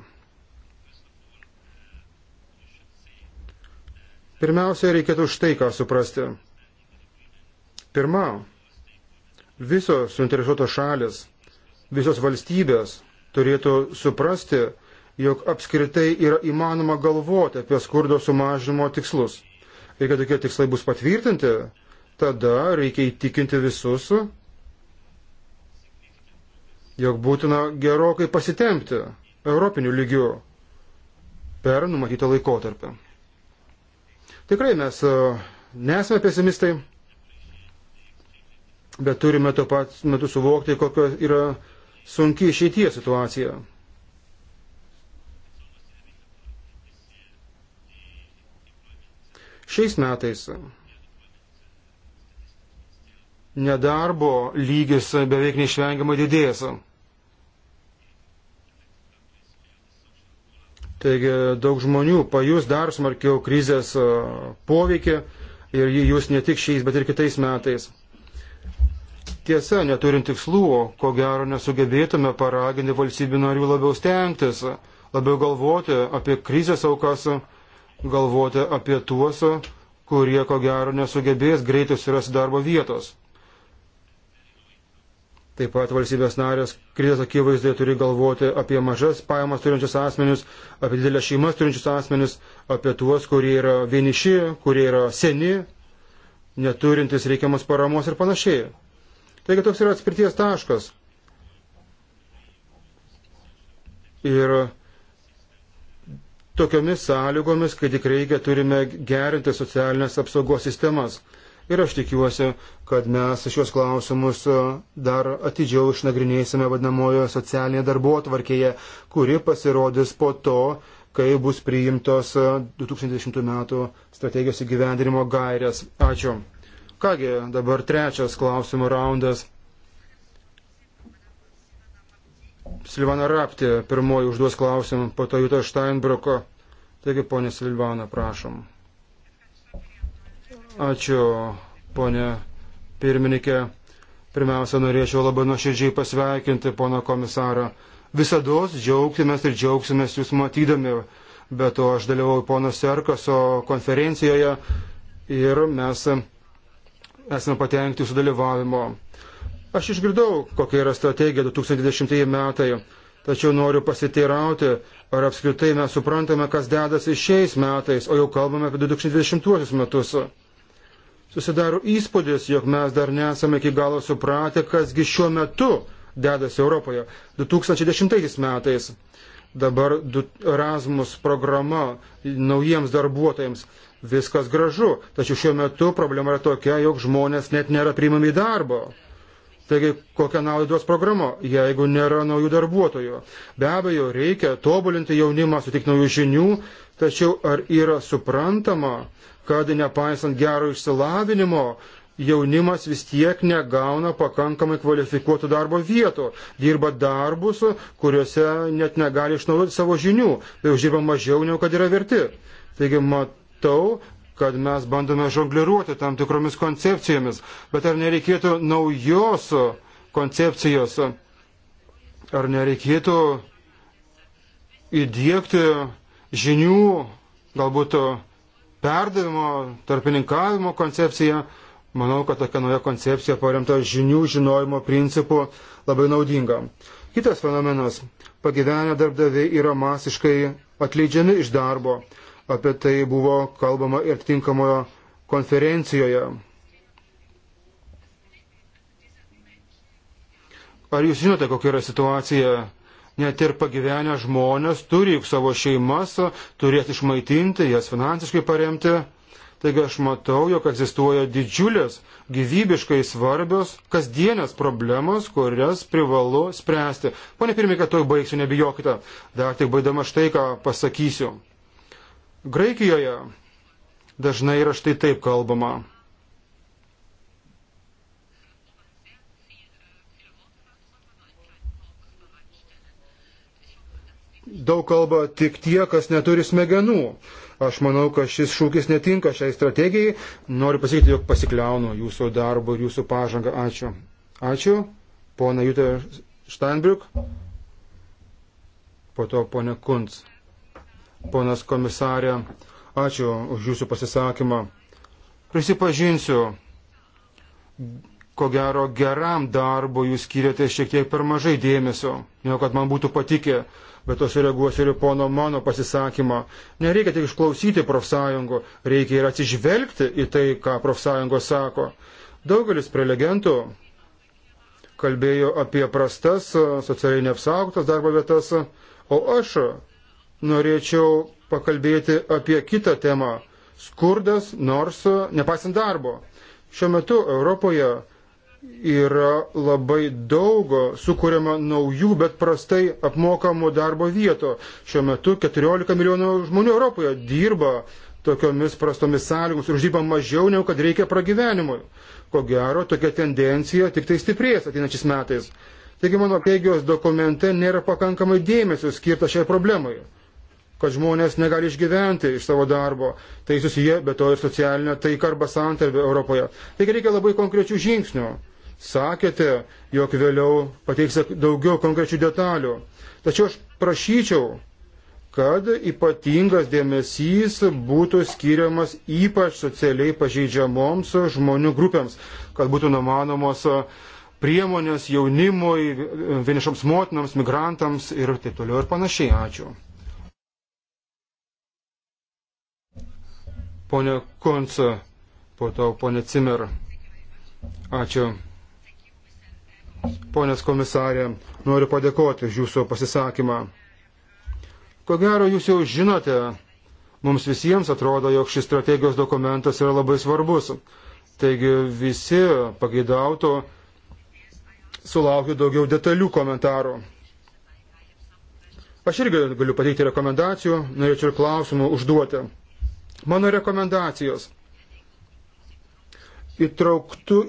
Pirmiausia, reikėtų štai ką suprasti. Pirma, visos suinteresuotos šalis, visos valstybės turėtų suprasti, jog apskritai yra įmanoma galvoti apie skurdo sumažinimo tikslus. Ir kad tokie tikslai bus patvirtinti, tada reikia įtikinti visus, jog būtina gerokai pasitempti europinių lygių per numatytą laikotarpį. Tikrai mes e, nesame pesimistai, bet turime tuo pat metu suvokti, kokia yra sunki išeities situacija. Šiais metais nedarbo lygis beveik neišvengiamai didės. Taigi daug žmonių pajus dar smarkiau krizės poveikį ir jį jūs ne tik šiais, bet ir kitais metais. Tiesa, neturint tikslų, ko gero nesugebėtume paraginti valstybių narių labiau stengtis, labiau galvoti apie krizės aukas, galvoti apie tuos, kurie ko gero nesugebės greitai surasti darbo vietos. Taip pat valstybės narės krizės akivaizdoje turi galvoti apie mažas pajamas turinčius asmenius, apie didelės šeimas turinčius asmenius, apie tuos, kurie yra vieniši, kurie yra seni, neturintys reikiamos paramos ir panašiai. Taigi toks yra atspirties taškas. Ir tokiomis sąlygomis, kai tik reikia, turime gerinti socialinės apsaugos sistemas ir aš tikiuosi, kad mes šios klausimus e, dar atidžiau išnagrinėsime vadinamojo socialinėje darbo atvarkėje, kuri pasirodys po to, kai bus priimtos 2010 e, m. strategijos įgyvendinimo gairės. Ačiū. Kągi, dabar trečias klausimų raundas. Silvana Rapti pirmoji užduos klausimą, po to Juta Steinbroko. Taigi, ponė Silvana, prašom. Ačiū, ponė pirmininkė. Pirmiausia, norėčiau labai nuoširdžiai pasveikinti pono komisarą. Visada džiaugsimės ir džiaugsimės jūs matydami. Be to, aš dalyvau pono Serkaso konferencijoje ir mes esame patenkti su dalyvavimo. Aš išgirdau, kokia yra strategija 2020 metai, tačiau noriu pasiteirauti, ar apskritai mes suprantame, kas dedasi šiais metais, o jau kalbame apie 2020 metus susidaro įspūdis, jog mes dar nesame iki galo supratę, kasgi šiuo metu dedasi Europoje. 2010 metais dabar Erasmus programa naujiems darbuotojams. Viskas gražu, tačiau šiuo metu problema yra tokia, jog žmonės net nėra priimami į darbą. Taigi, kokią naudą duos programa, jeigu nėra naujų darbuotojų? Be abejo, reikia tobulinti jaunimą, sutikti naujų žinių, tačiau ar yra suprantama, kad nepaisant gero išsilavinimo, jaunimas vis tiek negauna pakankamai kvalifikuotų darbo vietų, dirba darbus, kuriuose net negali išnaudoti savo žinių, tai uždirba mažiau negu kad yra verti. Taigi matau, kad mes bandome žongliruoti tam tikromis koncepcijomis, bet ar nereikėtų naujos koncepcijos, ar nereikėtų įdėkti žinių, galbūt perdavimo, tarpininkavimo koncepcija, manau, kad tokia nauja koncepcija paremta žinių žinojimo principu labai naudinga. Kitas fenomenas - pagyvenę darbdaviai yra masiškai atleidžiami iš darbo. Apie tai buvo kalbama ir tinkamojo konferencijoje. Ar jūs žinote, kokia yra situacija net ir pagyvenę žmonės turi juk savo šeimas, turėti išmaitinti, jas finansiškai paremti. Taigi aš matau, jog egzistuoja didžiulės, gyvybiškai svarbios, kasdienės problemos, kurias privalu spręsti. Pone pirmininkai, to baigsiu, nebijokite. Dar tik baidama štai ką pasakysiu. Graikijoje dažnai yra štai taip kalbama. daug kalba tik tie, kas neturi smegenų. Aš manau, kad šis šūkis netinka šiai strategijai. Noriu pasakyti, jog pasikliaunu jūsų darbu ir jūsų pažangą. Ačiū. Ačiū. Pona Jutė Štanbriuk. Po to ponė Kunc. Ponas komisarė, ačiū už jūsų pasisakymą. Prisipažinsiu, ko gero geram darbo jūs skiriate šiek tiek per mažai dėmesio, jau kad man būtų patikė bet aš sureaguosiu ir pono mano pasisakymą. Nereikia tik išklausyti profsąjungų, reikia ir atsižvelgti į tai, ką profsąjungos sako. Daugelis prelegentų kalbėjo apie prastas, socialiai neapsaugtas darbo vietas, o aš norėčiau pakalbėti apie kitą temą - skurdas, nors nepasint darbo. Šiuo metu Europoje yra labai daug sukūriama naujų, bet prastai apmokamų darbo vietų. Šiuo metu 14 milijonų žmonių Europoje dirba tokiomis prastomis sąlygomis ir uždirba mažiau negu kad reikia pragyvenimui. Ko gero, tokia tendencija tik tai stiprės ateinančiais metais. Taigi mano teigios dokumente nėra pakankamai dėmesio skirta šiai problemai kad žmonės negali išgyventi iš savo darbo. Tai susiję be to ir socialinė taika arba santarvė Europoje. Taigi reikia labai konkrečių žingsnių. Sakėte, jog vėliau pateiksite daugiau konkrečių detalių. Tačiau aš prašyčiau, kad ypatingas dėmesys būtų skiriamas ypač socialiai pažeidžiamoms žmonių grupėms, kad būtų numanomos priemonės jaunimui, vienišoms motinams, migrantams ir taip toliau ir panašiai. Ačiū. Pone Kunca, po to pone Cimer. Ačiū. Ponės komisarė, noriu padėkoti už jūsų pasisakymą. Ko gero, jūs jau žinote, mums visiems atrodo, jog šis strategijos dokumentas yra labai svarbus. Taigi visi pageidautų sulaukti daugiau detalių komentarų. Aš irgi galiu pateikti rekomendacijų, norėčiau ir klausimų užduoti. Mano rekomendacijos. Įtrauktų,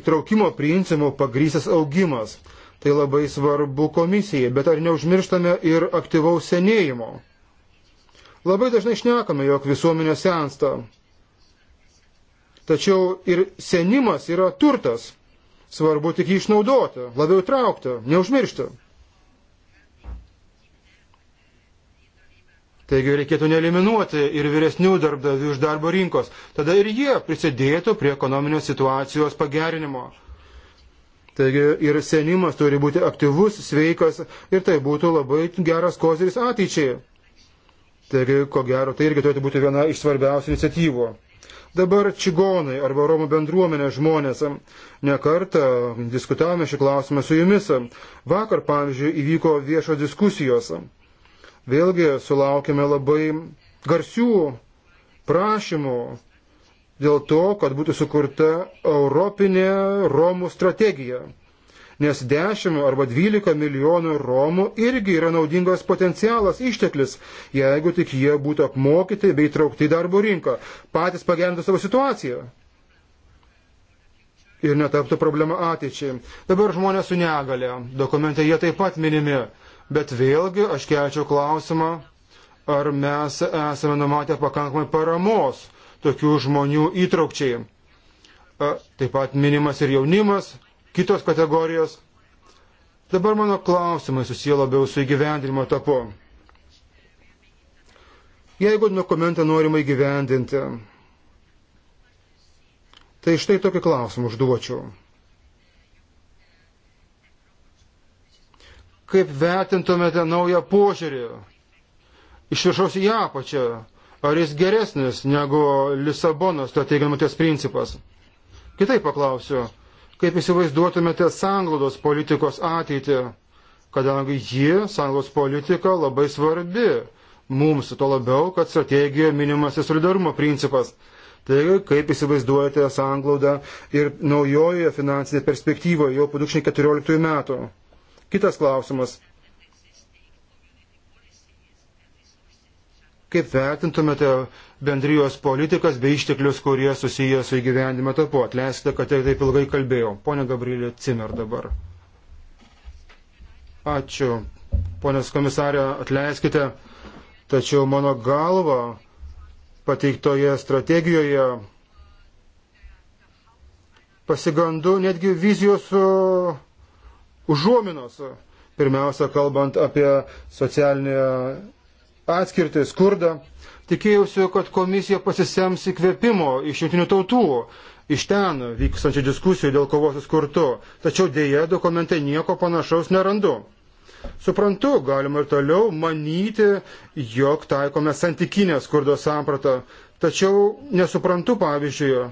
įtraukimo principų pagrysęs augimas. Tai labai svarbu komisijai, bet ar neužmirštame ir aktyvaus senėjimo. Labai dažnai šnekame, jog visuomenė sensta. Tačiau ir senimas yra turtas. Svarbu tik jį išnaudoti, labiau traukti, neužmiršti. Taigi reikėtų neliminuoti ir vyresnių darbdavių iš darbo rinkos. Tada ir jie prisidėtų prie ekonominės situacijos pagerinimo. Taigi ir senimas turi būti aktyvus, sveikas ir tai būtų labai geras koziris ateičiai. Taigi, ko gero, tai irgi turėtų būti viena iš svarbiausių iniciatyvų. Dabar čigonai arba Romų bendruomenė žmonės. Nekartą diskutavome šį klausimą su jumis. Vakar, pavyzdžiui, įvyko viešos diskusijos. Vėlgi sulaukėme labai garsių prašymų dėl to, kad būtų sukurta Europinė Romų strategija. Nes 10 arba 12 milijonų Romų irgi yra naudingas potencialas, išteklis, jeigu tik jie būtų apmokyti bei traukti į darbo rinką, patys pagerintų savo situaciją. Ir netaptų problema ateičiai. Dabar žmonės su negale. Dokumentai jie taip pat minimi. Bet vėlgi aš kelčiau klausimą, ar mes esame numatę pakankamai paramos tokių žmonių įtraukčiai. Taip pat minimas ir jaunimas, kitos kategorijos. Dabar mano klausimai susiję labiau su įgyvendinimo etapu. Jeigu dokumentą norima įgyvendinti, tai štai tokį klausimą užduočiau. kaip vertintumėte naują požiūrį iš viršaus į apačią? Ar jis geresnis negu Lisabonos strateginės principas? Kitaip paklausiu, kaip įsivaizduotumėte sanglodos politikos ateitį, kadangi ji, sanglodos politika, labai svarbi mums, to labiau, kad strategijoje minimas solidarumo principas. Taigi, kaip įsivaizduojate sanglaudą ir naujojoje finansinėje perspektyvoje jau po 2014 metų? Kitas klausimas. Kaip vertintumėte bendrijos politikas bei išteklius, kurie susiję su įgyvendime tapu? Atleiskite, kad taip ilgai kalbėjau. Pone Gabrielė Cimer dabar. Ačiū. Ponės komisarė, atleiskite, tačiau mano galva pateiktoje strategijoje pasigandu netgi vizijos užuominos, pirmiausia, kalbant apie socialinį atskirtį, skurdą. Tikėjausi, kad komisija pasisems įkvėpimo iš jungtinių tautų, iš ten vykstančių diskusijų dėl kovos su skurtu, tačiau dėja dokumentai nieko panašaus nerandu. Suprantu, galima ir toliau manyti, jog taikome santykinę skurdo sampratą, tačiau nesuprantu, pavyzdžiui,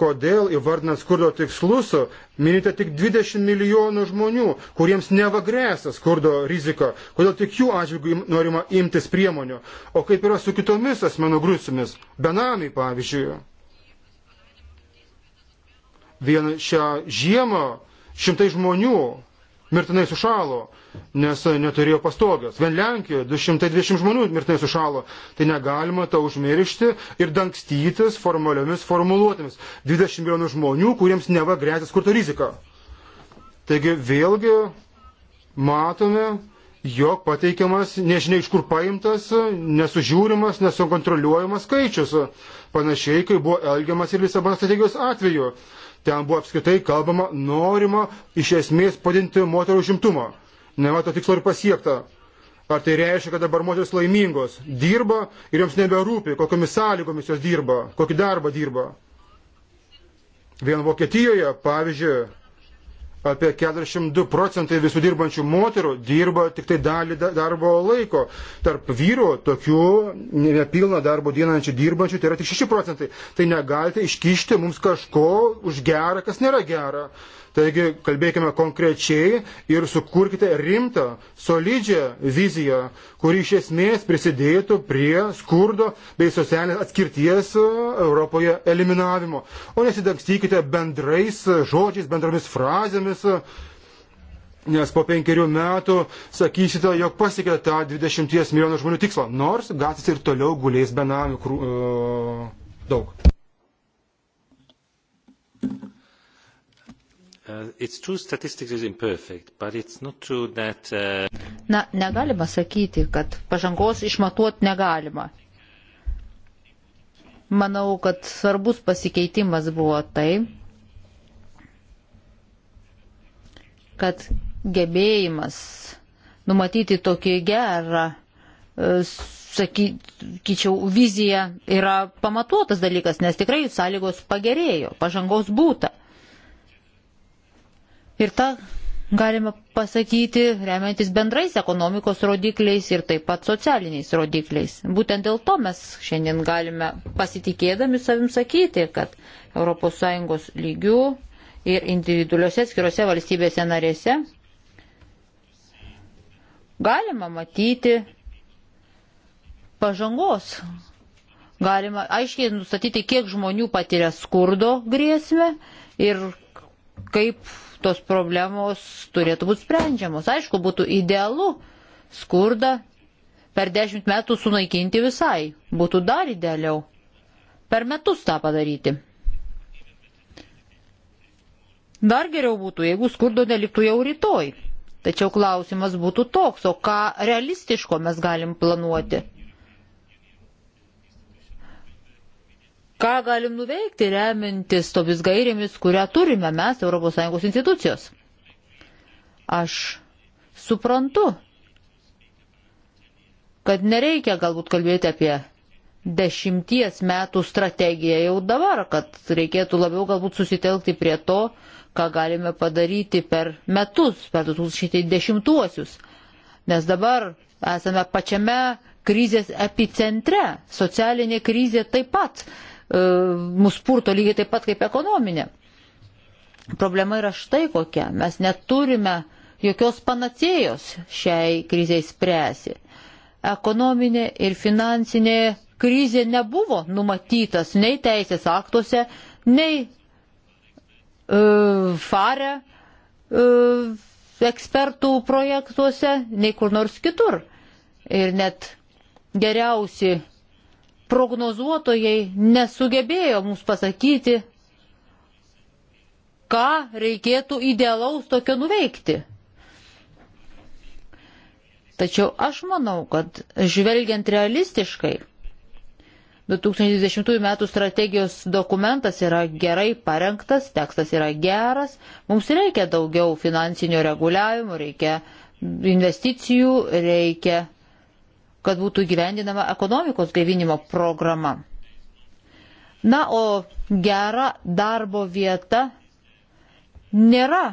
kodėl įvardinant skurdo tikslus minite tik 20 milijonų žmonių, kuriems nevagrėsia skurdo rizika, kodėl tik jų atžvilgių norima imtis priemonių, o kaip yra su kitomis asmenų grusimis, benamiai pavyzdžiui. Vien šią žiemą šimtai žmonių mirtinai sušalo, nes neturėjo pastogės. Vien Lenkijoje 220 žmonių mirtinai sušalo. Tai negalima to užmiršti ir dangstytis formaliomis formuluotėmis. 20 milijonų žmonių, kuriems neva grėsia skurto rizika. Taigi vėlgi matome, jog pateikiamas nežinia iš kur paimtas, nesužiūrimas, nesukontroliuojamas skaičius. Panašiai, kai buvo elgiamas ir Lisabono strategijos atveju. Ten buvo apskritai kalbama norima iš esmės padinti moterų žimtumą nemato tikslo ir pasiekta. Ar tai reiškia, kad dabar moteris laimingos, dirba ir joms neberūpi, kokiamis sąlygomis jos dirba, kokį darbą dirba. Vien Vokietijoje, pavyzdžiui, apie 42 procentai visų dirbančių moterų dirba tik tai dalį darbo laiko. Tarp vyrų tokių nepilną darbo dienančių dirbančių tai yra tik 6 procentai. Tai negalite iškišti mums kažko už gerą, kas nėra gera. Taigi kalbėkime konkrečiai ir sukurkite rimtą, solidžią viziją, kuri iš esmės prisidėtų prie skurdo bei socialinės atskirties e, Europoje eliminavimo. O nesidangstykite bendrais žodžiais, bendromis frazėmis. Nes po penkerių metų sakysite, jog pasiekė tą 20 milijonų žmonių tikslą, nors gatvės ir toliau guliais benamių uh, daug. Uh, uh, Na, negalima sakyti, kad pažangos išmatuot negalima. Manau, kad svarbus pasikeitimas buvo tai, kad gebėjimas numatyti tokį gerą, e, sakyčiau, viziją yra pamatuotas dalykas, nes tikrai sąlygos pagerėjo, pažangos būtų. Ir tą galima pasakyti, remiantis bendrais ekonomikos rodikliais ir taip pat socialiniais rodikliais. Būtent dėl to mes šiandien galime pasitikėdami savim sakyti, kad ES lygių ir individualiuose skiriuose valstybėse narėse galima matyti pažangos. Galima aiškiai nustatyti, kiek žmonių patiria skurdo grėsmę ir kaip tos problemos turėtų būti sprendžiamos. Aišku, būtų idealu skurdą per dešimt metų sunaikinti visai. Būtų dar idealiau. Per metus tą padaryti. Dar geriau būtų, jeigu skurdo neliktų jau rytoj. Tačiau klausimas būtų toks, o ką realistiško mes galim planuoti. ką galim nuveikti remintis tomis gairėmis, kurią turime mes, ES institucijos. Aš suprantu, kad nereikia galbūt kalbėti apie dešimties metų strategiją jau dabar, kad reikėtų labiau galbūt susitelkti prie to, ką galime padaryti per metus, per 2010-uosius. Nes dabar esame pačiame krizės epicentre, socialinė krizė taip pat E, mus purto lygiai taip pat kaip ekonominė. Problema yra štai kokia. Mes neturime jokios panacėjos šiai kriziai spręsi. Ekonominė ir finansinė krizė nebuvo numatytas nei teisės aktuose, nei e, fare e, ekspertų projektuose, nei kur nors kitur. Ir net geriausi prognozuotojai nesugebėjo mums pasakyti, ką reikėtų idealaus tokio nuveikti. Tačiau aš manau, kad žvelgiant realistiškai, 2020 m. strategijos dokumentas yra gerai parengtas, tekstas yra geras, mums reikia daugiau finansinio reguliavimo, reikia investicijų, reikia kad būtų gyvendinama ekonomikos gaivinimo programa. Na, o gera darbo vieta nėra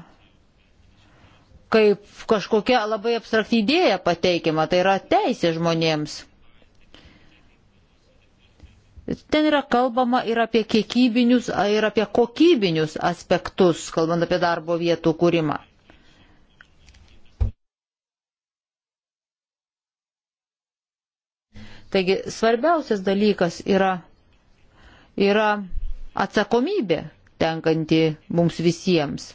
kaip kažkokia labai abstrakti idėja pateikiama, tai yra teisė žmonėms. Ten yra kalbama ir apie kiekybinius, ir apie kokybinius aspektus, kalbant apie darbo vietų kūrimą. Taigi svarbiausias dalykas yra, yra atsakomybė tenkanti mums visiems.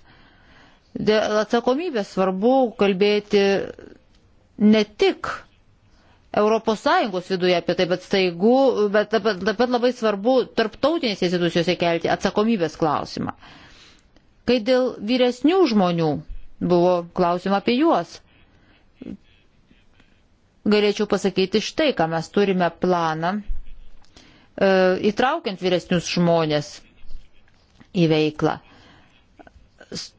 Dėl atsakomybės svarbu kalbėti ne tik ES viduje apie tai, bet staigų, bet taip pat labai svarbu tarptautinėse institucijose kelti atsakomybės klausimą. Kai dėl vyresnių žmonių buvo klausima apie juos, galėčiau pasakyti štai, ką mes turime planą, e, įtraukiant vyresnius žmonės į veiklą.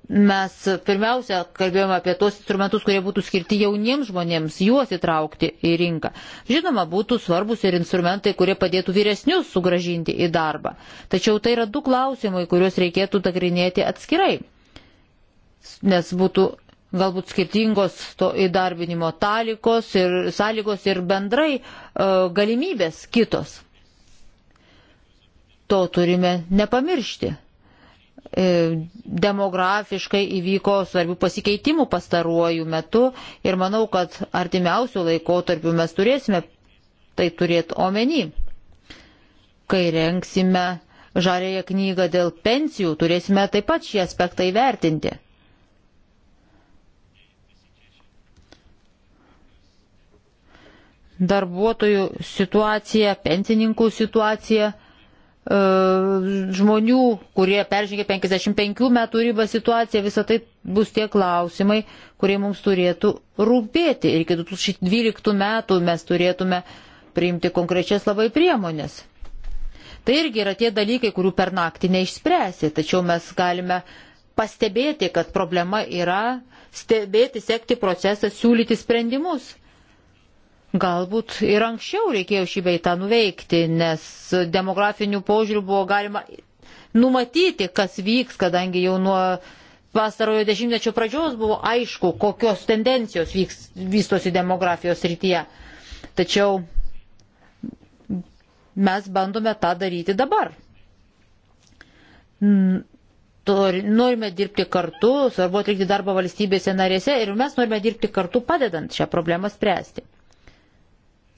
Mes pirmiausia kalbėjome apie tos instrumentus, kurie būtų skirti jauniems žmonėms, juos įtraukti į rinką. Žinoma, būtų svarbus ir instrumentai, kurie padėtų vyresnius sugražinti į darbą. Tačiau tai yra du klausimai, kuriuos reikėtų nagrinėti atskirai. Nes būtų galbūt skirtingos to įdarbinimo talikos ir sąlygos ir bendrai e, galimybės kitos. To turime nepamiršti. E, demografiškai įvyko svarbių pasikeitimų pastaruoju metu ir manau, kad artimiausių laikotarpių mes turėsime tai turėti omeny. Kai renksime žalėje knygą dėl pensijų, turėsime taip pat šį aspektą įvertinti darbuotojų situaciją, pensininkų situaciją, e, žmonių, kurie peržengia 55 metų ribą situaciją, visą tai bus tie klausimai, kurie mums turėtų rūpėti. Ir iki 2012 metų mes turėtume priimti konkrečias labai priemonės. Tai irgi yra tie dalykai, kurių per naktį neišspręsi, tačiau mes galime pastebėti, kad problema yra stebėti, sekti procesą, siūlyti sprendimus. Galbūt ir anksčiau reikėjo šį beitą nuveikti, nes demografinių požiūrių buvo galima numatyti, kas vyks, kadangi jau nuo pastarojo dešimtmečio pradžios buvo aišku, kokios tendencijos vyks, vystosi demografijos rytyje. Tačiau mes bandome tą daryti dabar. Norime dirbti kartu, svarbu atlikti darbą valstybėse narėse ir mes norime dirbti kartu padedant šią problemą spręsti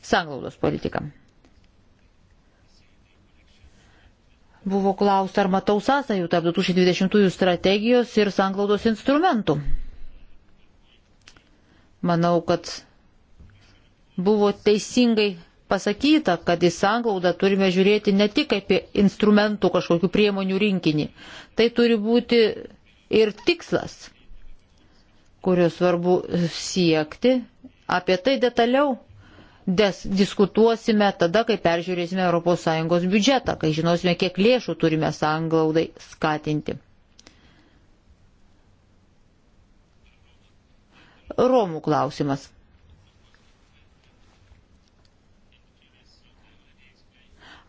sanglaudos politiką. Buvo klausta, ar matau sąsajų tarp 2020 strategijos ir sanglaudos instrumentų. Manau, kad buvo teisingai pasakyta, kad į sanglaudą turime žiūrėti ne tik kaip instrumentų kažkokių priemonių rinkinį. Tai turi būti ir tikslas, kurio svarbu siekti. Apie tai detaliau des, diskutuosime tada, kai peržiūrėsime ES biudžetą, kai žinosime, kiek lėšų turime sanglaudai skatinti. Romų klausimas.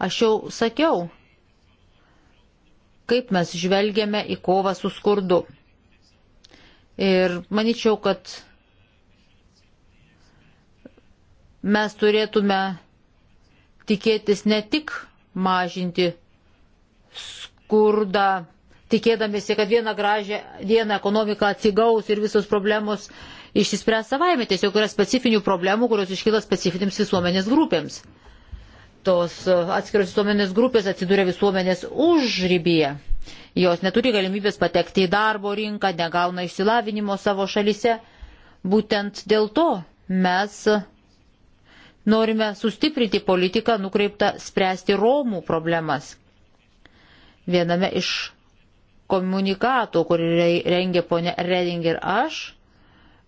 Aš jau sakiau, kaip mes žvelgiame į kovą su skurdu. Ir manyčiau, kad mes turėtume tikėtis ne tik mažinti skurdą, tikėdamėsi, kad vieną gražią dieną ekonomika atsigaus ir visos problemos išsispręs savaime. Tiesiog yra specifinių problemų, kurios iškyla specifinėms visuomenės grupėms. Tos e, atskiros visuomenės grupės atsiduria visuomenės užrybyje. Jos neturi galimybės patekti į darbo rinką, negauna išsilavinimo savo šalise. Būtent dėl to mes Norime sustiprinti politiką nukreiptą spręsti Romų problemas. Viename iš komunikatų, kurį rengė ponė Reding ir aš,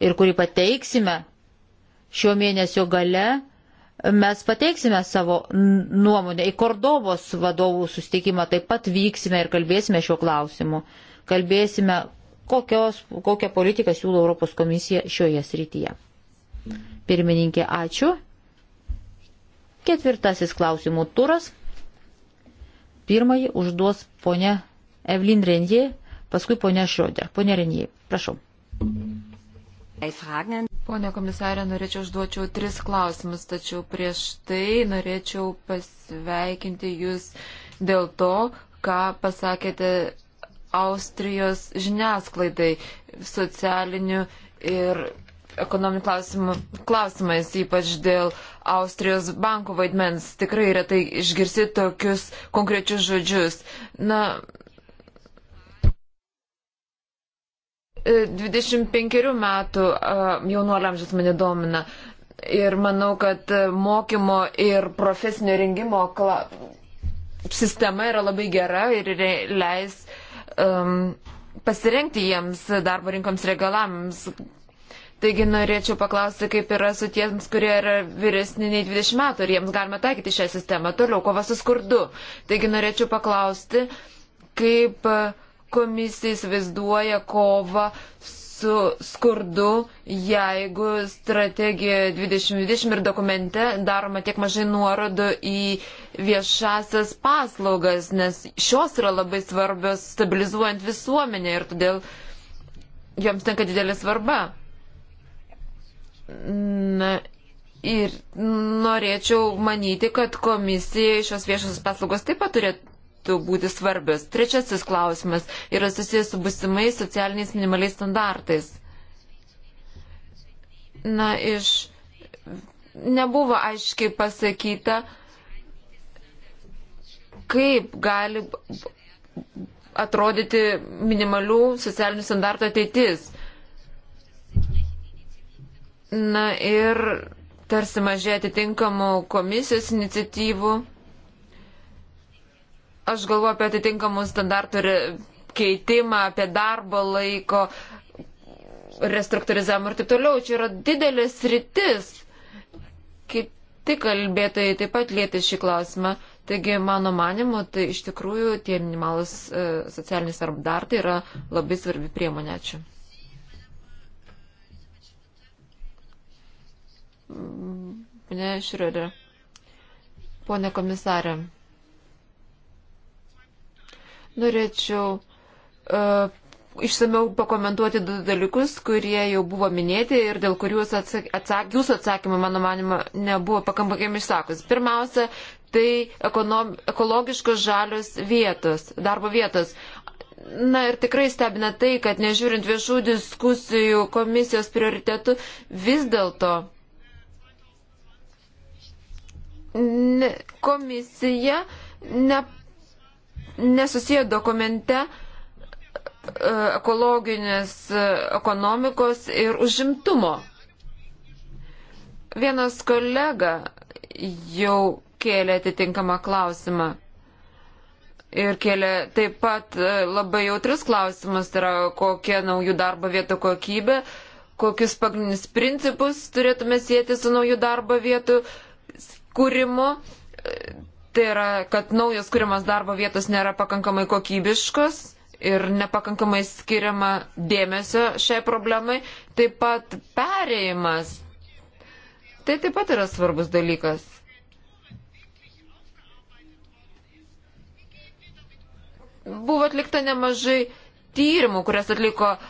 ir kurį pateiksime šio mėnesio gale, mes pateiksime savo nuomonę. Į Kordovos vadovų sustikimą taip pat vyksime ir kalbėsime šiuo klausimu. Kalbėsime, kokios, kokią politiką siūlo Europos komisija šioje srityje. Pirmininkė, ačiū. Ketvirtasis klausimų turas. Pirmąjį užduos ponia Evelyn Renjė, paskui ponia Šrodė. Ponia Renjė, prašau. Pone komisarė, norėčiau užduočiau tris klausimus, tačiau prieš tai norėčiau pasveikinti jūs dėl to, ką pasakėte Austrijos žiniasklaidai socialinių ir ekonominių klausimų, klausimais, ypač dėl Austrijos bankų vaidmens. Tikrai retai išgirsi tokius konkrečius žodžius. Na, 25 e, metų e, jaunuolio amžius mane domina ir manau, kad e, mokymo ir profesinio rengimo kla... sistema yra labai gera ir leis um, pasirengti jiems darbo rinkoms regalamams. Taigi norėčiau paklausti, kaip yra su tiems, kurie yra vyresni nei 20 metų ir jiems galima taikyti šią sistemą. Toliau, kova su skurdu. Taigi norėčiau paklausti, kaip komisija įsivaizduoja kovą su skurdu, jeigu strategija 2020 ir dokumente daroma tiek mažai nuorodų į viešasias paslaugas, nes šios yra labai svarbios stabilizuojant visuomenę ir todėl joms tenka didelė svarba. Na ir norėčiau manyti, kad komisija šios viešosios paslaugos taip pat turėtų būti svarbios. Trečiasis klausimas yra susijęs su busimais socialiniais minimaliais standartais. Na, iš. Nebuvo aiškiai pasakyta, kaip gali atrodyti minimalių socialinių standartų ateitis. Na ir tarsi mažėja atitinkamų komisijos iniciatyvų. Aš galvoju apie atitinkamų standartų keitimą, apie darbo laiko restruktūrizavimą ir taip toliau. Čia yra didelis rytis. Kiti kalbėtojai taip pat lietė šį klausimą. Taigi, mano manimu, tai iš tikrųjų tie minimalus e, socialinis standartai yra labai svarbi priemonė. Ačiū. Pane Šrėdė, pone komisarė, norėčiau uh, e, išsameu pakomentuoti du dalykus, kurie jau buvo minėti ir dėl kurių atsak, atsak, jūsų atsakymai, mano manimo, nebuvo pakambakiam išsakus. Pirmiausia, tai ekonom, ekologiškos žalios vietos, darbo vietos. Na ir tikrai stebina tai, kad nežiūrint viešų diskusijų komisijos prioritetų, vis dėlto komisija ne, nesusiję dokumente e, ekologinės e, ekonomikos ir užimtumo. Vienas kolega jau kėlė atitinkamą klausimą. Ir kėlė taip pat e, labai jautrus klausimas, tai yra kokia naujų darbo vietų kokybė, kokius pagrindinius principus turėtume sėti su naujų darbo vietų kūrimu. Tai yra, kad naujos kūrimas darbo vietos nėra pakankamai kokybiškos ir nepakankamai skiriama dėmesio šiai problemai. Taip pat perėjimas. Tai taip pat yra svarbus dalykas. Buvo atlikta nemažai tyrimų, kurias atliko uh,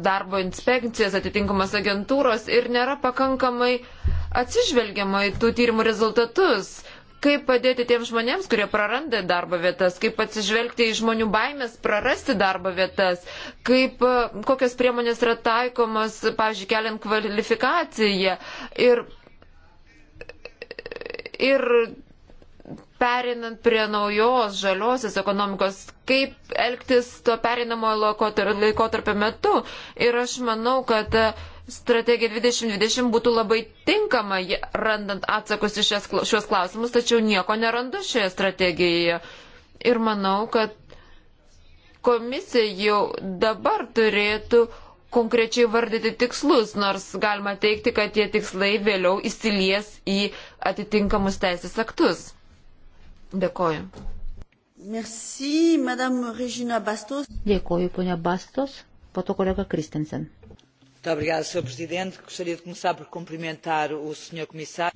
darbo inspekcijas, atitinkamas agentūros ir nėra pakankamai uh, atsižvelgiama į tų tyrimų rezultatus? Kaip padėti tiems žmonėms, kurie praranda darbo vietas, kaip atsižvelgti į žmonių baimės prarasti darbo vietas, kaip, e, kokios priemonės yra taikomos, pavyzdžiui, keliant kvalifikaciją ir, ir perinant prie naujos žaliosios ekonomikos, kaip elgtis to perinamojo laikotarpio metu. Ir aš manau, kad uh, strategija 2020 būtų labai tinkama, randant atsakus į šios klausimus, tačiau nieko nerandu šioje strategijoje. Ir manau, kad komisija jau dabar turėtų konkrečiai vardyti tikslus, nors galima teikti, kad tie tikslai vėliau įsilies į atitinkamus teisės aktus. Dėkoju. Merci, Madame Regina Bastos. Dėkoju, ponia Bastos, po to kolega Kristensen. Muito obrigada, Sr. Presidente. Gostaria de começar por cumprimentar o Sr. Comissário.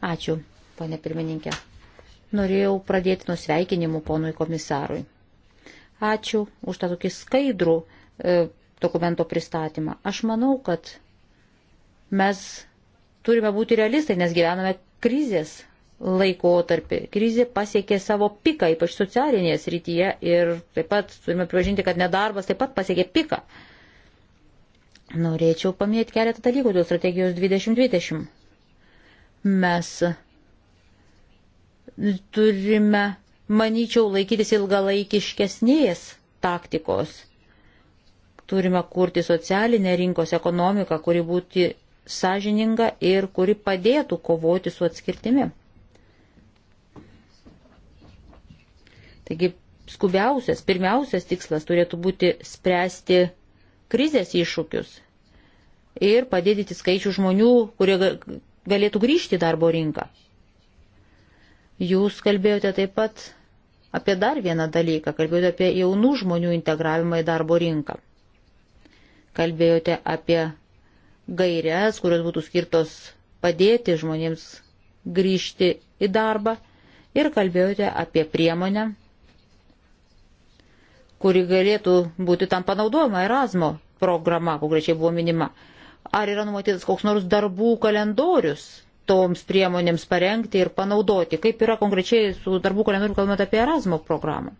Ačiū, ponė pirmininkė. Norėjau pradėti nuo sveikinimų ponui komisarui. Ačiū už tą tokį skaidrų e, dokumento pristatymą. Aš manau, kad mes turime būti realistai, nes gyvename krizės laikotarpį. Krizė pasiekė savo piką, ypač socialinėje srityje ir taip pat turime pripažinti, kad nedarbas taip pat pasiekė piką. E, Norėčiau paminėti keletą dalykų dėl strategijos 2020. Mes turime, manyčiau, laikytis ilgalaikiškesnės taktikos. Turime kurti socialinę rinkos ekonomiką, kuri būti sąžininga ir kuri padėtų kovoti su atskirtimi. Taigi skubiausias, pirmiausias tikslas turėtų būti spręsti krizės iššūkius ir padidyti skaičių žmonių, kurie galėtų grįžti į darbo rinką. Jūs kalbėjote taip pat apie dar vieną dalyką, kalbėjote apie jaunų žmonių integravimą į darbo rinką. Kalbėjote apie gairias, kurios būtų skirtos padėti žmonėms grįžti į darbą ir kalbėjote apie priemonę, kuri galėtų būti tam panaudojama, Erasmo programa, konkrečiai buvo minima. Ar yra numatytas koks nors darbų kalendorius toms priemonėms parengti ir panaudoti, kaip yra konkrečiai su darbų kalendoriu kalbant apie Erasmo programą.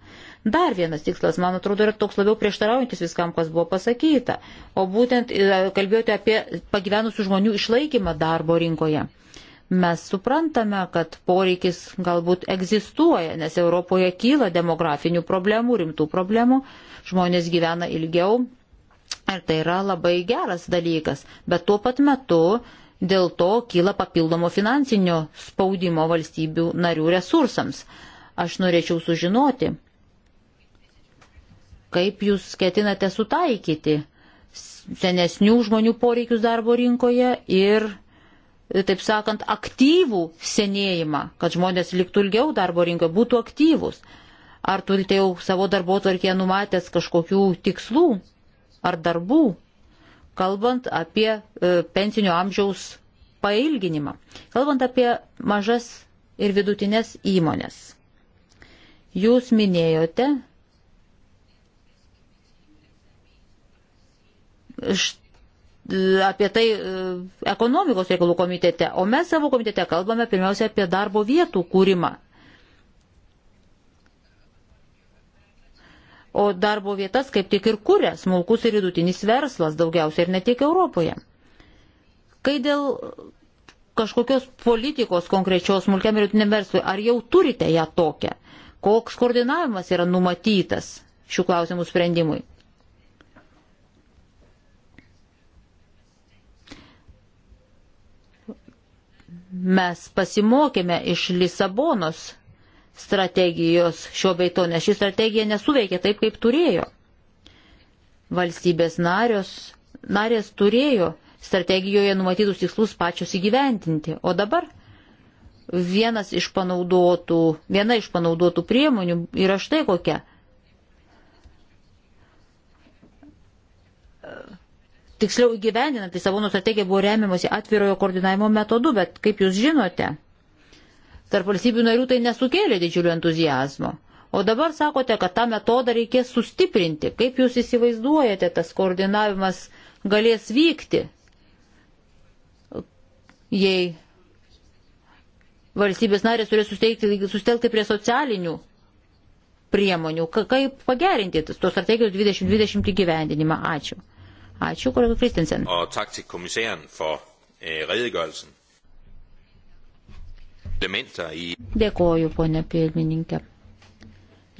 Dar vienas tikslas, man atrodo, yra toks labiau prieštaraujantis viskam, kas buvo pasakyta, o būtent e, kalbėjote apie pagyvenusių žmonių išlaikymą darbo rinkoje. Mes suprantame, kad poreikis galbūt egzistuoja, nes Europoje kyla demografinių problemų, rimtų problemų, žmonės gyvena ilgiau ir tai yra labai geras dalykas, bet tuo pat metu dėl to kyla papildomo finansinio spaudimo valstybių narių resursams. Aš norėčiau sužinoti, kaip jūs ketinate sutaikyti senesnių žmonių poreikius darbo rinkoje ir taip sakant, aktyvų senėjimą, kad žmonės liktų ilgiau darbo rinkoje, būtų aktyvus. Ar turite jau savo darbo tvarkėje numatęs kažkokių tikslų ar darbų, kalbant apie e, pensinio amžiaus pailginimą, kalbant apie mažas ir vidutinės įmonės. Jūs minėjote apie tai e, ekonomikos reikalų komitete, o mes savo komitete kalbame pirmiausia apie darbo vietų kūrimą. O darbo vietas kaip tik ir kūrė smulkus ir vidutinis verslas daugiausiai ir ne tik Europoje. Kai dėl kažkokios politikos konkrečios smulkiam ir vidutiniam verslui, ar jau turite ją tokią? Koks koordinavimas yra numatytas šių klausimų sprendimui? mes pasimokėme iš Lisabonos strategijos šio beito, nes ši strategija nesuveikė taip, kaip turėjo. Valstybės narios, narės turėjo strategijoje numatytus tikslus pačios įgyventinti, o dabar vienas iš panaudotų, viena iš panaudotų priemonių yra štai kokia tiksliau įgyvendinant tai Lisabono strategiją buvo remiamasi atvirojo koordinavimo metodu, bet kaip jūs žinote, tarp valstybių narių tai nesukėlė didžiulio entuzijazmo. O dabar sakote, kad tą metodą reikės sustiprinti. Kaip jūs įsivaizduojate, tas koordinavimas galės vykti, jei valstybės narės turės sustelkti prie socialinių priemonių, kaip pagerinti tos strategijos 2020 gyvendinimą. Ačiū. Ačiū, kolega Kristinsen. O tak til komisæren for e, redegørelsen. Dėkoju, ponė pirmininkė.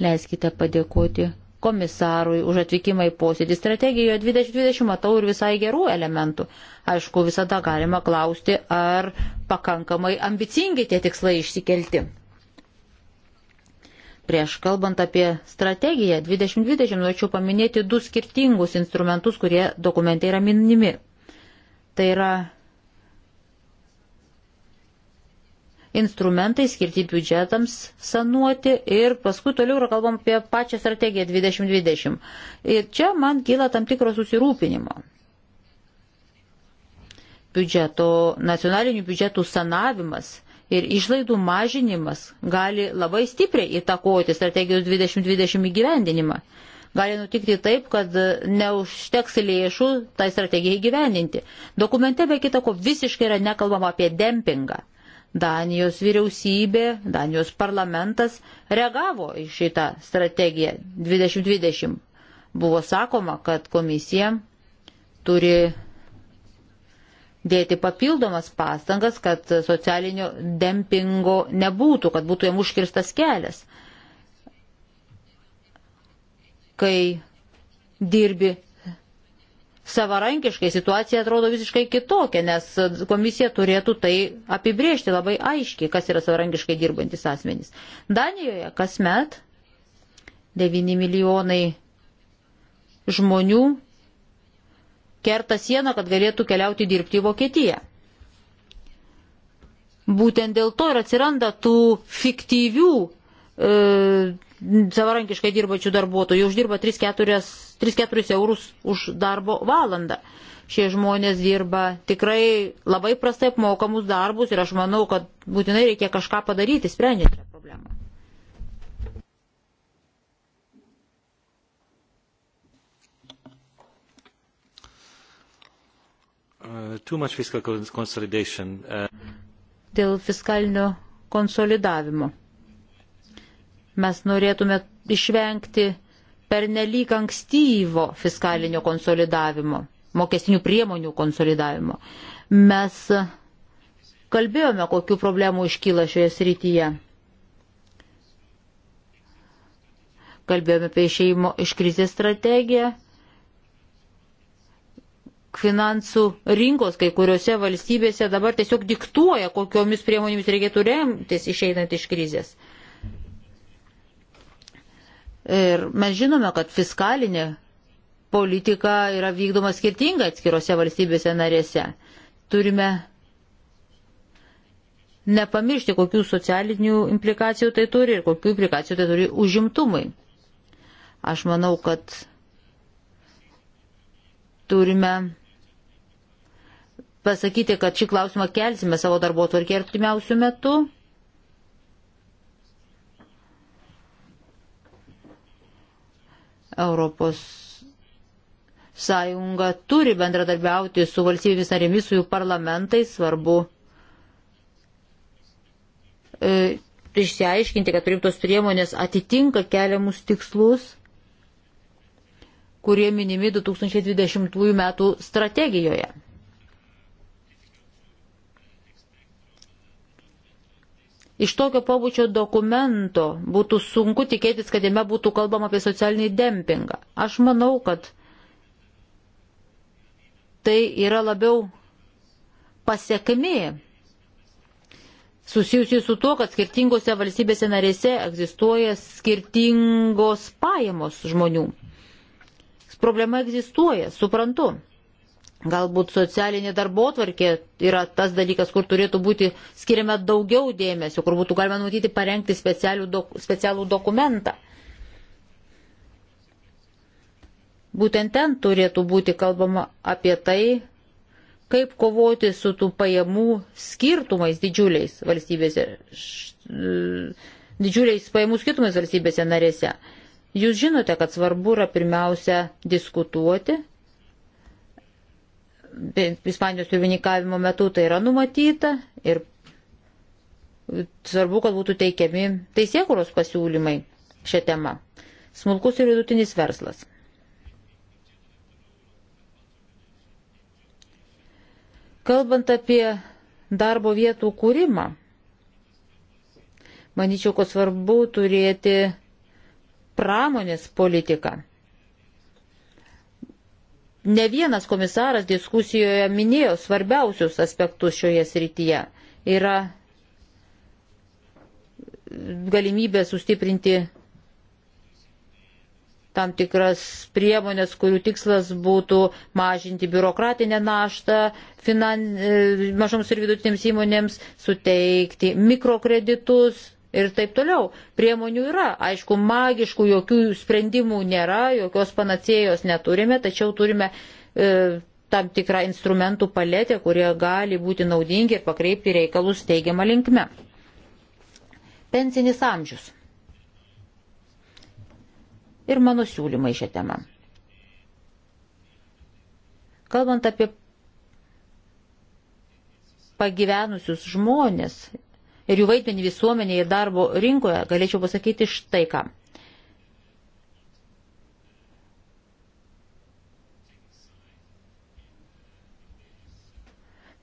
Leiskite padėkoti komisarui už atvykimą į posėdį. Strategijoje 2020 matau ir visai gerų elementų. Aišku, visada galima klausti, ar pakankamai ambicingi tie tikslai išsikelti. Prieš kalbant apie strategiją 2020, norėčiau paminėti du skirtingus instrumentus, kurie dokumentai yra minimi. Tai yra instrumentai skirti biudžetams sanuoti ir paskui toliau yra kalbam apie pačią strategiją 2020. Ir čia man kyla tam tikro susirūpinimo. Biudžeto, nacionalinių biudžetų sanavimas ir išlaidų mažinimas gali labai stipriai įtakoti strategijos 2020 įgyvendinimą. Gali nutikti taip, kad neužteks lėšų tai strategijai įgyvendinti. Dokumente be kitako visiškai yra nekalbama apie dempingą. Danijos vyriausybė, Danijos parlamentas reagavo į šitą strategiją 2020. Buvo sakoma, kad komisija turi dėti papildomas pastangas, kad socialinio dempingo nebūtų, kad būtų jam užkirstas kelias. Kai dirbi savarankiškai, situacija atrodo visiškai kitokia, nes komisija turėtų tai apibriežti labai aiškiai, kas yra savarankiškai dirbantis asmenys. Danijoje kasmet 9 milijonai žmonių kerta sieną, kad galėtų keliauti dirbti į Vokietiją. Būtent dėl to ir atsiranda tų fiktyvių e, savarankiškai dirbančių darbuotojų, uždirba 3-4 eurus už darbo valandą. Šie žmonės dirba tikrai labai prastai apmokamus darbus ir aš manau, kad būtinai reikia kažką padaryti, sprendžiant šią problemą. Uh, uh, Dėl fiskalinio konsolidavimo. Mes norėtume išvengti pernelyg ankstyvo fiskalinio konsolidavimo, mokestinių priemonių konsolidavimo. Mes kalbėjome, kokiu problemu iškyla šioje srityje. Kalbėjome apie išeimo iš krizės strategiją finansų rinkos kai kuriuose valstybėse dabar tiesiog diktuoja, kokiomis priemonėmis reikėtų remtis išeinant iš krizės. Ir mes žinome, kad fiskalinė politika yra vykdoma skirtingai atskirose valstybėse narėse. Turime nepamiršti, kokių socialinių implikacijų tai turi ir kokių implikacijų tai turi užimtumai. Aš manau, kad turime pasakyti, kad šį klausimą kelsime savo darbo tvarkė artimiausių metų. Europos sąjunga turi bendradarbiauti su valstybėmis narėmis, su jų parlamentais, svarbu e, išsiaiškinti, kad priimtos priemonės atitinka keliamus tikslus, kurie minimi 2020 m. strategijoje. Iš tokio pobūdžio dokumento būtų sunku tikėtis, kad jame būtų kalbama apie socialinį dempingą. Aš manau, kad tai yra labiau pasiekmi susijusi su tuo, kad skirtingose valstybėse narėse egzistuoja skirtingos pajamos žmonių. Problema egzistuoja, suprantu. Galbūt socialinė darbo tvarkė yra tas dalykas, kur turėtų būti skiriama daugiau dėmesio, kur būtų galima numatyti parengti dok, specialų dokumentą. Būtent ten turėtų būti kalbama apie tai, kaip kovoti su tų pajamų skirtumais didžiuliais valstybėse, didžiuliais pajamų skirtumais valstybėse narėse. Jūs žinote, kad svarbu yra pirmiausia diskutuoti Ispanijos pirmininkavimo metu tai yra numatyta ir svarbu, kad būtų teikiami teisėkuros pasiūlymai šią temą. Smulkus ir vidutinis verslas. Kalbant apie darbo vietų kūrimą, manyčiau, kad svarbu turėti pramonės politiką. Ne vienas komisaras diskusijoje minėjo svarbiausius aspektus šioje srityje. Yra galimybė sustiprinti tam tikras priemonės, kurių tikslas būtų mažinti biurokratinę naštą finan... E, mažoms ir vidutinėms įmonėms, suteikti mikrokreditus, ir taip toliau. Priemonių yra, aišku, magiškų jokių sprendimų nėra, jokios panacėjos neturime, tačiau turime e, tam tikrą instrumentų paletę, kurie gali būti naudingi ir pakreipti reikalus teigiamą linkme. Pensinis amžius. Ir mano siūlymai šią temą. Kalbant apie pagyvenusius žmonės ir jų vaidmenį visuomenėje ir darbo rinkoje, galėčiau pasakyti štai ką.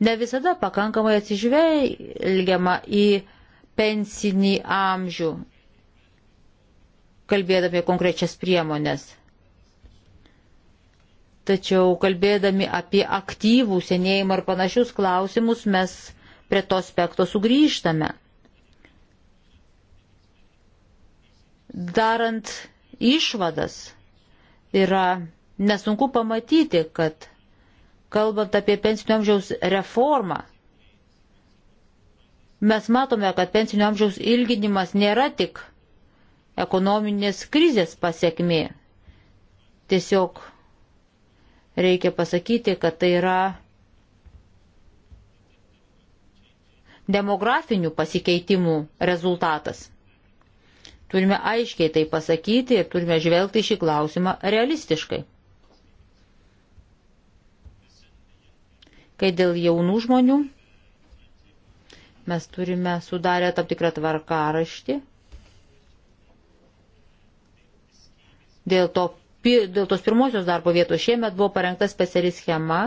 Ne visada pakankamai atsižvelgiama į pensinį amžių, kalbėdami konkrečias priemonės. Tačiau kalbėdami apie aktyvų senėjimą ar panašius klausimus mes prie to aspekto sugrįžtame. Darant išvadas yra nesunku pamatyti, kad kalbant apie pensinio amžiaus reformą, mes matome, kad pensinio amžiaus ilginimas nėra tik ekonominės krizės pasiekmė. Tiesiog reikia pasakyti, kad tai yra demografinių pasikeitimų rezultatas. Turime aiškiai tai pasakyti ir turime žvelgti šį klausimą realistiškai. Kai dėl jaunų žmonių mes turime sudarę tam tikrą tvarkaraštį. Dėl, to, dėl tos pirmosios darbo vietos šiemet buvo parengta speciali schema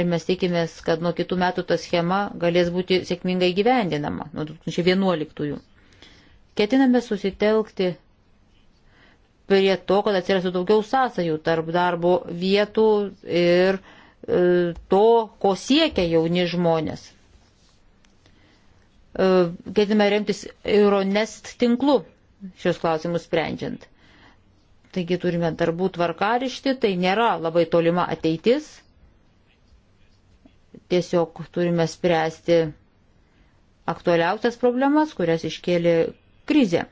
ir mes tikimės, kad nuo kitų metų ta schema galės būti sėkmingai gyvendinama, nuo 2011. Ketiname susitelkti prie to, kad atsirastų daugiau sąsajų tarp darbo vietų ir e, to, ko siekia jauni žmonės. E, ketiname remtis Euronest tinklu šios klausimus sprendžiant. Taigi turime darbų tvarkarišti, tai nėra labai tolima ateitis Tiesiog turime spręsti aktualiausias problemas, kurias iškėlė krizė.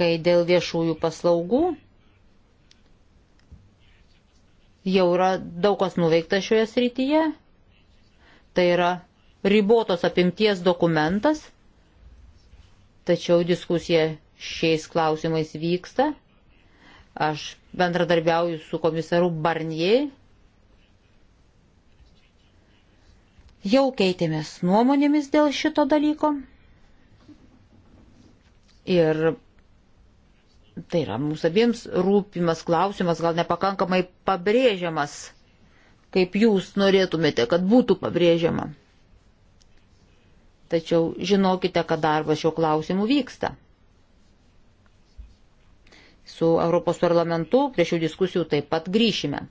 Kai dėl viešųjų paslaugų jau yra daug kas nuveikta šioje srityje, tai yra ribotos apimties dokumentas, tačiau diskusija šiais klausimais vyksta Aš bendradarbiauju su komisaru Barnier. Jau keitėmės nuomonėmis dėl šito dalyko. Ir tai yra mūsų abiems rūpimas klausimas, gal nepakankamai pabrėžiamas, kaip jūs norėtumėte, kad būtų pabrėžiama. Tačiau žinokite, kad darbas šio klausimu vyksta su Europos parlamentu, prie šių diskusijų taip pat grįšime.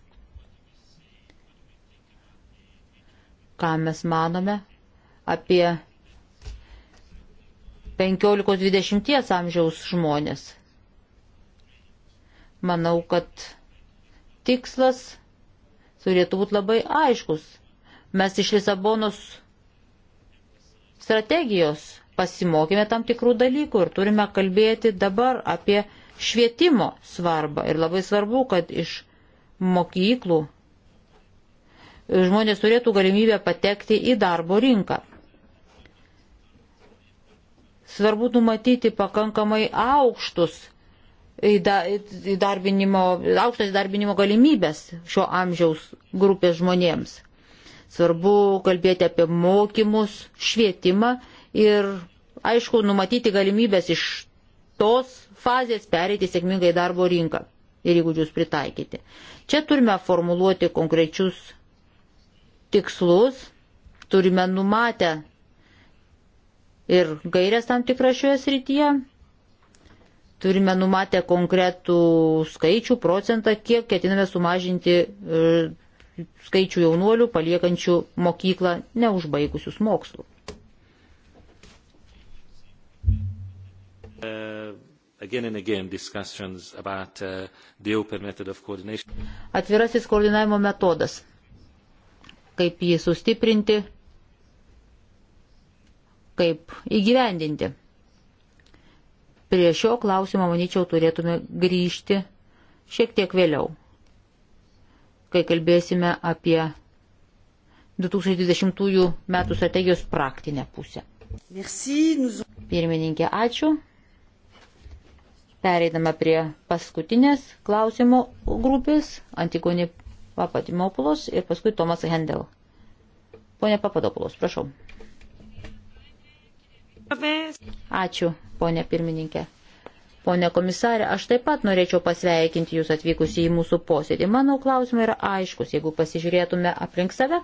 Ką mes manome apie 15-20 amžiaus žmonės. Manau, kad tikslas turėtų būti labai aiškus. Mes iš Lisabonos strategijos pasimokėme tam tikrų dalykų ir turime kalbėti dabar apie švietimo svarbą. Ir labai svarbu, kad iš mokyklų žmonės turėtų galimybę patekti į darbo rinką. Svarbu numatyti pakankamai aukštus įdarbinimo, aukštas įdarbinimo galimybės šio amžiaus grupės žmonėms. Svarbu kalbėti apie mokymus, švietimą ir, aišku, numatyti galimybės iš tos fazės pereiti sėkmingai darbo rinką ir įgūdžius pritaikyti. Čia turime formuluoti konkrečius tikslus, turime numatę ir gairias tam tikrą šioje srityje, turime numatę konkretų skaičių, procentą, kiek ketiname sumažinti e, skaičių jaunuolių paliekančių mokyklą neužbaigusius mokslų. E again and again discussions about uh, the open method of coordination. Atvirasis koordinavimo metodas. Kaip jį sustiprinti, kaip įgyvendinti. Prie šio klausimo, manyčiau, turėtume grįžti šiek tiek vėliau, kai kalbėsime apie 2020 m. strategijos praktinę pusę. Merci, nous... Pirmininkė, ačiū. Pereidame prie paskutinės klausimų grupės Antigonė Papadimopulos ir paskui Tomas Hendel. Pone Papadopulos, prašau. Ačiū, ponė pirmininkė. Pone komisarė, aš taip pat norėčiau pasveikinti Jūs atvykus į mūsų posėdį. Mano klausimai yra aiškus. Jeigu pasižiūrėtume aplink save,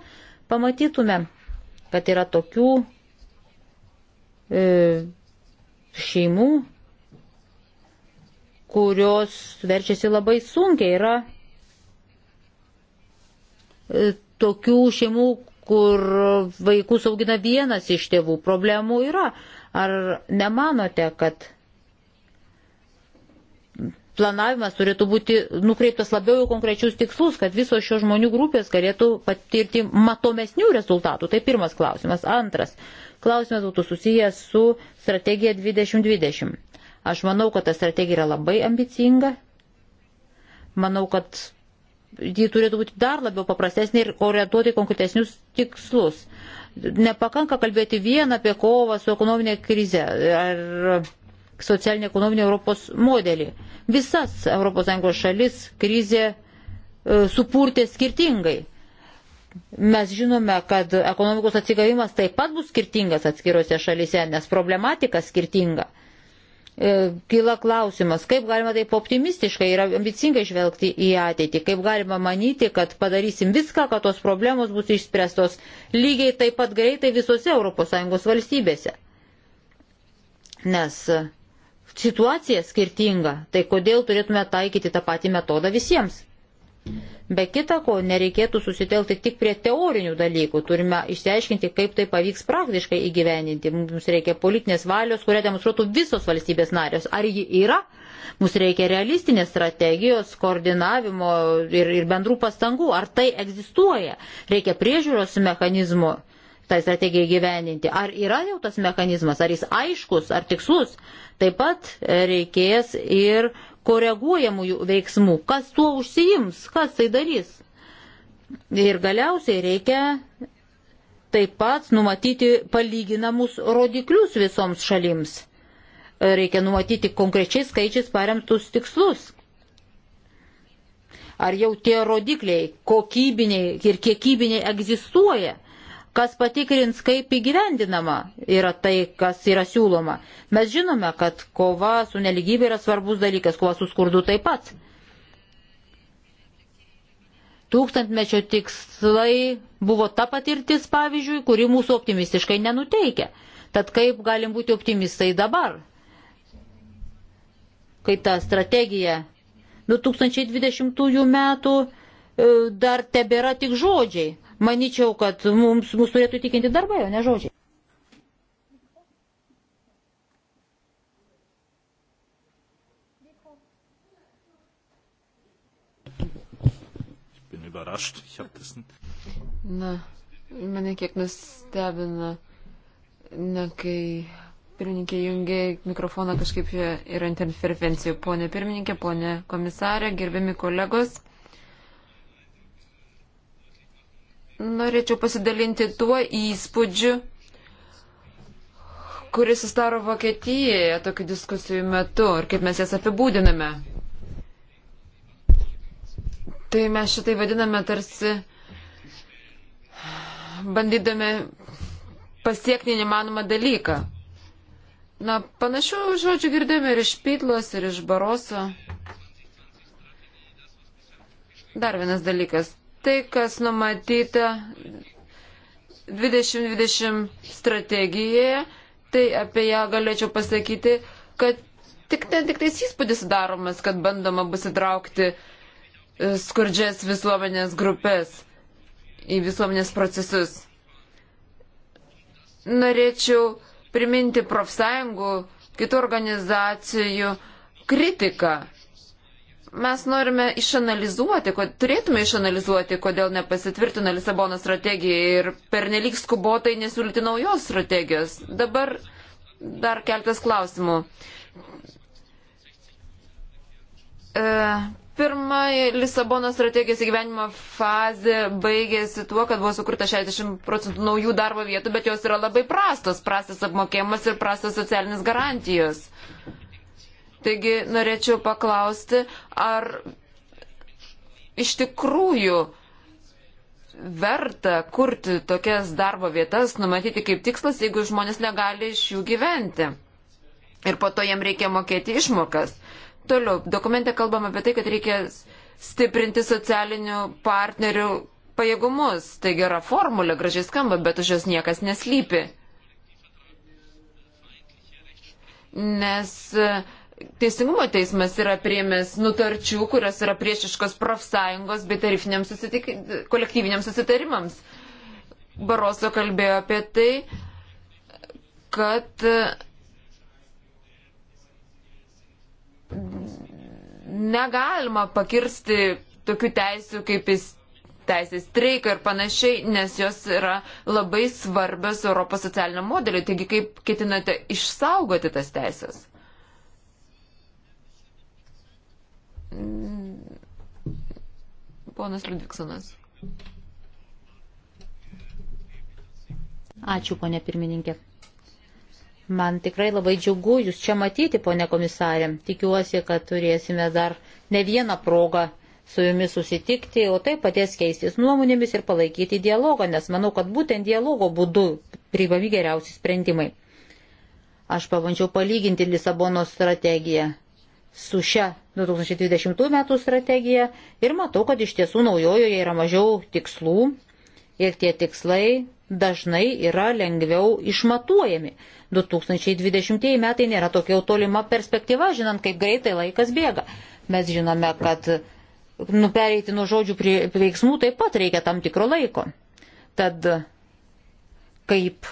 pamatytume, kad yra tokių e, šeimų, kurios verčiasi labai sunkiai. Yra e, tokių šeimų, kur vaikus augina vienas iš tėvų. Problemų yra. Ar nemanote, kad planavimas turėtų būti nukreiptas labiau į konkrečius tikslus, kad visos šios žmonių grupės galėtų patirti matomesnių rezultatų? Tai pirmas klausimas. Antras klausimas būtų susijęs su strategija 2020. Aš manau, kad ta strategija yra labai ambicinga. Manau, kad ji turėtų būti dar labiau paprastesnė ir orientuoti konkretesnius tikslus. Nepakanka kalbėti vien apie kovą su ekonominė krize ar socialinė ekonominė Europos modelį. Visas ES šalis krizė e, supurtė skirtingai. Mes žinome, kad ekonomikos atsigavimas taip pat bus skirtingas atskirose šalise, nes problematika skirtinga. E, kyla klausimas, kaip galima taip optimistiškai ir ambicingai žvelgti į ateitį, kaip galima manyti, kad padarysim viską, kad tos problemos bus išspręstos lygiai taip pat greitai visose ES valstybėse. Nes situacija skirtinga, tai kodėl turėtume taikyti tą patį metodą visiems? Be kita ko, nereikėtų susitelkti tik prie teorinių dalykų, turime išsiaiškinti, kaip tai pavyks praktiškai įgyveninti. Mums reikia politinės valios, kurią demonstruotų visos valstybės narės. Ar ji yra? Mums reikia realistinės strategijos, koordinavimo ir, ir bendrų pastangų. Ar tai egzistuoja? Reikia priežiūros mechanizmo tai strategijai gyveninti. Ar yra jau tas mechanizmas, ar jis aiškus, ar tikslus. Taip pat e, reikės ir koreguojamųjų veiksmų, kas tuo užsijims, kas tai darys. Ir galiausiai reikia taip pat numatyti palyginamus rodiklius visoms šalims. Reikia numatyti konkrečiai skaičiais paremtus tikslus. Ar jau tie rodikliai kokybiniai ir kiekybiniai egzistuoja? kas patikrins, kaip įgyvendinama yra tai, kas yra siūloma. Mes žinome, kad kova su neligybė yra svarbus dalykas, kova su skurdu taip pat. Tūkstantmečio tikslai buvo ta patirtis, pavyzdžiui, kuri mūsų optimistiškai nenuteikia. Tad kaip galim būti optimistai dabar, kai ta strategija 2020 metų e, dar tebėra tik žodžiai, Maničiau, kad mums, mums turėtų tikinti darbai, o ne žodžiai. überrascht. Ich habe das. Na, mane kiek nustebina, na, kai pirmininkė jungia mikrofoną kažkaip yra interferencijų. Pone pirmininkė, pone komisarė, gerbiami kolegos. Norėčiau pasidalinti tuo įspūdžiu, kuris sustaro Vokietijoje tokių diskusijų metu ir kaip mes jas apibūdiname. Tai mes šitai vadiname tarsi bandydami pasiekti nemanomą dalyką. Na, panašių žodžių girdėjome ir iš Pytlos, ir iš Baroso. Dar vienas dalykas tai, kas numatyta 2020 strategijoje, tai apie ją galėčiau pasakyti, kad tik ten tik tais įspūdis daromas, kad bandoma bus įtraukti e, skurdžias visuomenės grupės į visuomenės procesus. Norėčiau priminti profsąjungų, kitų organizacijų kritiką mes norime išanalizuoti, kod, turėtume išanalizuoti, kodėl nepasitvirtina Lisabono strategija ir pernelyg skubotai nesiūlyti naujos strategijos. Dabar dar keltas klausimų. E, pirmąjį Lisabono strategijos įgyvenimo fazę baigėsi tuo, kad buvo sukurta 60 procentų naujų darbo vietų, bet jos yra labai prastos, prastas apmokėjimas ir prastas socialinis garantijos. Uh, Taigi norėčiau paklausti, ar iš tikrųjų verta kurti tokias darbo vietas, numatyti kaip tikslas, jeigu žmonės negali iš jų gyventi. Ir po to jam reikia mokėti išmokas. Toliau, dokumente kalbam apie tai, kad reikia stiprinti socialinių partnerių pajėgumus. Tai gera formulė, gražiai skamba, bet už jos niekas neslypi. Nes uh, Teisingumo teismas yra priemęs nutarčių, kurios yra priešiškos profsąjungos bei tarifiniams susitik... kolektyviniams susitarimams. Baroso kalbėjo apie tai, kad mm, negalima pakirsti tokių teisių kaip įstatymų teisės streiką ir panašiai, nes jos yra labai svarbios Europos socialiniam modeliu. Taigi kaip ketinate išsaugoti tas teisės? Mm. Ponas Ludviksonas. Ačiū, ponė pirmininkė. Man tikrai labai džiugu Jūs čia matyti, ponė komisarė. Tikiuosi, kad turėsime dar ne vieną progą su Jumis susitikti, o tai padės keistis nuomonėmis ir palaikyti dialogą, nes manau, kad būtent dialogo būdu priimami geriausi sprendimai. Aš pabandžiau palyginti Lisabono strategiją su šia 2020 metų strategija ir matau, kad iš tiesų naujojoje yra mažiau tikslų ir tie tikslai dažnai yra lengviau išmatuojami. 2020 metai nėra tokia jau tolima perspektyva, žinant, kaip greitai laikas bėga. Mes žinome, kad nupereiti nuo žodžių prie veiksmų taip pat reikia tam tikro laiko. Tad kaip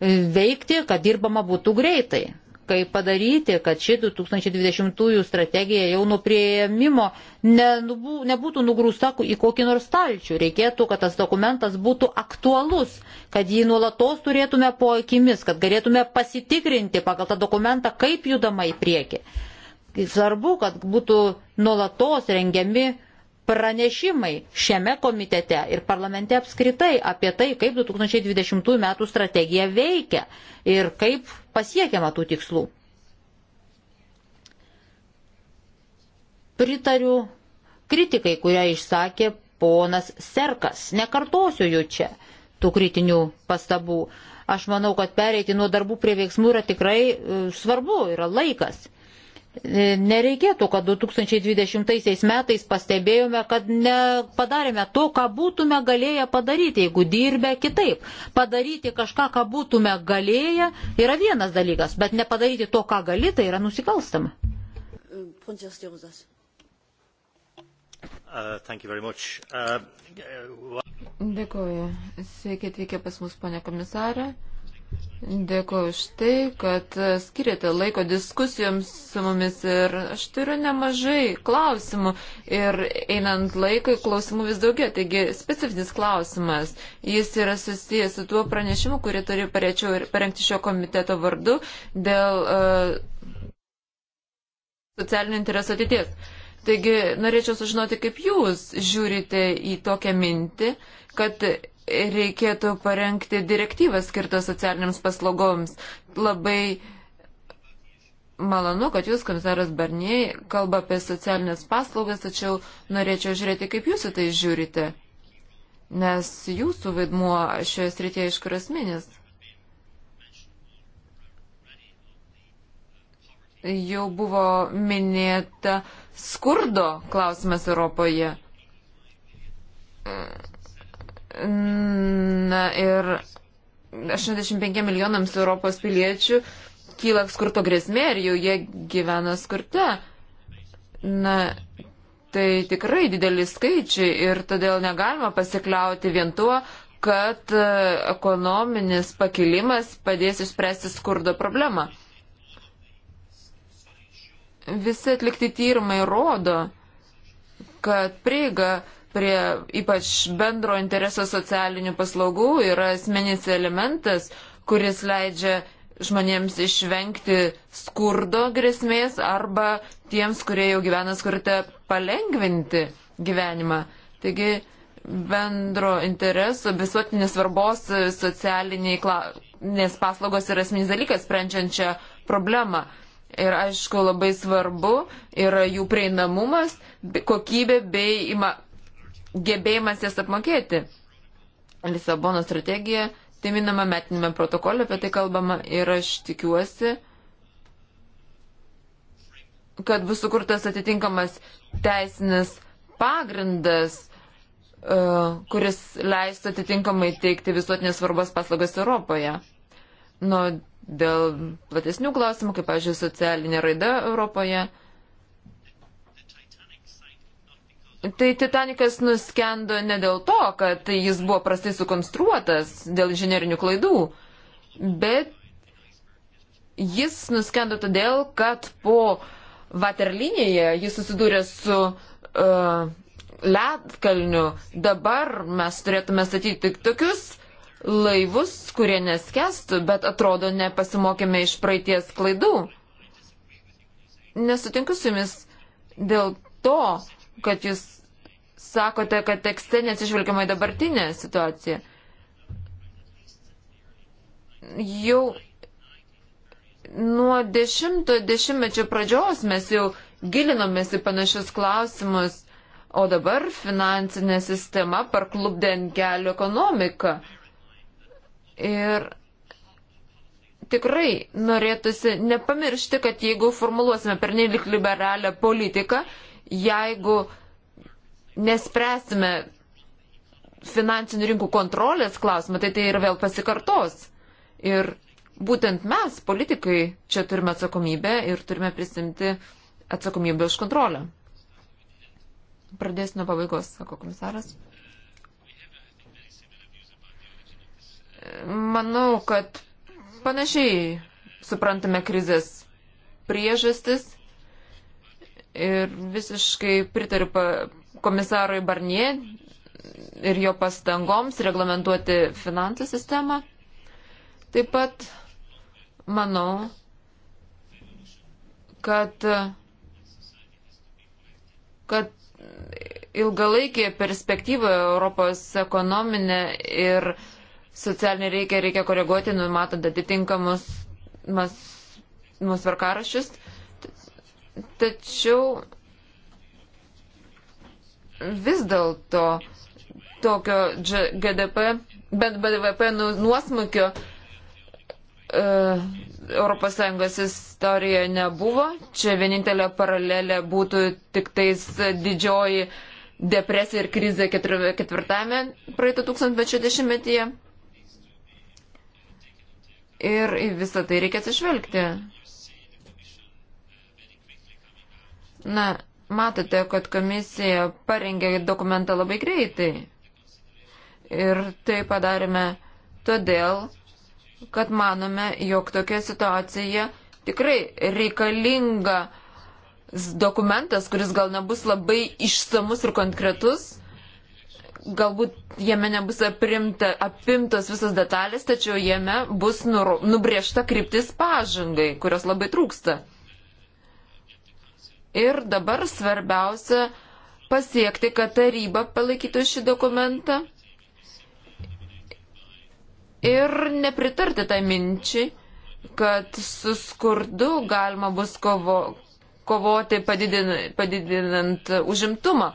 veikti, kad dirbama būtų greitai kaip padaryti, kad ši 2020 strategija jau nuo prieimimo nebūtų nugrūsta į kokį nors stalčių. Reikėtų, kad tas dokumentas būtų aktualus, kad jį nuolatos turėtume po akimis, kad galėtume pasitikrinti pagal tą dokumentą, kaip judama į priekį. Svarbu, kad būtų nuolatos rengiami pranešimai šiame komitete ir parlamente apskritai apie tai, kaip 2020 m. strategija veikia ir kaip pasiekiama tų tikslų. Pritariu kritikai, kurią išsakė ponas Serkas. Nekartosiu jų čia tų kritinių pastabų. Aš manau, kad pereiti nuo darbų prie veiksmų yra tikrai e, svarbu, yra laikas. E, nereikėtų, kad 2020 metais pastebėjome, kad nepadarėme to, ką būtume galėję padaryti, jeigu dirbę kitaip. Padaryti kažką, ką būtume galėję, yra vienas dalykas, bet nepadaryti to, ką gali, tai yra nusikalstama. Uh, uh, Dėkuoju. Sveiki atvykę pas mus, ponė komisarė. Dėkuoju už tai, kad skiriate laiko diskusijoms su mumis ir aš turiu nemažai klausimų ir einant laikui klausimų vis daugiau. Taigi specifinis klausimas, jis yra susijęs su tuo pranešimu, kurį turiu parengti šio komiteto vardu dėl uh, e, socialinių interesų ateities. Taigi norėčiau sužinoti, kaip jūs žiūrite į tokią mintį, kad reikėtų parengti direktyvą skirtą socialiniams paslaugoms. Labai malonu, kad jūs, komisaras Barnier, kalba apie socialinės paslaugas, tačiau norėčiau žiūrėti, kaip jūs į tai žiūrite. Nes jūsų vaidmuo šioje srityje iš kur asmenis. Jau buvo minėta skurdo klausimas Europoje. Mm Na ir 85 milijonams Europos piliečių kyla skurto grėsmė ir jau jie gyvena skurte. Na, tai tikrai dideli skaičiai ir todėl negalima pasikliauti vien tuo, kad e, ekonominis pakilimas padės išspręsti skurdo problemą. Visi atlikti tyrimai rodo, kad prieiga prie ypač bendro intereso socialinių paslaugų yra asmeninis elementas, kuris leidžia žmonėms išvengti skurdo grėsmės arba tiems, kurie jau gyvena skurte, palengvinti gyvenimą. Taigi bendro intereso, visuotinės svarbos socialiniai nes paslaugos yra asmeninis dalykas sprendžiančią problemą. Ir aišku, labai svarbu yra jų prieinamumas, kokybė bei ima, gebėjimas jas apmokėti. Lisabono strategija, tai minama metinėme protokole, apie tai kalbama ir aš tikiuosi, kad bus sukurtas atitinkamas teisinis pagrindas, e, kuris leistų atitinkamai teikti visuotinės svarbos paslaugas Europoje. Nu, dėl platesnių klausimų, kaip, pažiūrėjau, socialinė raida Europoje. Tai Titanikas nuskendo ne dėl to, kad jis buvo prastai sukonstruotas dėl inžinierinių klaidų, bet jis nuskendo todėl, kad po Vaterlinėje jis susidūrė su uh, ledkalniu. Dabar mes turėtume statyti tik tokius laivus, kurie neskestų, bet atrodo nepasimokėme iš praeities klaidų. Nesutinku su jumis dėl to, kad jūs sakote, kad tekste nesižvelgiama į dabartinę situaciją. Jau nuo 10-mečio pradžios mes jau gilinomės į panašius klausimus, o dabar finansinė sistema parklubdė ant kelio ekonomiką. Ir tikrai norėtųsi nepamiršti, kad jeigu formuluosime pernelik liberalią politiką, jeigu nespręsime finansinių rinkų kontrolės klausimą, tai tai ir vėl pasikartos. Ir būtent mes, politikai, čia turime atsakomybę ir turime prisimti atsakomybę už kontrolę. Pradėsiu nuo pabaigos, sako komisaras. Manau, kad panašiai suprantame krizės priežastis Ir visiškai pritariu komisarui Barnie ir jo pastangoms reglamentuoti finansų sistemą. Taip pat manau, kad, kad ilgalaikėje perspektyvoje Europos ekonominė ir socialinė reikia, reikia koreguoti, numatant atitinkamus mus tvarkarašius. Tačiau vis dėlto tokio GDP, bent BDVP nu, nuosmukio ES istorijoje nebuvo. Čia vienintelė paralelė būtų tik tais didžioji depresija ir krizė ketvirtame praeito tūkstantmečio dešimtmetyje. Ir į visą tai reikia atsižvelgti. Na, matote, kad komisija parengė dokumentą labai greitai. Ir tai padarėme todėl, kad manome, jog tokia situacija tikrai reikalinga dokumentas, kuris gal nebus labai išsamus ir konkretus, galbūt jame nebus aprimta, apimtos visas detalės, tačiau jame bus nubriežta kryptis pažangai, kurios labai trūksta. Ir dabar svarbiausia pasiekti, kad taryba palaikytų šį dokumentą ir nepritarti tą tai minčiai, kad su skurdu galima bus kovo, kovoti padidin, padidinant užimtumą,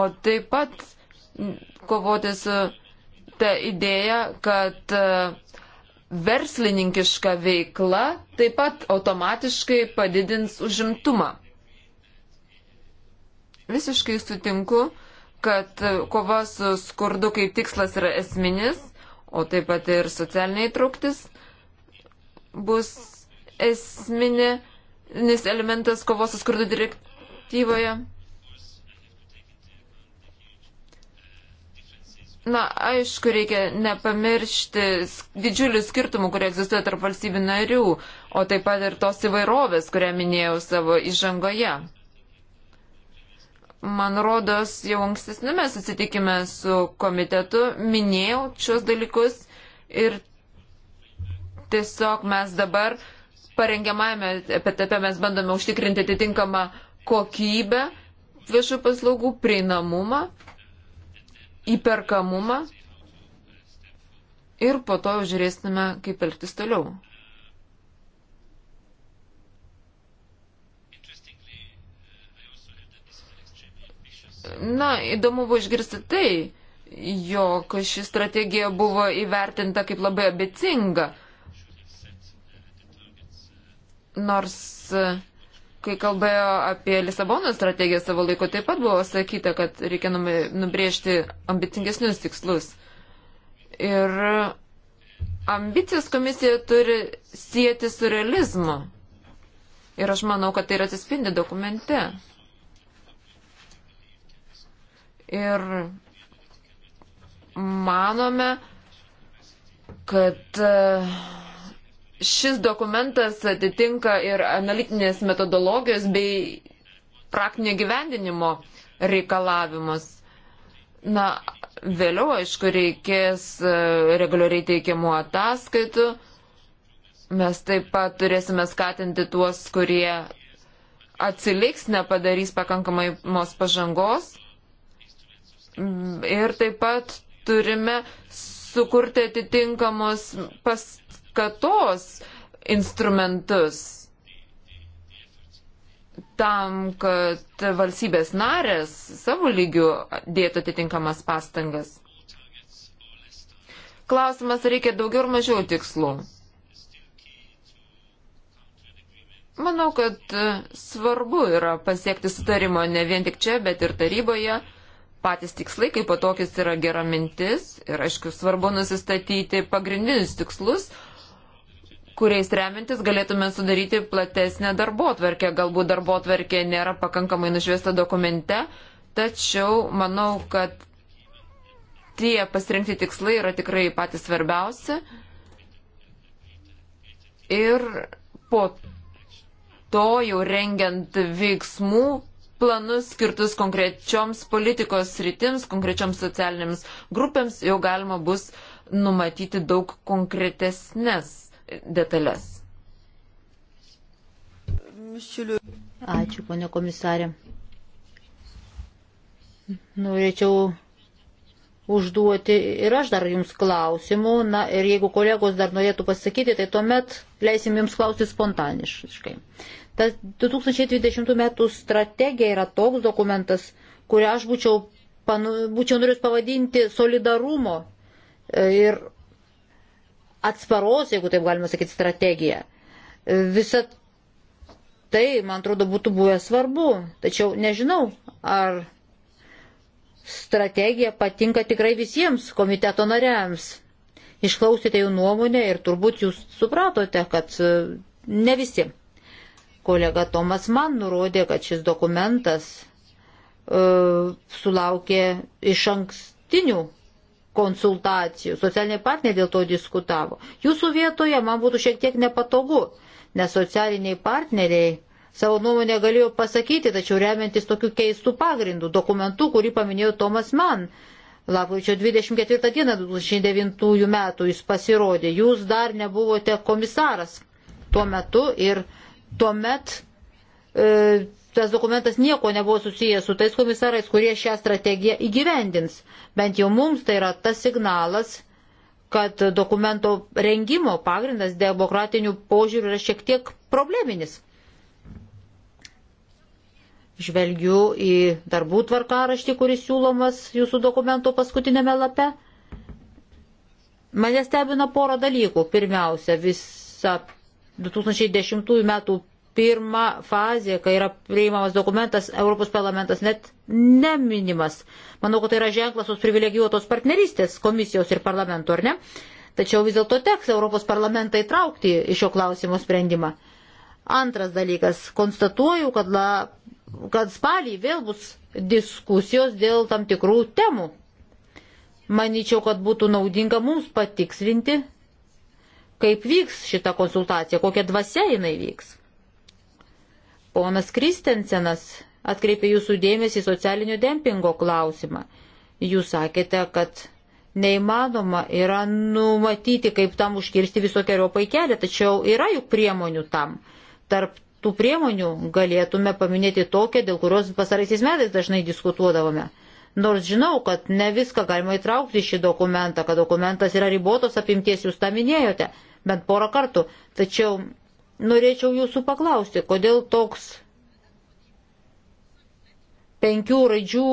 o taip pat kovoti su ta idėja, kad e, verslininkiška veikla taip pat automatiškai padidins užimtumą. Visiškai sutinku, kad kova su skurdu kaip tikslas yra esminis, o taip pat ir socialiniai truktis bus esminis elementas kovos su skurdu direktyvoje. Na, aišku, reikia nepamiršti didžiulių skirtumų, kurie egzistuoja tarp valstybių narių, o taip pat ir tos įvairovės, kurią minėjau savo įžangoje. Man rodos, jau ankstesnėme susitikime su komitetu minėjau šios dalykus ir tiesiog mes dabar parengiamajame etape mes bandome užtikrinti atitinkamą kokybę viešų paslaugų, prieinamumą, įperkamumą ir po to žiūrėsime, kaip elgtis toliau. Na, įdomu buvo išgirsti tai, jog ši strategija buvo įvertinta kaip labai abicinga. Nors, kai kalbėjo apie Lisabono strategiją savo laiko, taip pat buvo sakyta, kad reikia nubrėžti ambicingesnius tikslus. Ir ambicijos komisija turi sieti su realizmu. Ir aš manau, kad tai ir atsispindi dokumente ir manome, kad e, šis dokumentas atitinka ir analitinės metodologijos bei praktinio gyvendinimo reikalavimus. Na, vėliau, aišku, reikės e, reguliariai teikiamų ataskaitų. Mes taip pat turėsime skatinti tuos, kurie atsiliks, nepadarys pakankamai mos pažangos. Ir taip pat turime sukurti atitinkamos paskatos instrumentus tam, kad valstybės narės savo lygių dėtų atitinkamas pastangas. Klausimas, reikia daugiau ar mažiau tikslų? Manau, kad svarbu yra pasiekti sutarimo ne vien tik čia, bet ir taryboje patys tikslai, kaip patokis yra gera mintis ir, aišku, svarbu nusistatyti pagrindinius tikslus, kuriais remintis galėtume sudaryti platesnę darbo atverkę. Galbūt darbo atverkė nėra pakankamai nušviesta dokumente, tačiau manau, kad tie pasirinkti tikslai yra tikrai patys svarbiausi. Ir po to jau rengiant veiksmų planus skirtus konkrečioms politikos rytims, konkrečioms socialinėms grupėms, jau galima bus numatyti daug konkretesnės detalės. Ačiū, ponė komisarė. Norėčiau užduoti ir aš dar jums klausimų. Na ir jeigu kolegos dar norėtų pasakyti, tai tuomet leisim jums klausyti spontaniškai. Ta 2020 metų strategija yra toks dokumentas, kurią aš būčiau, panu, būčiau norėjus pavadinti solidarumo e, ir atsparos, jeigu taip galima sakyti, strategija. E, visa tai, man atrodo, būtų buvę svarbu, tačiau nežinau, ar strategija patinka tikrai visiems komiteto nariams. Išklausėte jų nuomonę ir turbūt jūs supratote, kad e, ne visi Kolega Tomas man nurodė, kad šis dokumentas e, sulaukė iš ankstinių konsultacijų. Socialiniai partneriai dėl to diskutavo. Jūsų vietoje man būtų šiek tiek nepatogu, nes socialiniai partneriai savo nuomonę galėjo pasakyti, tačiau remiantis tokių keistų pagrindų, dokumentų, kurį paminėjo Tomas Mann. Lapkričio 24 dieną 2009 metų jis pasirodė, jūs dar nebuvote komisaras tuo metu ir tuomet e, tas dokumentas nieko nebuvo susijęs su tais komisarais, kurie šią strategiją įgyvendins. Bent jau mums tai yra tas signalas, kad dokumento rengimo pagrindas demokratinių požiūrių yra šiek tiek probleminis. Žvelgiu į darbų tvarkaraštį, kuris siūlomas jūsų dokumento paskutinėme lape. Mane stebina pora dalykų. Pirmiausia, visa 2010 metų pirmą fazę, kai yra priimamas dokumentas, Europos parlamentas net neminimas. Manau, kad tai yra ženklas tos privilegijuotos partnerystės komisijos ir parlamento, ar ne? Tačiau vis dėlto teks Europos parlamentą įtraukti į šio klausimo sprendimą. Antras dalykas, konstatuoju, kad, la, kad spalį vėl bus diskusijos dėl tam tikrų temų. Manyčiau, kad būtų naudinga mums patikslinti kaip vyks šita konsultacija, kokia dvasia jinai vyks. Ponas Kristensenas atkreipė jūsų dėmesį į socialinio dempingo klausimą. Jūs sakėte, kad neįmanoma yra numatyti, kaip tam užkirsti visokiojo paikelį, tačiau yra juk priemonių tam. Tarp tų priemonių galėtume paminėti tokią, dėl kurios pasaraisiais metais dažnai diskutuodavome. Nors žinau, kad ne viską galima įtraukti į šį dokumentą, kad dokumentas yra ribotos apimties, jūs tą minėjote bent porą kartų. Tačiau norėčiau jūsų paklausti, kodėl toks penkių raidžių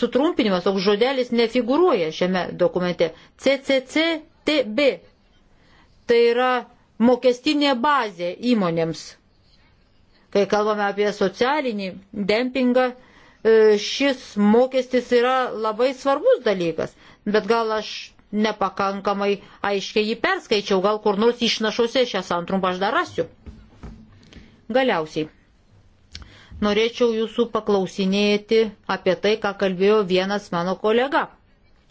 sutrumpinimas, toks žodelis nefigūruoja šiame dokumente. CCCTB. Tai yra mokestinė bazė įmonėms. Kai kalbame apie socialinį dempingą, e, šis mokestis yra labai svarbus dalykas, bet gal aš nepakankamai aiškiai jį perskaičiau, gal kur nors išnašuose šią santrumpą aš dar rasiu. Galiausiai. Norėčiau jūsų paklausinėti apie tai, ką kalbėjo vienas mano kolega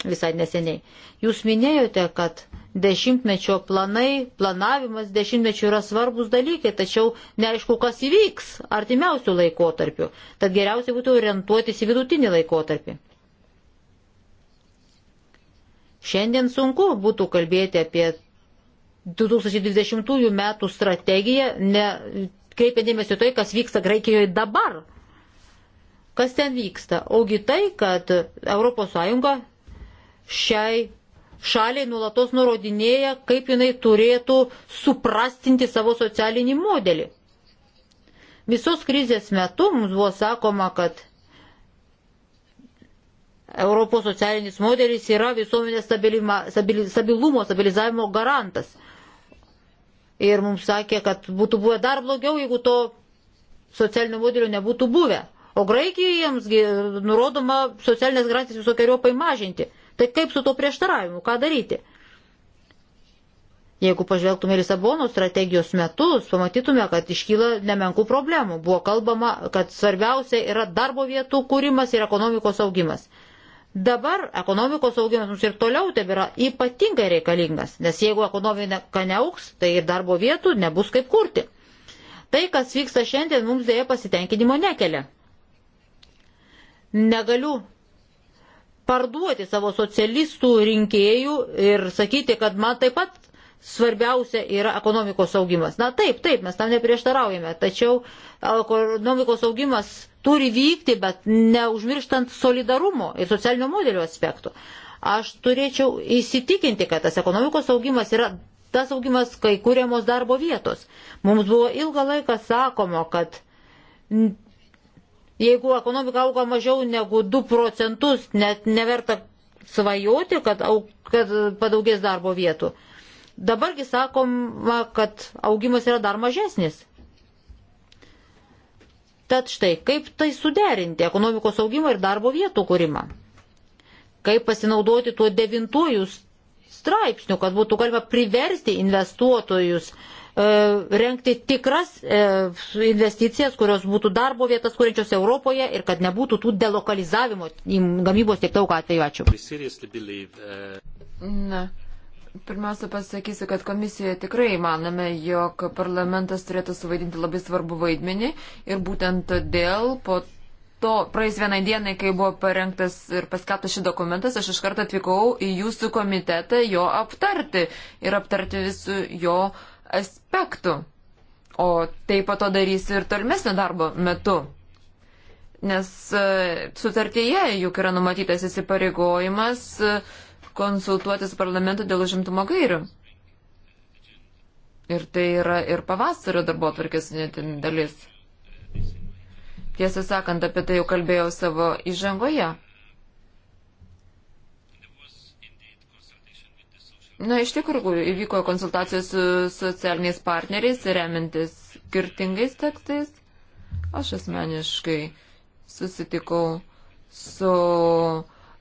visai neseniai. Jūs minėjote, kad dešimtmečio planai, planavimas dešimtmečio yra svarbus dalykai, tačiau neaišku, kas įvyks artimiausių laikotarpių. Tad geriausiai būtų orientuotis į vidutinį laikotarpį. Šiandien sunku būtų kalbėti apie 2020 metų strategiją, nekreipia dėmesio tai, kas vyksta Graikijoje dabar. Kas ten vyksta? Augi tai, kad ES šiai šaliai nulatos nurodinėja, kaip jinai turėtų suprastinti savo socialinį modelį. Visos krizės metu mums buvo sakoma, kad Europos socialinis modelis yra visuomenės stabilumo, stabilizavimo garantas. Ir mums sakė, kad būtų buvę dar blogiau, jeigu to socialinio modelio nebūtų buvę. O Graikijai jiems nurodoma socialinės garantijas visokiojopai mažinti. Tai kaip su to prieštaravimu, ką daryti? Jeigu pažvelgtume Lisabono strategijos metus, pamatytume, kad iškyla nemenkų problemų. Buvo kalbama, kad svarbiausia yra darbo vietų kūrimas ir ekonomikos augimas. Dabar ekonomikos augimas mums ir toliau taip yra ypatingai reikalingas, nes jeigu ekonomika neauks, tai ir darbo vietų nebus kaip kurti. Tai, kas vyksta šiandien, mums dėja pasitenkinimo nekelia. Negaliu parduoti savo socialistų rinkėjų ir sakyti, kad man taip pat svarbiausia yra ekonomikos augimas. Na taip, taip, mes tam neprieštaraujame, tačiau ekonomikos augimas turi vykti, bet neužmirštant solidarumo ir socialinio modelio aspektų. Aš turėčiau įsitikinti, kad tas ekonomikos augimas yra tas augimas, kai kūriamos darbo vietos. Mums buvo ilgą laiką sakoma, kad jeigu ekonomika auga mažiau negu 2 procentus, net neverta svajoti, kad, aug, kad padaugės darbo vietų. Dabargi sakoma, kad augimas yra dar mažesnis. Tad štai, kaip tai suderinti ekonomikos augimą ir darbo vietų kūrimą? Kaip pasinaudoti tuo devintuoju straipsniu, kad būtų galima priversti investuotojus e, renkti tikras e, investicijas, kurios būtų darbo vietas kuriančios Europoje ir kad nebūtų tų delokalizavimo į gamybos tiek daug atveju. Ačiū. E, Na, Pirmiausia, pasakysiu, kad komisijoje tikrai manome, jog parlamentas turėtų suvaidinti labai svarbu vaidmenį ir būtent todėl po to praeis vienai dienai, kai buvo parengtas ir paskatas šis dokumentas, aš iš karto atvykau į jūsų komitetą jo aptarti ir aptarti visų jo aspektų. O tai po to darysiu ir tolimesnio darbo metu. Nes e, sutartyje juk yra numatytas įsipareigojimas uh, konsultuotis parlamentu dėl užimtumo gairių. Ir tai yra ir pavasario darbo atvarkės dalis. Tiesą sakant, apie tai jau kalbėjau savo įžangoje. Na, iš tikrųjų, įvyko konsultacijos su socialiniais partneriais, remintis skirtingais tekstais. Aš asmeniškai susitikau su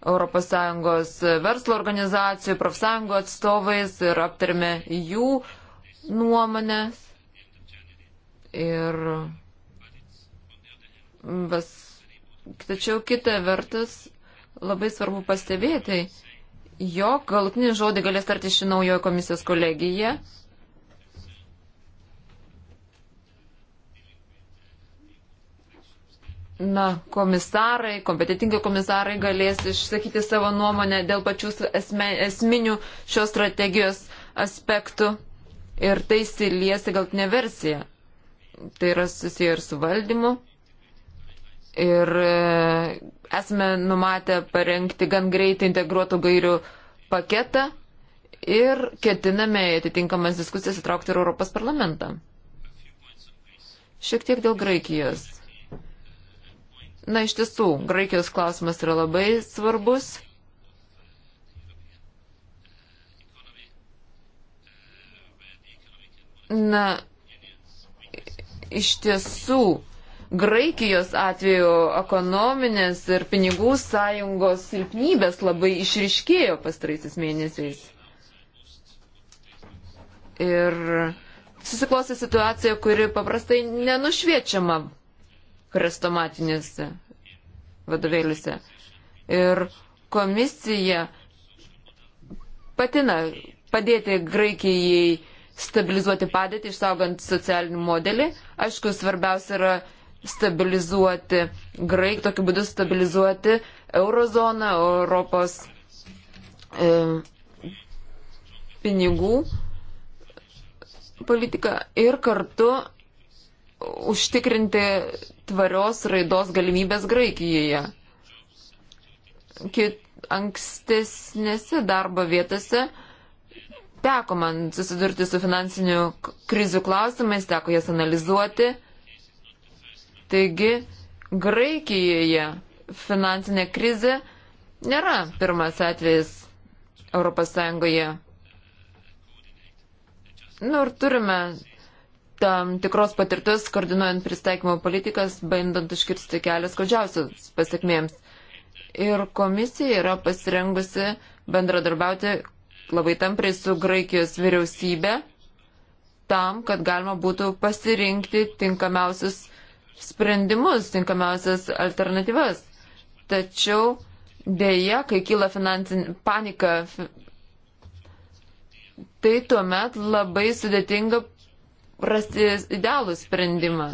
ES verslo organizacijų, profsąjungų atstovais ir aptarėme jų nuomonės. Ir vas, tačiau kita vertus labai svarbu pastebėti, jog galutinį žodį galės tarti ši naujojo komisijos kolegija na, komisarai, kompetitingi komisarai galės išsakyti savo nuomonę dėl pačių esme, esminių šios strategijos aspektų ir tai įsiliesi galtinė versija. Tai yra susiję ir su valdymu. Ir e, esame numatę parengti gan greitai integruotų gairių paketą ir ketiname atitinkamas diskusijas įtraukti ir Europos parlamentą. Šiek tiek dėl Graikijos Na iš tiesų, Graikijos klausimas yra labai svarbus. Na, iš tiesų, Graikijos atveju ekonominės ir pinigų sąjungos silpnybės labai išriškėjo pastaraisiais mėnesiais. Ir susiklostė situacija, kuri paprastai nenušviečiama krestomatinėse vadovėliuose. Ir komisija patina padėti Graikijai stabilizuoti padėtį, išsaugant socialinį modelį. Aišku, svarbiausia yra stabilizuoti Graikiją, tokiu būdu stabilizuoti eurozoną, Europos e, pinigų politiką ir kartu užtikrinti tvarios raidos galimybės Graikijoje. Kit, ankstesnėse darbo vietose teko man susidurti su finansinių krizių klausimais, teko jas analizuoti. Taigi, Graikijoje finansinė krizė nėra pirmas atvejis ES. Na nu, ir turime tam tikros patirtis, koordinuojant pristaikymo politikas, bandant užkirsti kelias skaudžiausios pasiekmėms. Ir komisija yra pasirengusi bendradarbiauti labai tamprai su Graikijos vyriausybė tam, kad galima būtų pasirinkti tinkamiausius sprendimus, tinkamiausias alternatyvas. Tačiau dėja, kai kyla finansinė panika, tai tuomet labai sudėtinga rasti idealų sprendimą.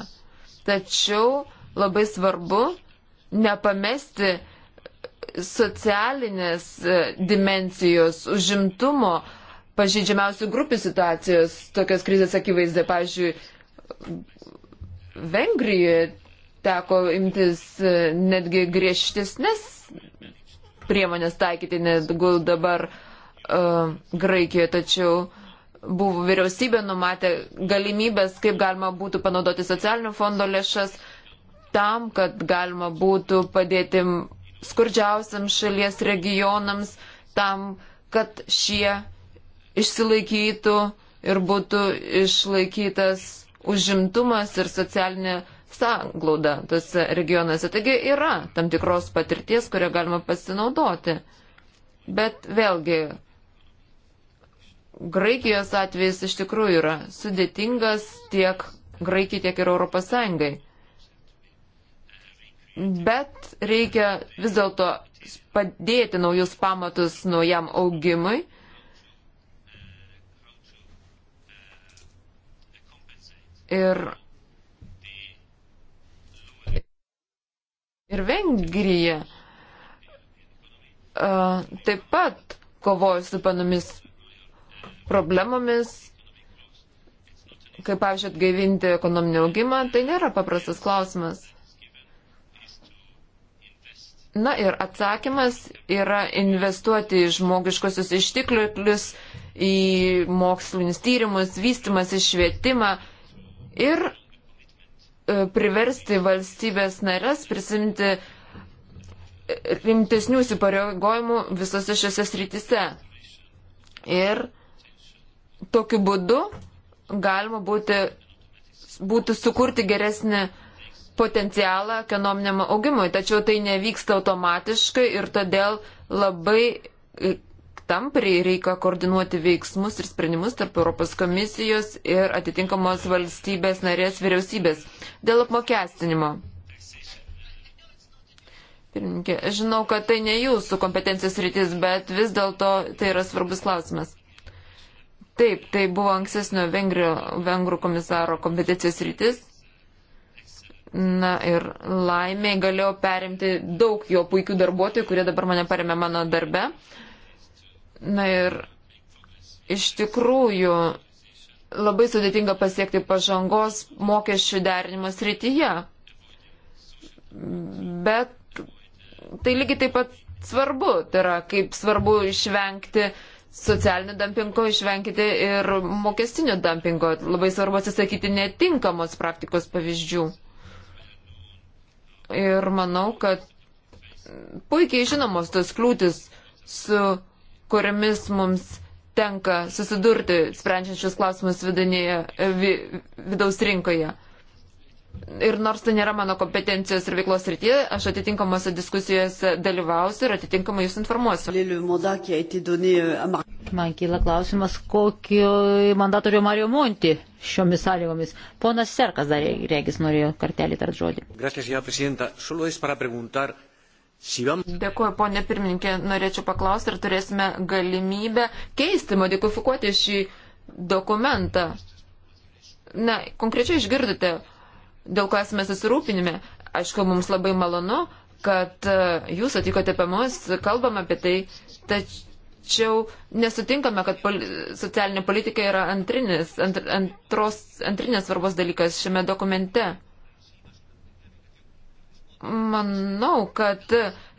Tačiau labai svarbu nepamesti socialinės e, dimencijos, užimtumo, pažydžiamiausių grupių situacijos, tokios krizės akivaizdė. Pavyzdžiui, Vengrijoje teko imtis e, netgi griežtesnės priemonės taikyti negu dabar uh, Graikijoje, tačiau uh, buvo vyriausybė numatė galimybės, kaip galima būtų panaudoti socialinio fondo lėšas tam, kad galima būtų padėti skurdžiausiam šalies regionams, tam, kad šie išsilaikytų ir būtų išlaikytas užimtumas ir socialinė sąglauda tose regionuose. Taigi yra tam tikros patirties, kurią galima pasinaudoti. Bet vėlgi, Graikijos atvejis iš tikrųjų yra sudėtingas tiek Graikijai, tiek ir Europos Sąjungai. Bet reikia vis dėlto padėti naujus pamatus naujam augimui. Ir, ir Vengrija uh, taip pat kovoja su panomis problemomis, kaip pavyzdžiui atgaivinti ekonominį augimą, tai nėra paprastas klausimas. Na ir atsakymas yra investuoti į žmogiškosius ištiklius, į mokslinius tyrimus, vystimas, išvietimą ir e, priversti valstybės narės prisimti e, rimtesnių įsipareigojimų visose šiose srityse. Ir tokiu būdu galima būti, būtų sukurti geresnį potencialą ekonominiam augimui, tačiau tai nevyksta automatiškai ir todėl labai e, tampriai reikia koordinuoti veiksmus ir sprendimus tarp Europos komisijos ir atitinkamos valstybės narės vyriausybės dėl apmokestinimo. Pirminkė, žinau, kad tai ne jūsų kompetencijos rytis, bet vis dėlto tai yra svarbus klausimas. Taip, tai buvo ankstesnio vengrio, vengrų komisaro kompetencijos rytis. Na ir laimė galėjau perimti daug jo puikių darbuotojų, kurie dabar mane paremė mano darbe. Na ir iš tikrųjų labai sudėtinga pasiekti pažangos mokesčių derinimo srityje. Bet tai lygiai taip pat svarbu, tai yra kaip svarbu išvengti uh, socialinio dumpingo išvenkite ir mokestinio dumpingo. Labai svarbu atsisakyti netinkamos praktikos pavyzdžių. Ir manau, kad puikiai žinomos tos kliūtis, su kuriamis mums tenka susidurti sprendžiančius klausimus vidinėje, vi, vidaus rinkoje ir nors tai nėra mano kompetencijos ir veiklos rytyje, aš atitinkamose diskusijose dalyvausiu ir atitinkamai jūs informuosiu. E, Man kyla klausimas, kokį mandatą turėjo Mario Monti šiomis sąlygomis. Ponas Serkas dar regis norėjo kartelį tart žodį. Dėkuoju, ponė pirmininkė, norėčiau paklausti, ar turėsime galimybę keisti, modifikuoti šį dokumentą. Na, konkrečiai išgirdote, dėl ko esame susirūpinime. Aišku, mums labai malonu, kad e, jūs atvykote apie mus, kalbam apie tai, tačiau nesutinkame, kad poli socialinė politika yra antrinis, ant antros, antrinės svarbos dalykas šiame dokumente. Manau, kad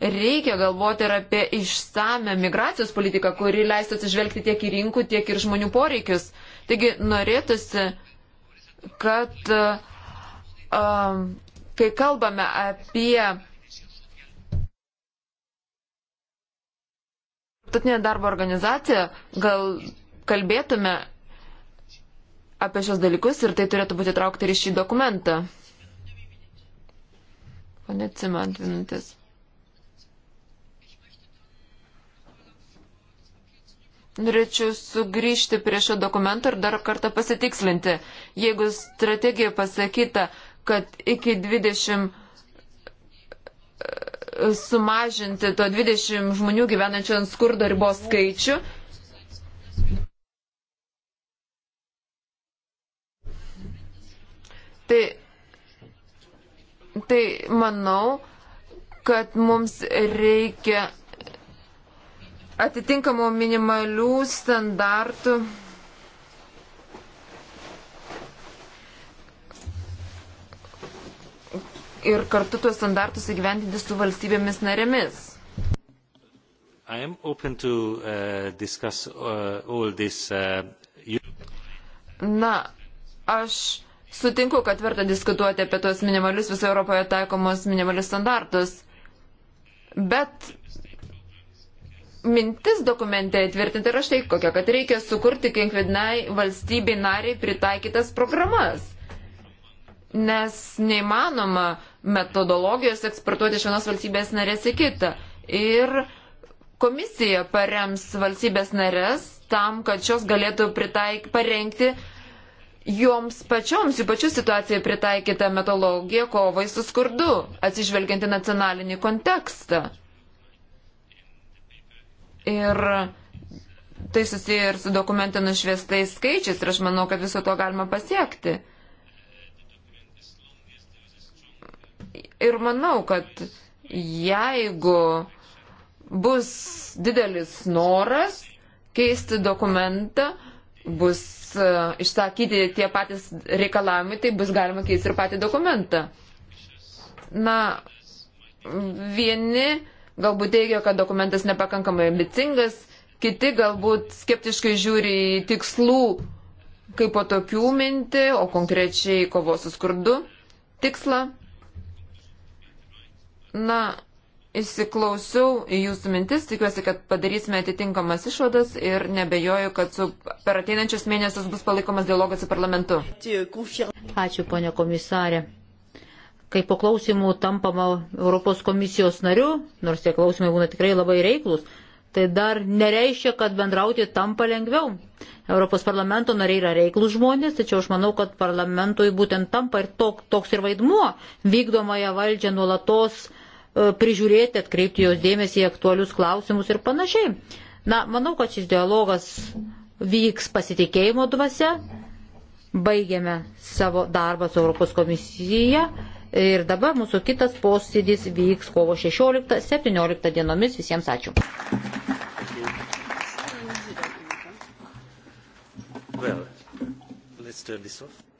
reikia galvoti ir apie išsame migracijos politiką, kuri leistų atsižvelgti tiek į rinkų, tiek ir žmonių poreikius. Taigi norėtųsi, kad uh, um, kai kalbame apie tarptautinę darbo organizaciją, gal kalbėtume apie šios dalykus ir tai turėtų būti traukti ir šį dokumentą. Pane Cimant, minutės. Norėčiau sugrįžti prie šio dokumento ir dar kartą pasitikslinti. Jeigu strategija pasakyta, kad iki 20 e, sumažinti to 20 žmonių gyvenančių ant skurdo ribos skaičių. Tai, tai manau, kad mums reikia atitinkamų minimalių standartų ir kartu tuos standartus įgyvendinti su valstybėmis narėmis. To, uh, discuss, uh, this, uh, Na, aš sutinku, kad verta diskutuoti apie tuos minimalius visoje Europoje taikomus minimalius standartus, bet mintis dokumente įtvirtinti yra štai kokia, kad reikia sukurti kiekvienai valstybei nariai pritaikytas programas nes neįmanoma metodologijos eksportuoti iš vienos valstybės narės į kitą. Ir komisija parems valstybės narės tam, kad šios galėtų pritaik, parengti joms pačioms, jų pačių situacijai pritaikytą metodologiją kovai su skurdu, atsižvelgianti nacionalinį kontekstą. Ir tai susiję ir su dokumente nušviestais skaičiais ir aš manau, kad viso to galima pasiekti. ir manau, kad jeigu bus didelis noras keisti dokumentą, bus uh, išsakyti tie patys reikalavimai, tai bus galima keisti ir patį dokumentą. Na, vieni galbūt teigia, kad dokumentas nepakankamai ambicingas, kiti galbūt skeptiškai žiūri į tikslų kaip po tokių mintį, o konkrečiai kovos su skurdu tikslą. Na, įsiklausiau į jūsų mintis, tikiuosi, kad padarysime atitinkamas išvadas ir nebejoju, kad su, per ateinančius mėnesius bus palaikomas dialogas su parlamentu. Ačiū, ponė komisarė. Kai po klausimų tampama Europos komisijos nariu, nors tie klausimai būna tikrai labai reiklus, tai dar nereiškia, kad bendrauti tampa lengviau. Europos parlamento nariai yra reiklus žmonės, tačiau aš manau, kad parlamentui būtent tampa ir tok, toks ir vaidmuo vykdomąją valdžią nuolatos uh, E, prižiūrėti, atkreipti jos dėmesį į aktualius klausimus ir panašiai. Na, manau, kad šis dialogas vyks pasitikėjimo dvasia. Baigėme savo darbą su Europos komisija ir dabar mūsų kitas posėdis vyks kovo 16-17 dienomis. Visiems ačiū. Well, let's turn this off.